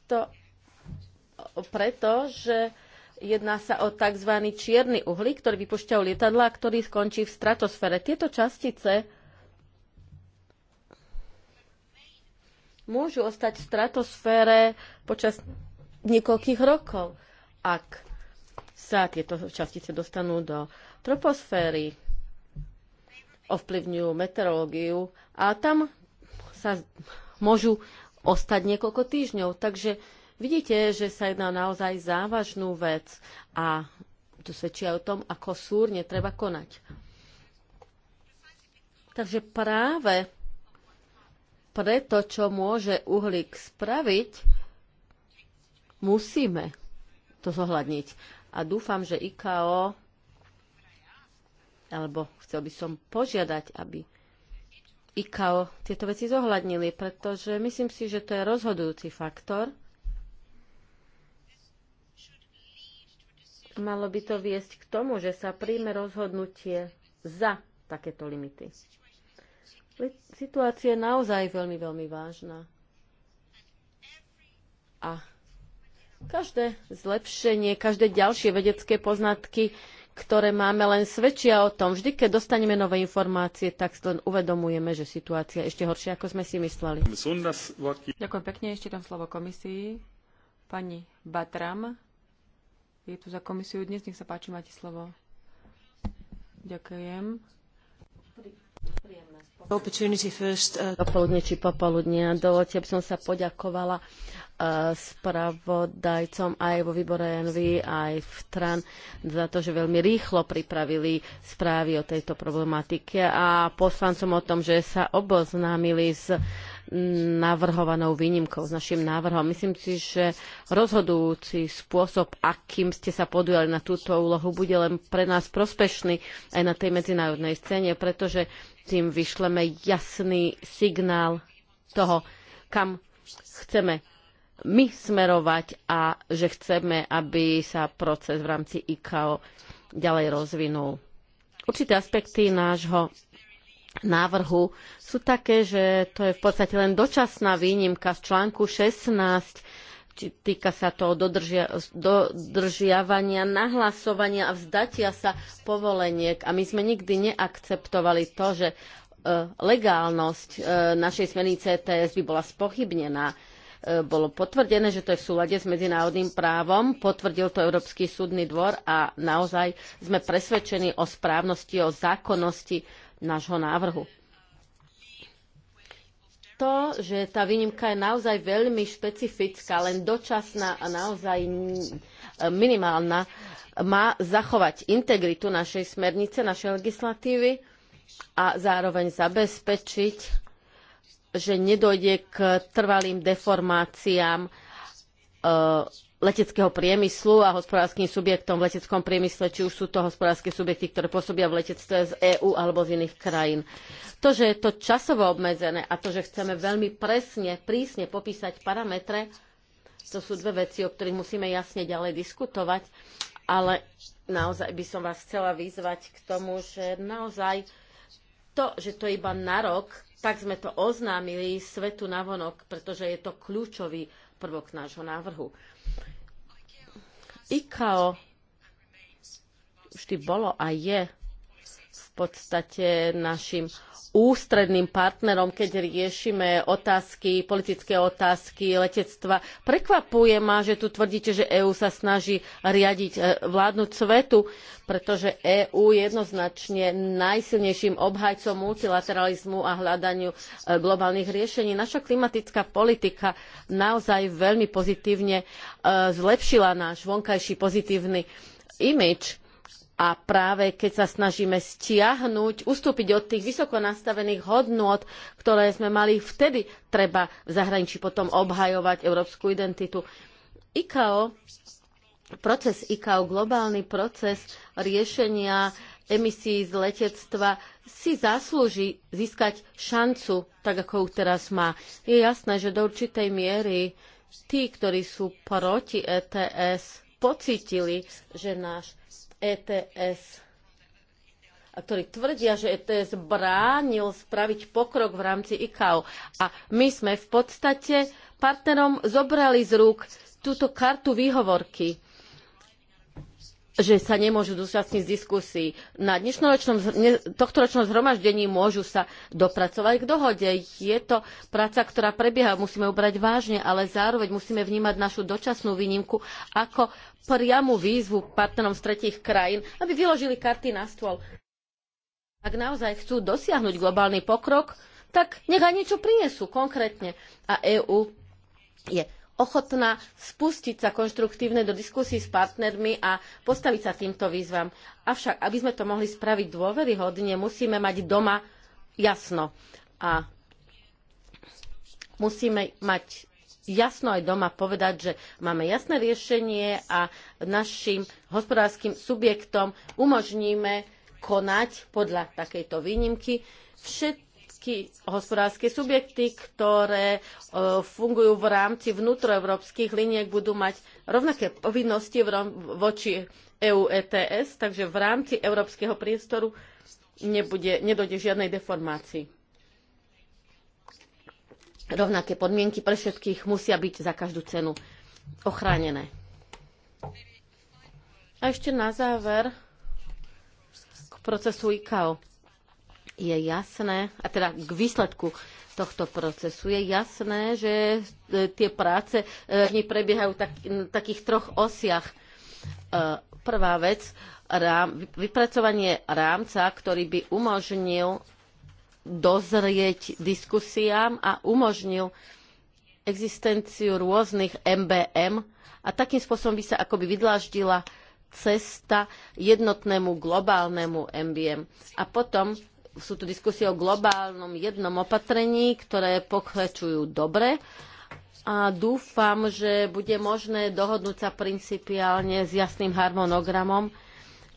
to preto, že Jedná sa o tzv. čierny uhlík, ktorý vypušťajú lietadla, ktorý skončí v stratosfére. Tieto častice môžu ostať v stratosfére počas niekoľkých rokov, ak sa tieto častice dostanú do troposféry, ovplyvňujú meteorológiu a tam sa môžu ostať niekoľko týždňov. Takže vidíte, že sa jedná naozaj závažnú vec a to svedčí o tom, ako súrne treba konať. Takže práve preto, čo môže uhlík spraviť, musíme to zohľadniť a dúfam, že IKO, alebo chcel by som požiadať, aby IKO tieto veci zohľadnili, pretože myslím si, že to je rozhodujúci faktor. Malo by to viesť k tomu, že sa príjme rozhodnutie za takéto limity. Situácia je naozaj veľmi, veľmi vážna. A Každé zlepšenie, každé ďalšie vedecké poznatky, ktoré máme, len svedčia o tom. Vždy, keď dostaneme nové informácie, tak len uvedomujeme, že situácia je ešte horšia, ako sme si mysleli. Ďakujem pekne. Ešte dám slovo komisii. Pani Batram je tu za komisiu dnes. Nech sa páči, máte slovo. Ďakujem. Opportunity first, uh, Dopoludne či popoludne. Dovolte, aby som sa poďakovala spravodajcom aj vo výbore NV, aj v TRAN za to, že veľmi rýchlo pripravili správy o tejto problematike a poslancom o tom, že sa oboznámili s navrhovanou výnimkou, s našim návrhom. Myslím si, že rozhodujúci spôsob, akým ste sa podujali na túto úlohu, bude len pre nás prospešný aj na tej medzinárodnej scéne, pretože tým vyšleme jasný signál toho, kam chceme my smerovať a že chceme, aby sa proces v rámci ICAO ďalej rozvinul. Určité aspekty nášho návrhu sú také, že to je v podstate len dočasná výnimka z článku 16, či týka sa toho dodržia, dodržiavania, nahlasovania a vzdatia sa povoleniek. A my sme nikdy neakceptovali to, že e, legálnosť e, našej smernice ETS by bola spochybnená E, bolo potvrdené, že to je v súlade s medzinárodným právom, potvrdil to Európsky súdny dvor a naozaj sme presvedčení o správnosti, o zákonnosti nášho návrhu. To, že tá výnimka je naozaj veľmi špecifická, len dočasná a naozaj minimálna, má zachovať integritu našej smernice, našej legislatívy a zároveň zabezpečiť že nedojde k trvalým deformáciám e, leteckého priemyslu a hospodárskym subjektom v leteckom priemysle, či už sú to hospodárske subjekty, ktoré pôsobia v letectve z EÚ alebo z iných krajín. To, že je to časovo obmedzené a to, že chceme veľmi presne, prísne popísať parametre, to sú dve veci, o ktorých musíme jasne ďalej diskutovať, ale naozaj by som vás chcela vyzvať k tomu, že naozaj to, že to je iba na rok, tak sme to oznámili svetu navonok, pretože je to kľúčový prvok nášho návrhu. ICAO vždy bolo a je podstate našim ústredným partnerom, keď riešime otázky, politické otázky letectva. Prekvapuje ma, že tu tvrdíte, že EÚ sa snaží riadiť, e, vládnuť svetu, pretože EÚ je jednoznačne najsilnejším obhajcom multilateralizmu a hľadaniu e, globálnych riešení. Naša klimatická politika naozaj veľmi pozitívne e, zlepšila náš vonkajší pozitívny image a práve keď sa snažíme stiahnuť, ustúpiť od tých vysoko nastavených hodnôt, ktoré sme mali vtedy, treba v zahraničí potom obhajovať európsku identitu. ICAO, proces ICAO, globálny proces riešenia emisí z letectva si zaslúži získať šancu, tak ako ju teraz má. Je jasné, že do určitej miery tí, ktorí sú proti ETS, pocítili, že náš ETS a ktorí tvrdia, že ETS bránil spraviť pokrok v rámci ICAO. A my sme v podstate partnerom zobrali z rúk túto kartu výhovorky že sa nemôžu zúčastniť diskusí. Na dnešnoročnom, tohto ročnom zhromaždení môžu sa dopracovať k dohode. Je to práca, ktorá prebieha, musíme ubrať vážne, ale zároveň musíme vnímať našu dočasnú výnimku ako priamu výzvu partnerom z tretich krajín, aby vyložili karty na stôl. Ak naozaj chcú dosiahnuť globálny pokrok, tak nech aj niečo prinesú konkrétne. A EÚ je ochotná spustiť sa konštruktívne do diskusí s partnermi a postaviť sa týmto výzvam. Avšak, aby sme to mohli spraviť dôveryhodne, musíme mať doma jasno. A musíme mať jasno aj doma povedať, že máme jasné riešenie a našim hospodárskym subjektom umožníme konať podľa takejto výnimky. Všetko hospodárske subjekty, ktoré e, fungujú v rámci vnútroevropských liniek, budú mať rovnaké povinnosti voči EU ETS, takže v rámci európskeho priestoru nebude, nedojde žiadnej deformácii. Rovnaké podmienky pre všetkých musia byť za každú cenu ochránené. A ešte na záver k procesu ICAO je jasné, a teda k výsledku tohto procesu. Je jasné, že e, tie práce e, v prebiehajú tak, na takých troch osiach. E, prvá vec, rám, vypracovanie rámca, ktorý by umožnil dozrieť diskusiám a umožnil existenciu rôznych MBM a takým spôsobom by sa akoby vydláždila cesta jednotnému globálnemu MBM. A potom sú tu diskusie o globálnom jednom opatrení, ktoré pokračujú dobre a dúfam, že bude možné dohodnúť sa principiálne s jasným harmonogramom,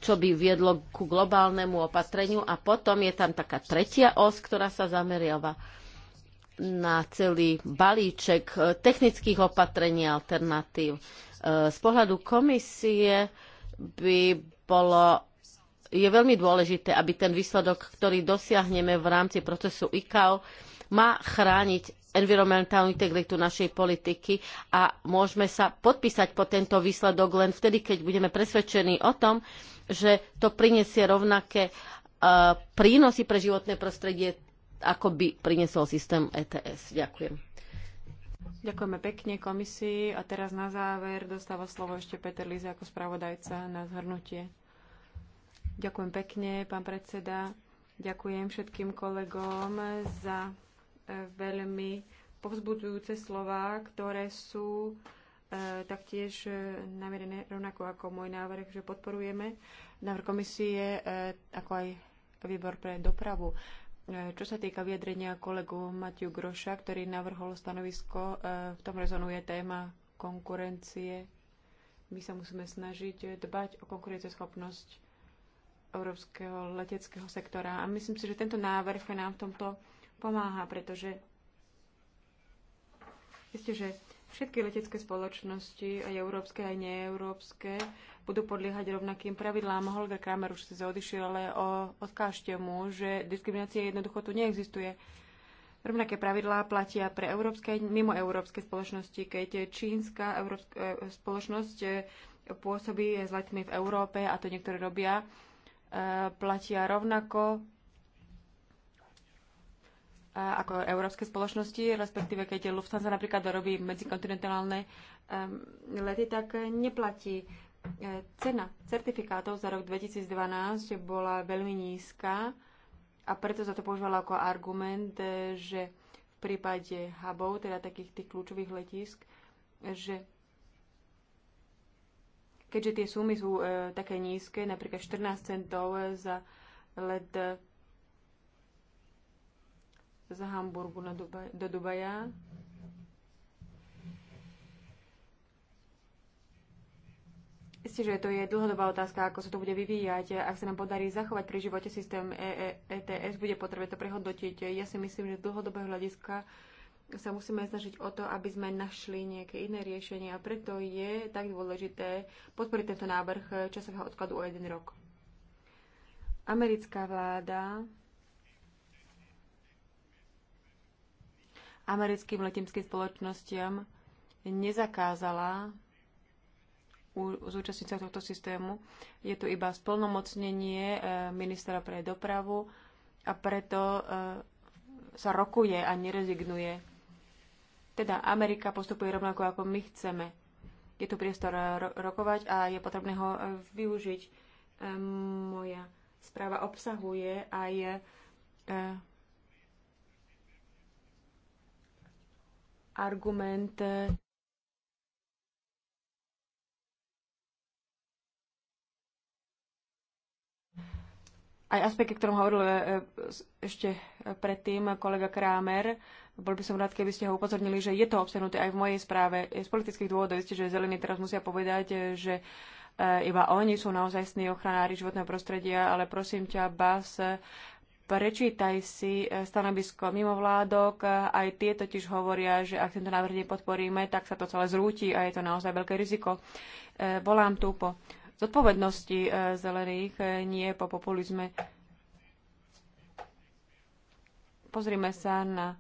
čo by viedlo ku globálnemu opatreniu. A potom je tam taká tretia os, ktorá sa zameriava na celý balíček technických opatrení alternatív. E, z pohľadu komisie by bolo je veľmi dôležité, aby ten výsledok, ktorý dosiahneme v rámci procesu ICAO, má chrániť environmentálnu integritu našej politiky a môžeme sa podpísať po tento výsledok len vtedy, keď budeme presvedčení o tom, že to prinesie rovnaké uh, prínosy pre životné prostredie, ako by priniesol systém ETS. Ďakujem. Ďakujeme pekne komisii a teraz na záver dostáva slovo ešte Peter Lize ako spravodajca na zhrnutie. Ďakujem pekne, pán predseda. Ďakujem všetkým kolegom za e, veľmi povzbudzujúce slova, ktoré sú e, taktiež e, namerené rovnako ako môj návrh, že podporujeme návrh komisie, ako aj výbor pre dopravu. Čo sa týka vyjadrenia kolegu Matiu Groša, ktorý navrhol stanovisko, v tom rezonuje téma konkurencie. My sa musíme snažiť dbať o konkurencieschopnosť európskeho leteckého sektora. A myslím si, že tento návrh nám v tomto pomáha, pretože Isté, že všetky letecké spoločnosti, aj európske, aj neeurópske, budú podliehať rovnakým pravidlám. Holger Kramer už sa zaodišiel, ale o, odkážte mu, že diskriminácia jednoducho tu neexistuje. Rovnaké pravidlá platia pre európske aj mimoeurópske spoločnosti, keď čínska európska, e, spoločnosť e, pôsobí s letmi v Európe, a to niektoré robia, Eh, platia rovnako eh, ako európske spoločnosti, respektíve keď Lufthansa napríklad robí medzikontinentálne eh, lety, tak neplatí. Cena certifikátov za rok 2012 bola veľmi nízka a preto sa to používalo ako argument, že v prípade hubov, teda takých tých kľúčových letísk, že keďže tie sumy sú e, také nízke, napríklad 14 centov za let za Hamburgu na Dubaj, do Dubaja. Isté, že to je dlhodobá otázka, ako sa to bude vyvíjať. Ak sa nám podarí zachovať pri živote systém ETS, e e bude potrebné to prehodnotiť. Ja si myslím, že z dlhodobého hľadiska sa musíme snažiť o to, aby sme našli nejaké iné riešenie a preto je tak dôležité podporiť tento návrh časového odkladu o jeden rok. Americká vláda americkým letinským spoločnostiam nezakázala zúčastniť sa tohto systému. Je tu iba splnomocnenie eh, ministra pre dopravu a preto eh, sa rokuje a nerezignuje teda Amerika postupuje rovnako, ako my chceme. Je tu priestor eh, ro- rokovať a je potrebné ho eh, využiť. Eh, moja správa obsahuje aj argument aj aspekt, o ktorom hovoril ešte predtým kolega Krámer, bol by som rád, keby ste ho upozornili, že je to obsahnuté aj v mojej správe. Z politických dôvodov ste, že zelení teraz musia povedať, že eh, iba oni sú naozaj sní ochranári životného prostredia, ale prosím ťa, Bas, prečítaj si eh, stanovisko mimovládok. Aj tie totiž hovoria, že ak tento návrh nepodporíme, tak sa to celé zrúti a je to naozaj veľké riziko. Eh, volám tu po zodpovednosti zelených, nie po populizme. Pozrime sa na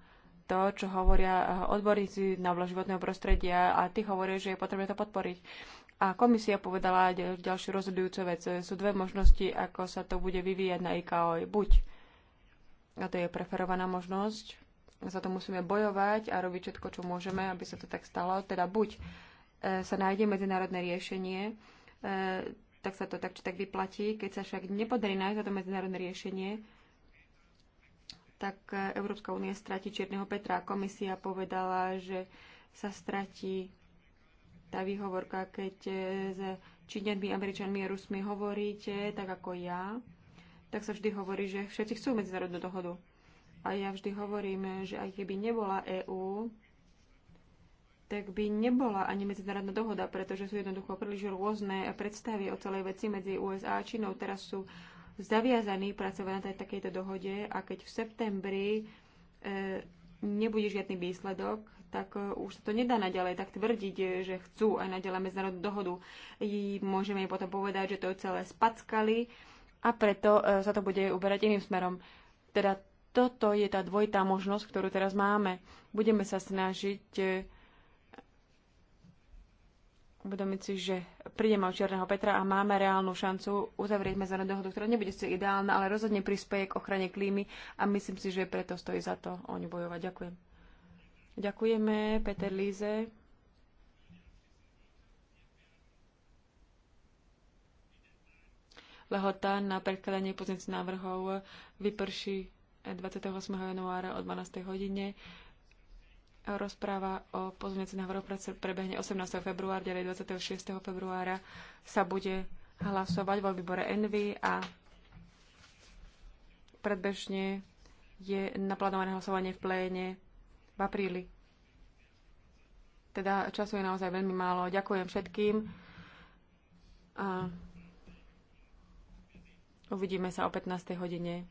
to, čo hovoria eh, odborníci na oblasť životného prostredia a tí hovoria, že je potrebné to podporiť. A komisia povedala ďalšiu rozhodujúcu vec. Sú dve možnosti, ako sa to bude vyvíjať na IKO. Buď, a to je preferovaná možnosť, za to musíme bojovať a robiť všetko, čo môžeme, aby sa to tak stalo. Teda buď eh, sa nájde medzinárodné riešenie, eh, tak sa to tak či tak vyplatí. Keď sa však nepodarí nájsť to medzinárodné riešenie, tak Európska únia stratí Čierneho Petra. Komisia povedala, že sa stratí tá výhovorka, keď e, s Číňanmi, Američanmi a Rusmi hovoríte, tak ako ja, tak sa vždy hovorí, že všetci chcú medzinárodnú dohodu. A ja vždy hovorím, že aj keby nebola EÚ, tak by nebola ani medzinárodná dohoda, pretože sú jednoducho príliš rôzne predstavy o celej veci medzi USA a Čínou. Teraz sú zaviazaný pracovať na tej takejto dohode a keď v septembri e, nebude žiadny výsledok, tak e, už sa to nedá naďalej tak tvrdiť, e, že chcú aj naďalej medzinárodnú dohodu. I môžeme im potom povedať, že to celé spackali a preto e, sa to bude uberať iným smerom. Teda toto je tá dvojitá možnosť, ktorú teraz máme. Budeme sa snažiť uvedomiť si, že prídeme od Čierneho Petra a máme reálnu šancu uzavrieť medzinárodnú dohodu, ktorá nebude si ideálna, ale rozhodne prispieje k ochrane klímy a myslím si, že preto stojí za to o ňu bojovať. Ďakujem. Ďakujeme, Peter Líze. Lehota na predkladanie pozemných návrhov vyprší 28. januára o 12. hodine. Rozpráva o pozmeňujúcich návrhoch prebehne 18. februára, ďalej 26. februára sa bude hlasovať vo výbore Envy a predbežne je naplánované hlasovanie v pléne v apríli. Teda času je naozaj veľmi málo. Ďakujem všetkým a uvidíme sa o 15. hodine.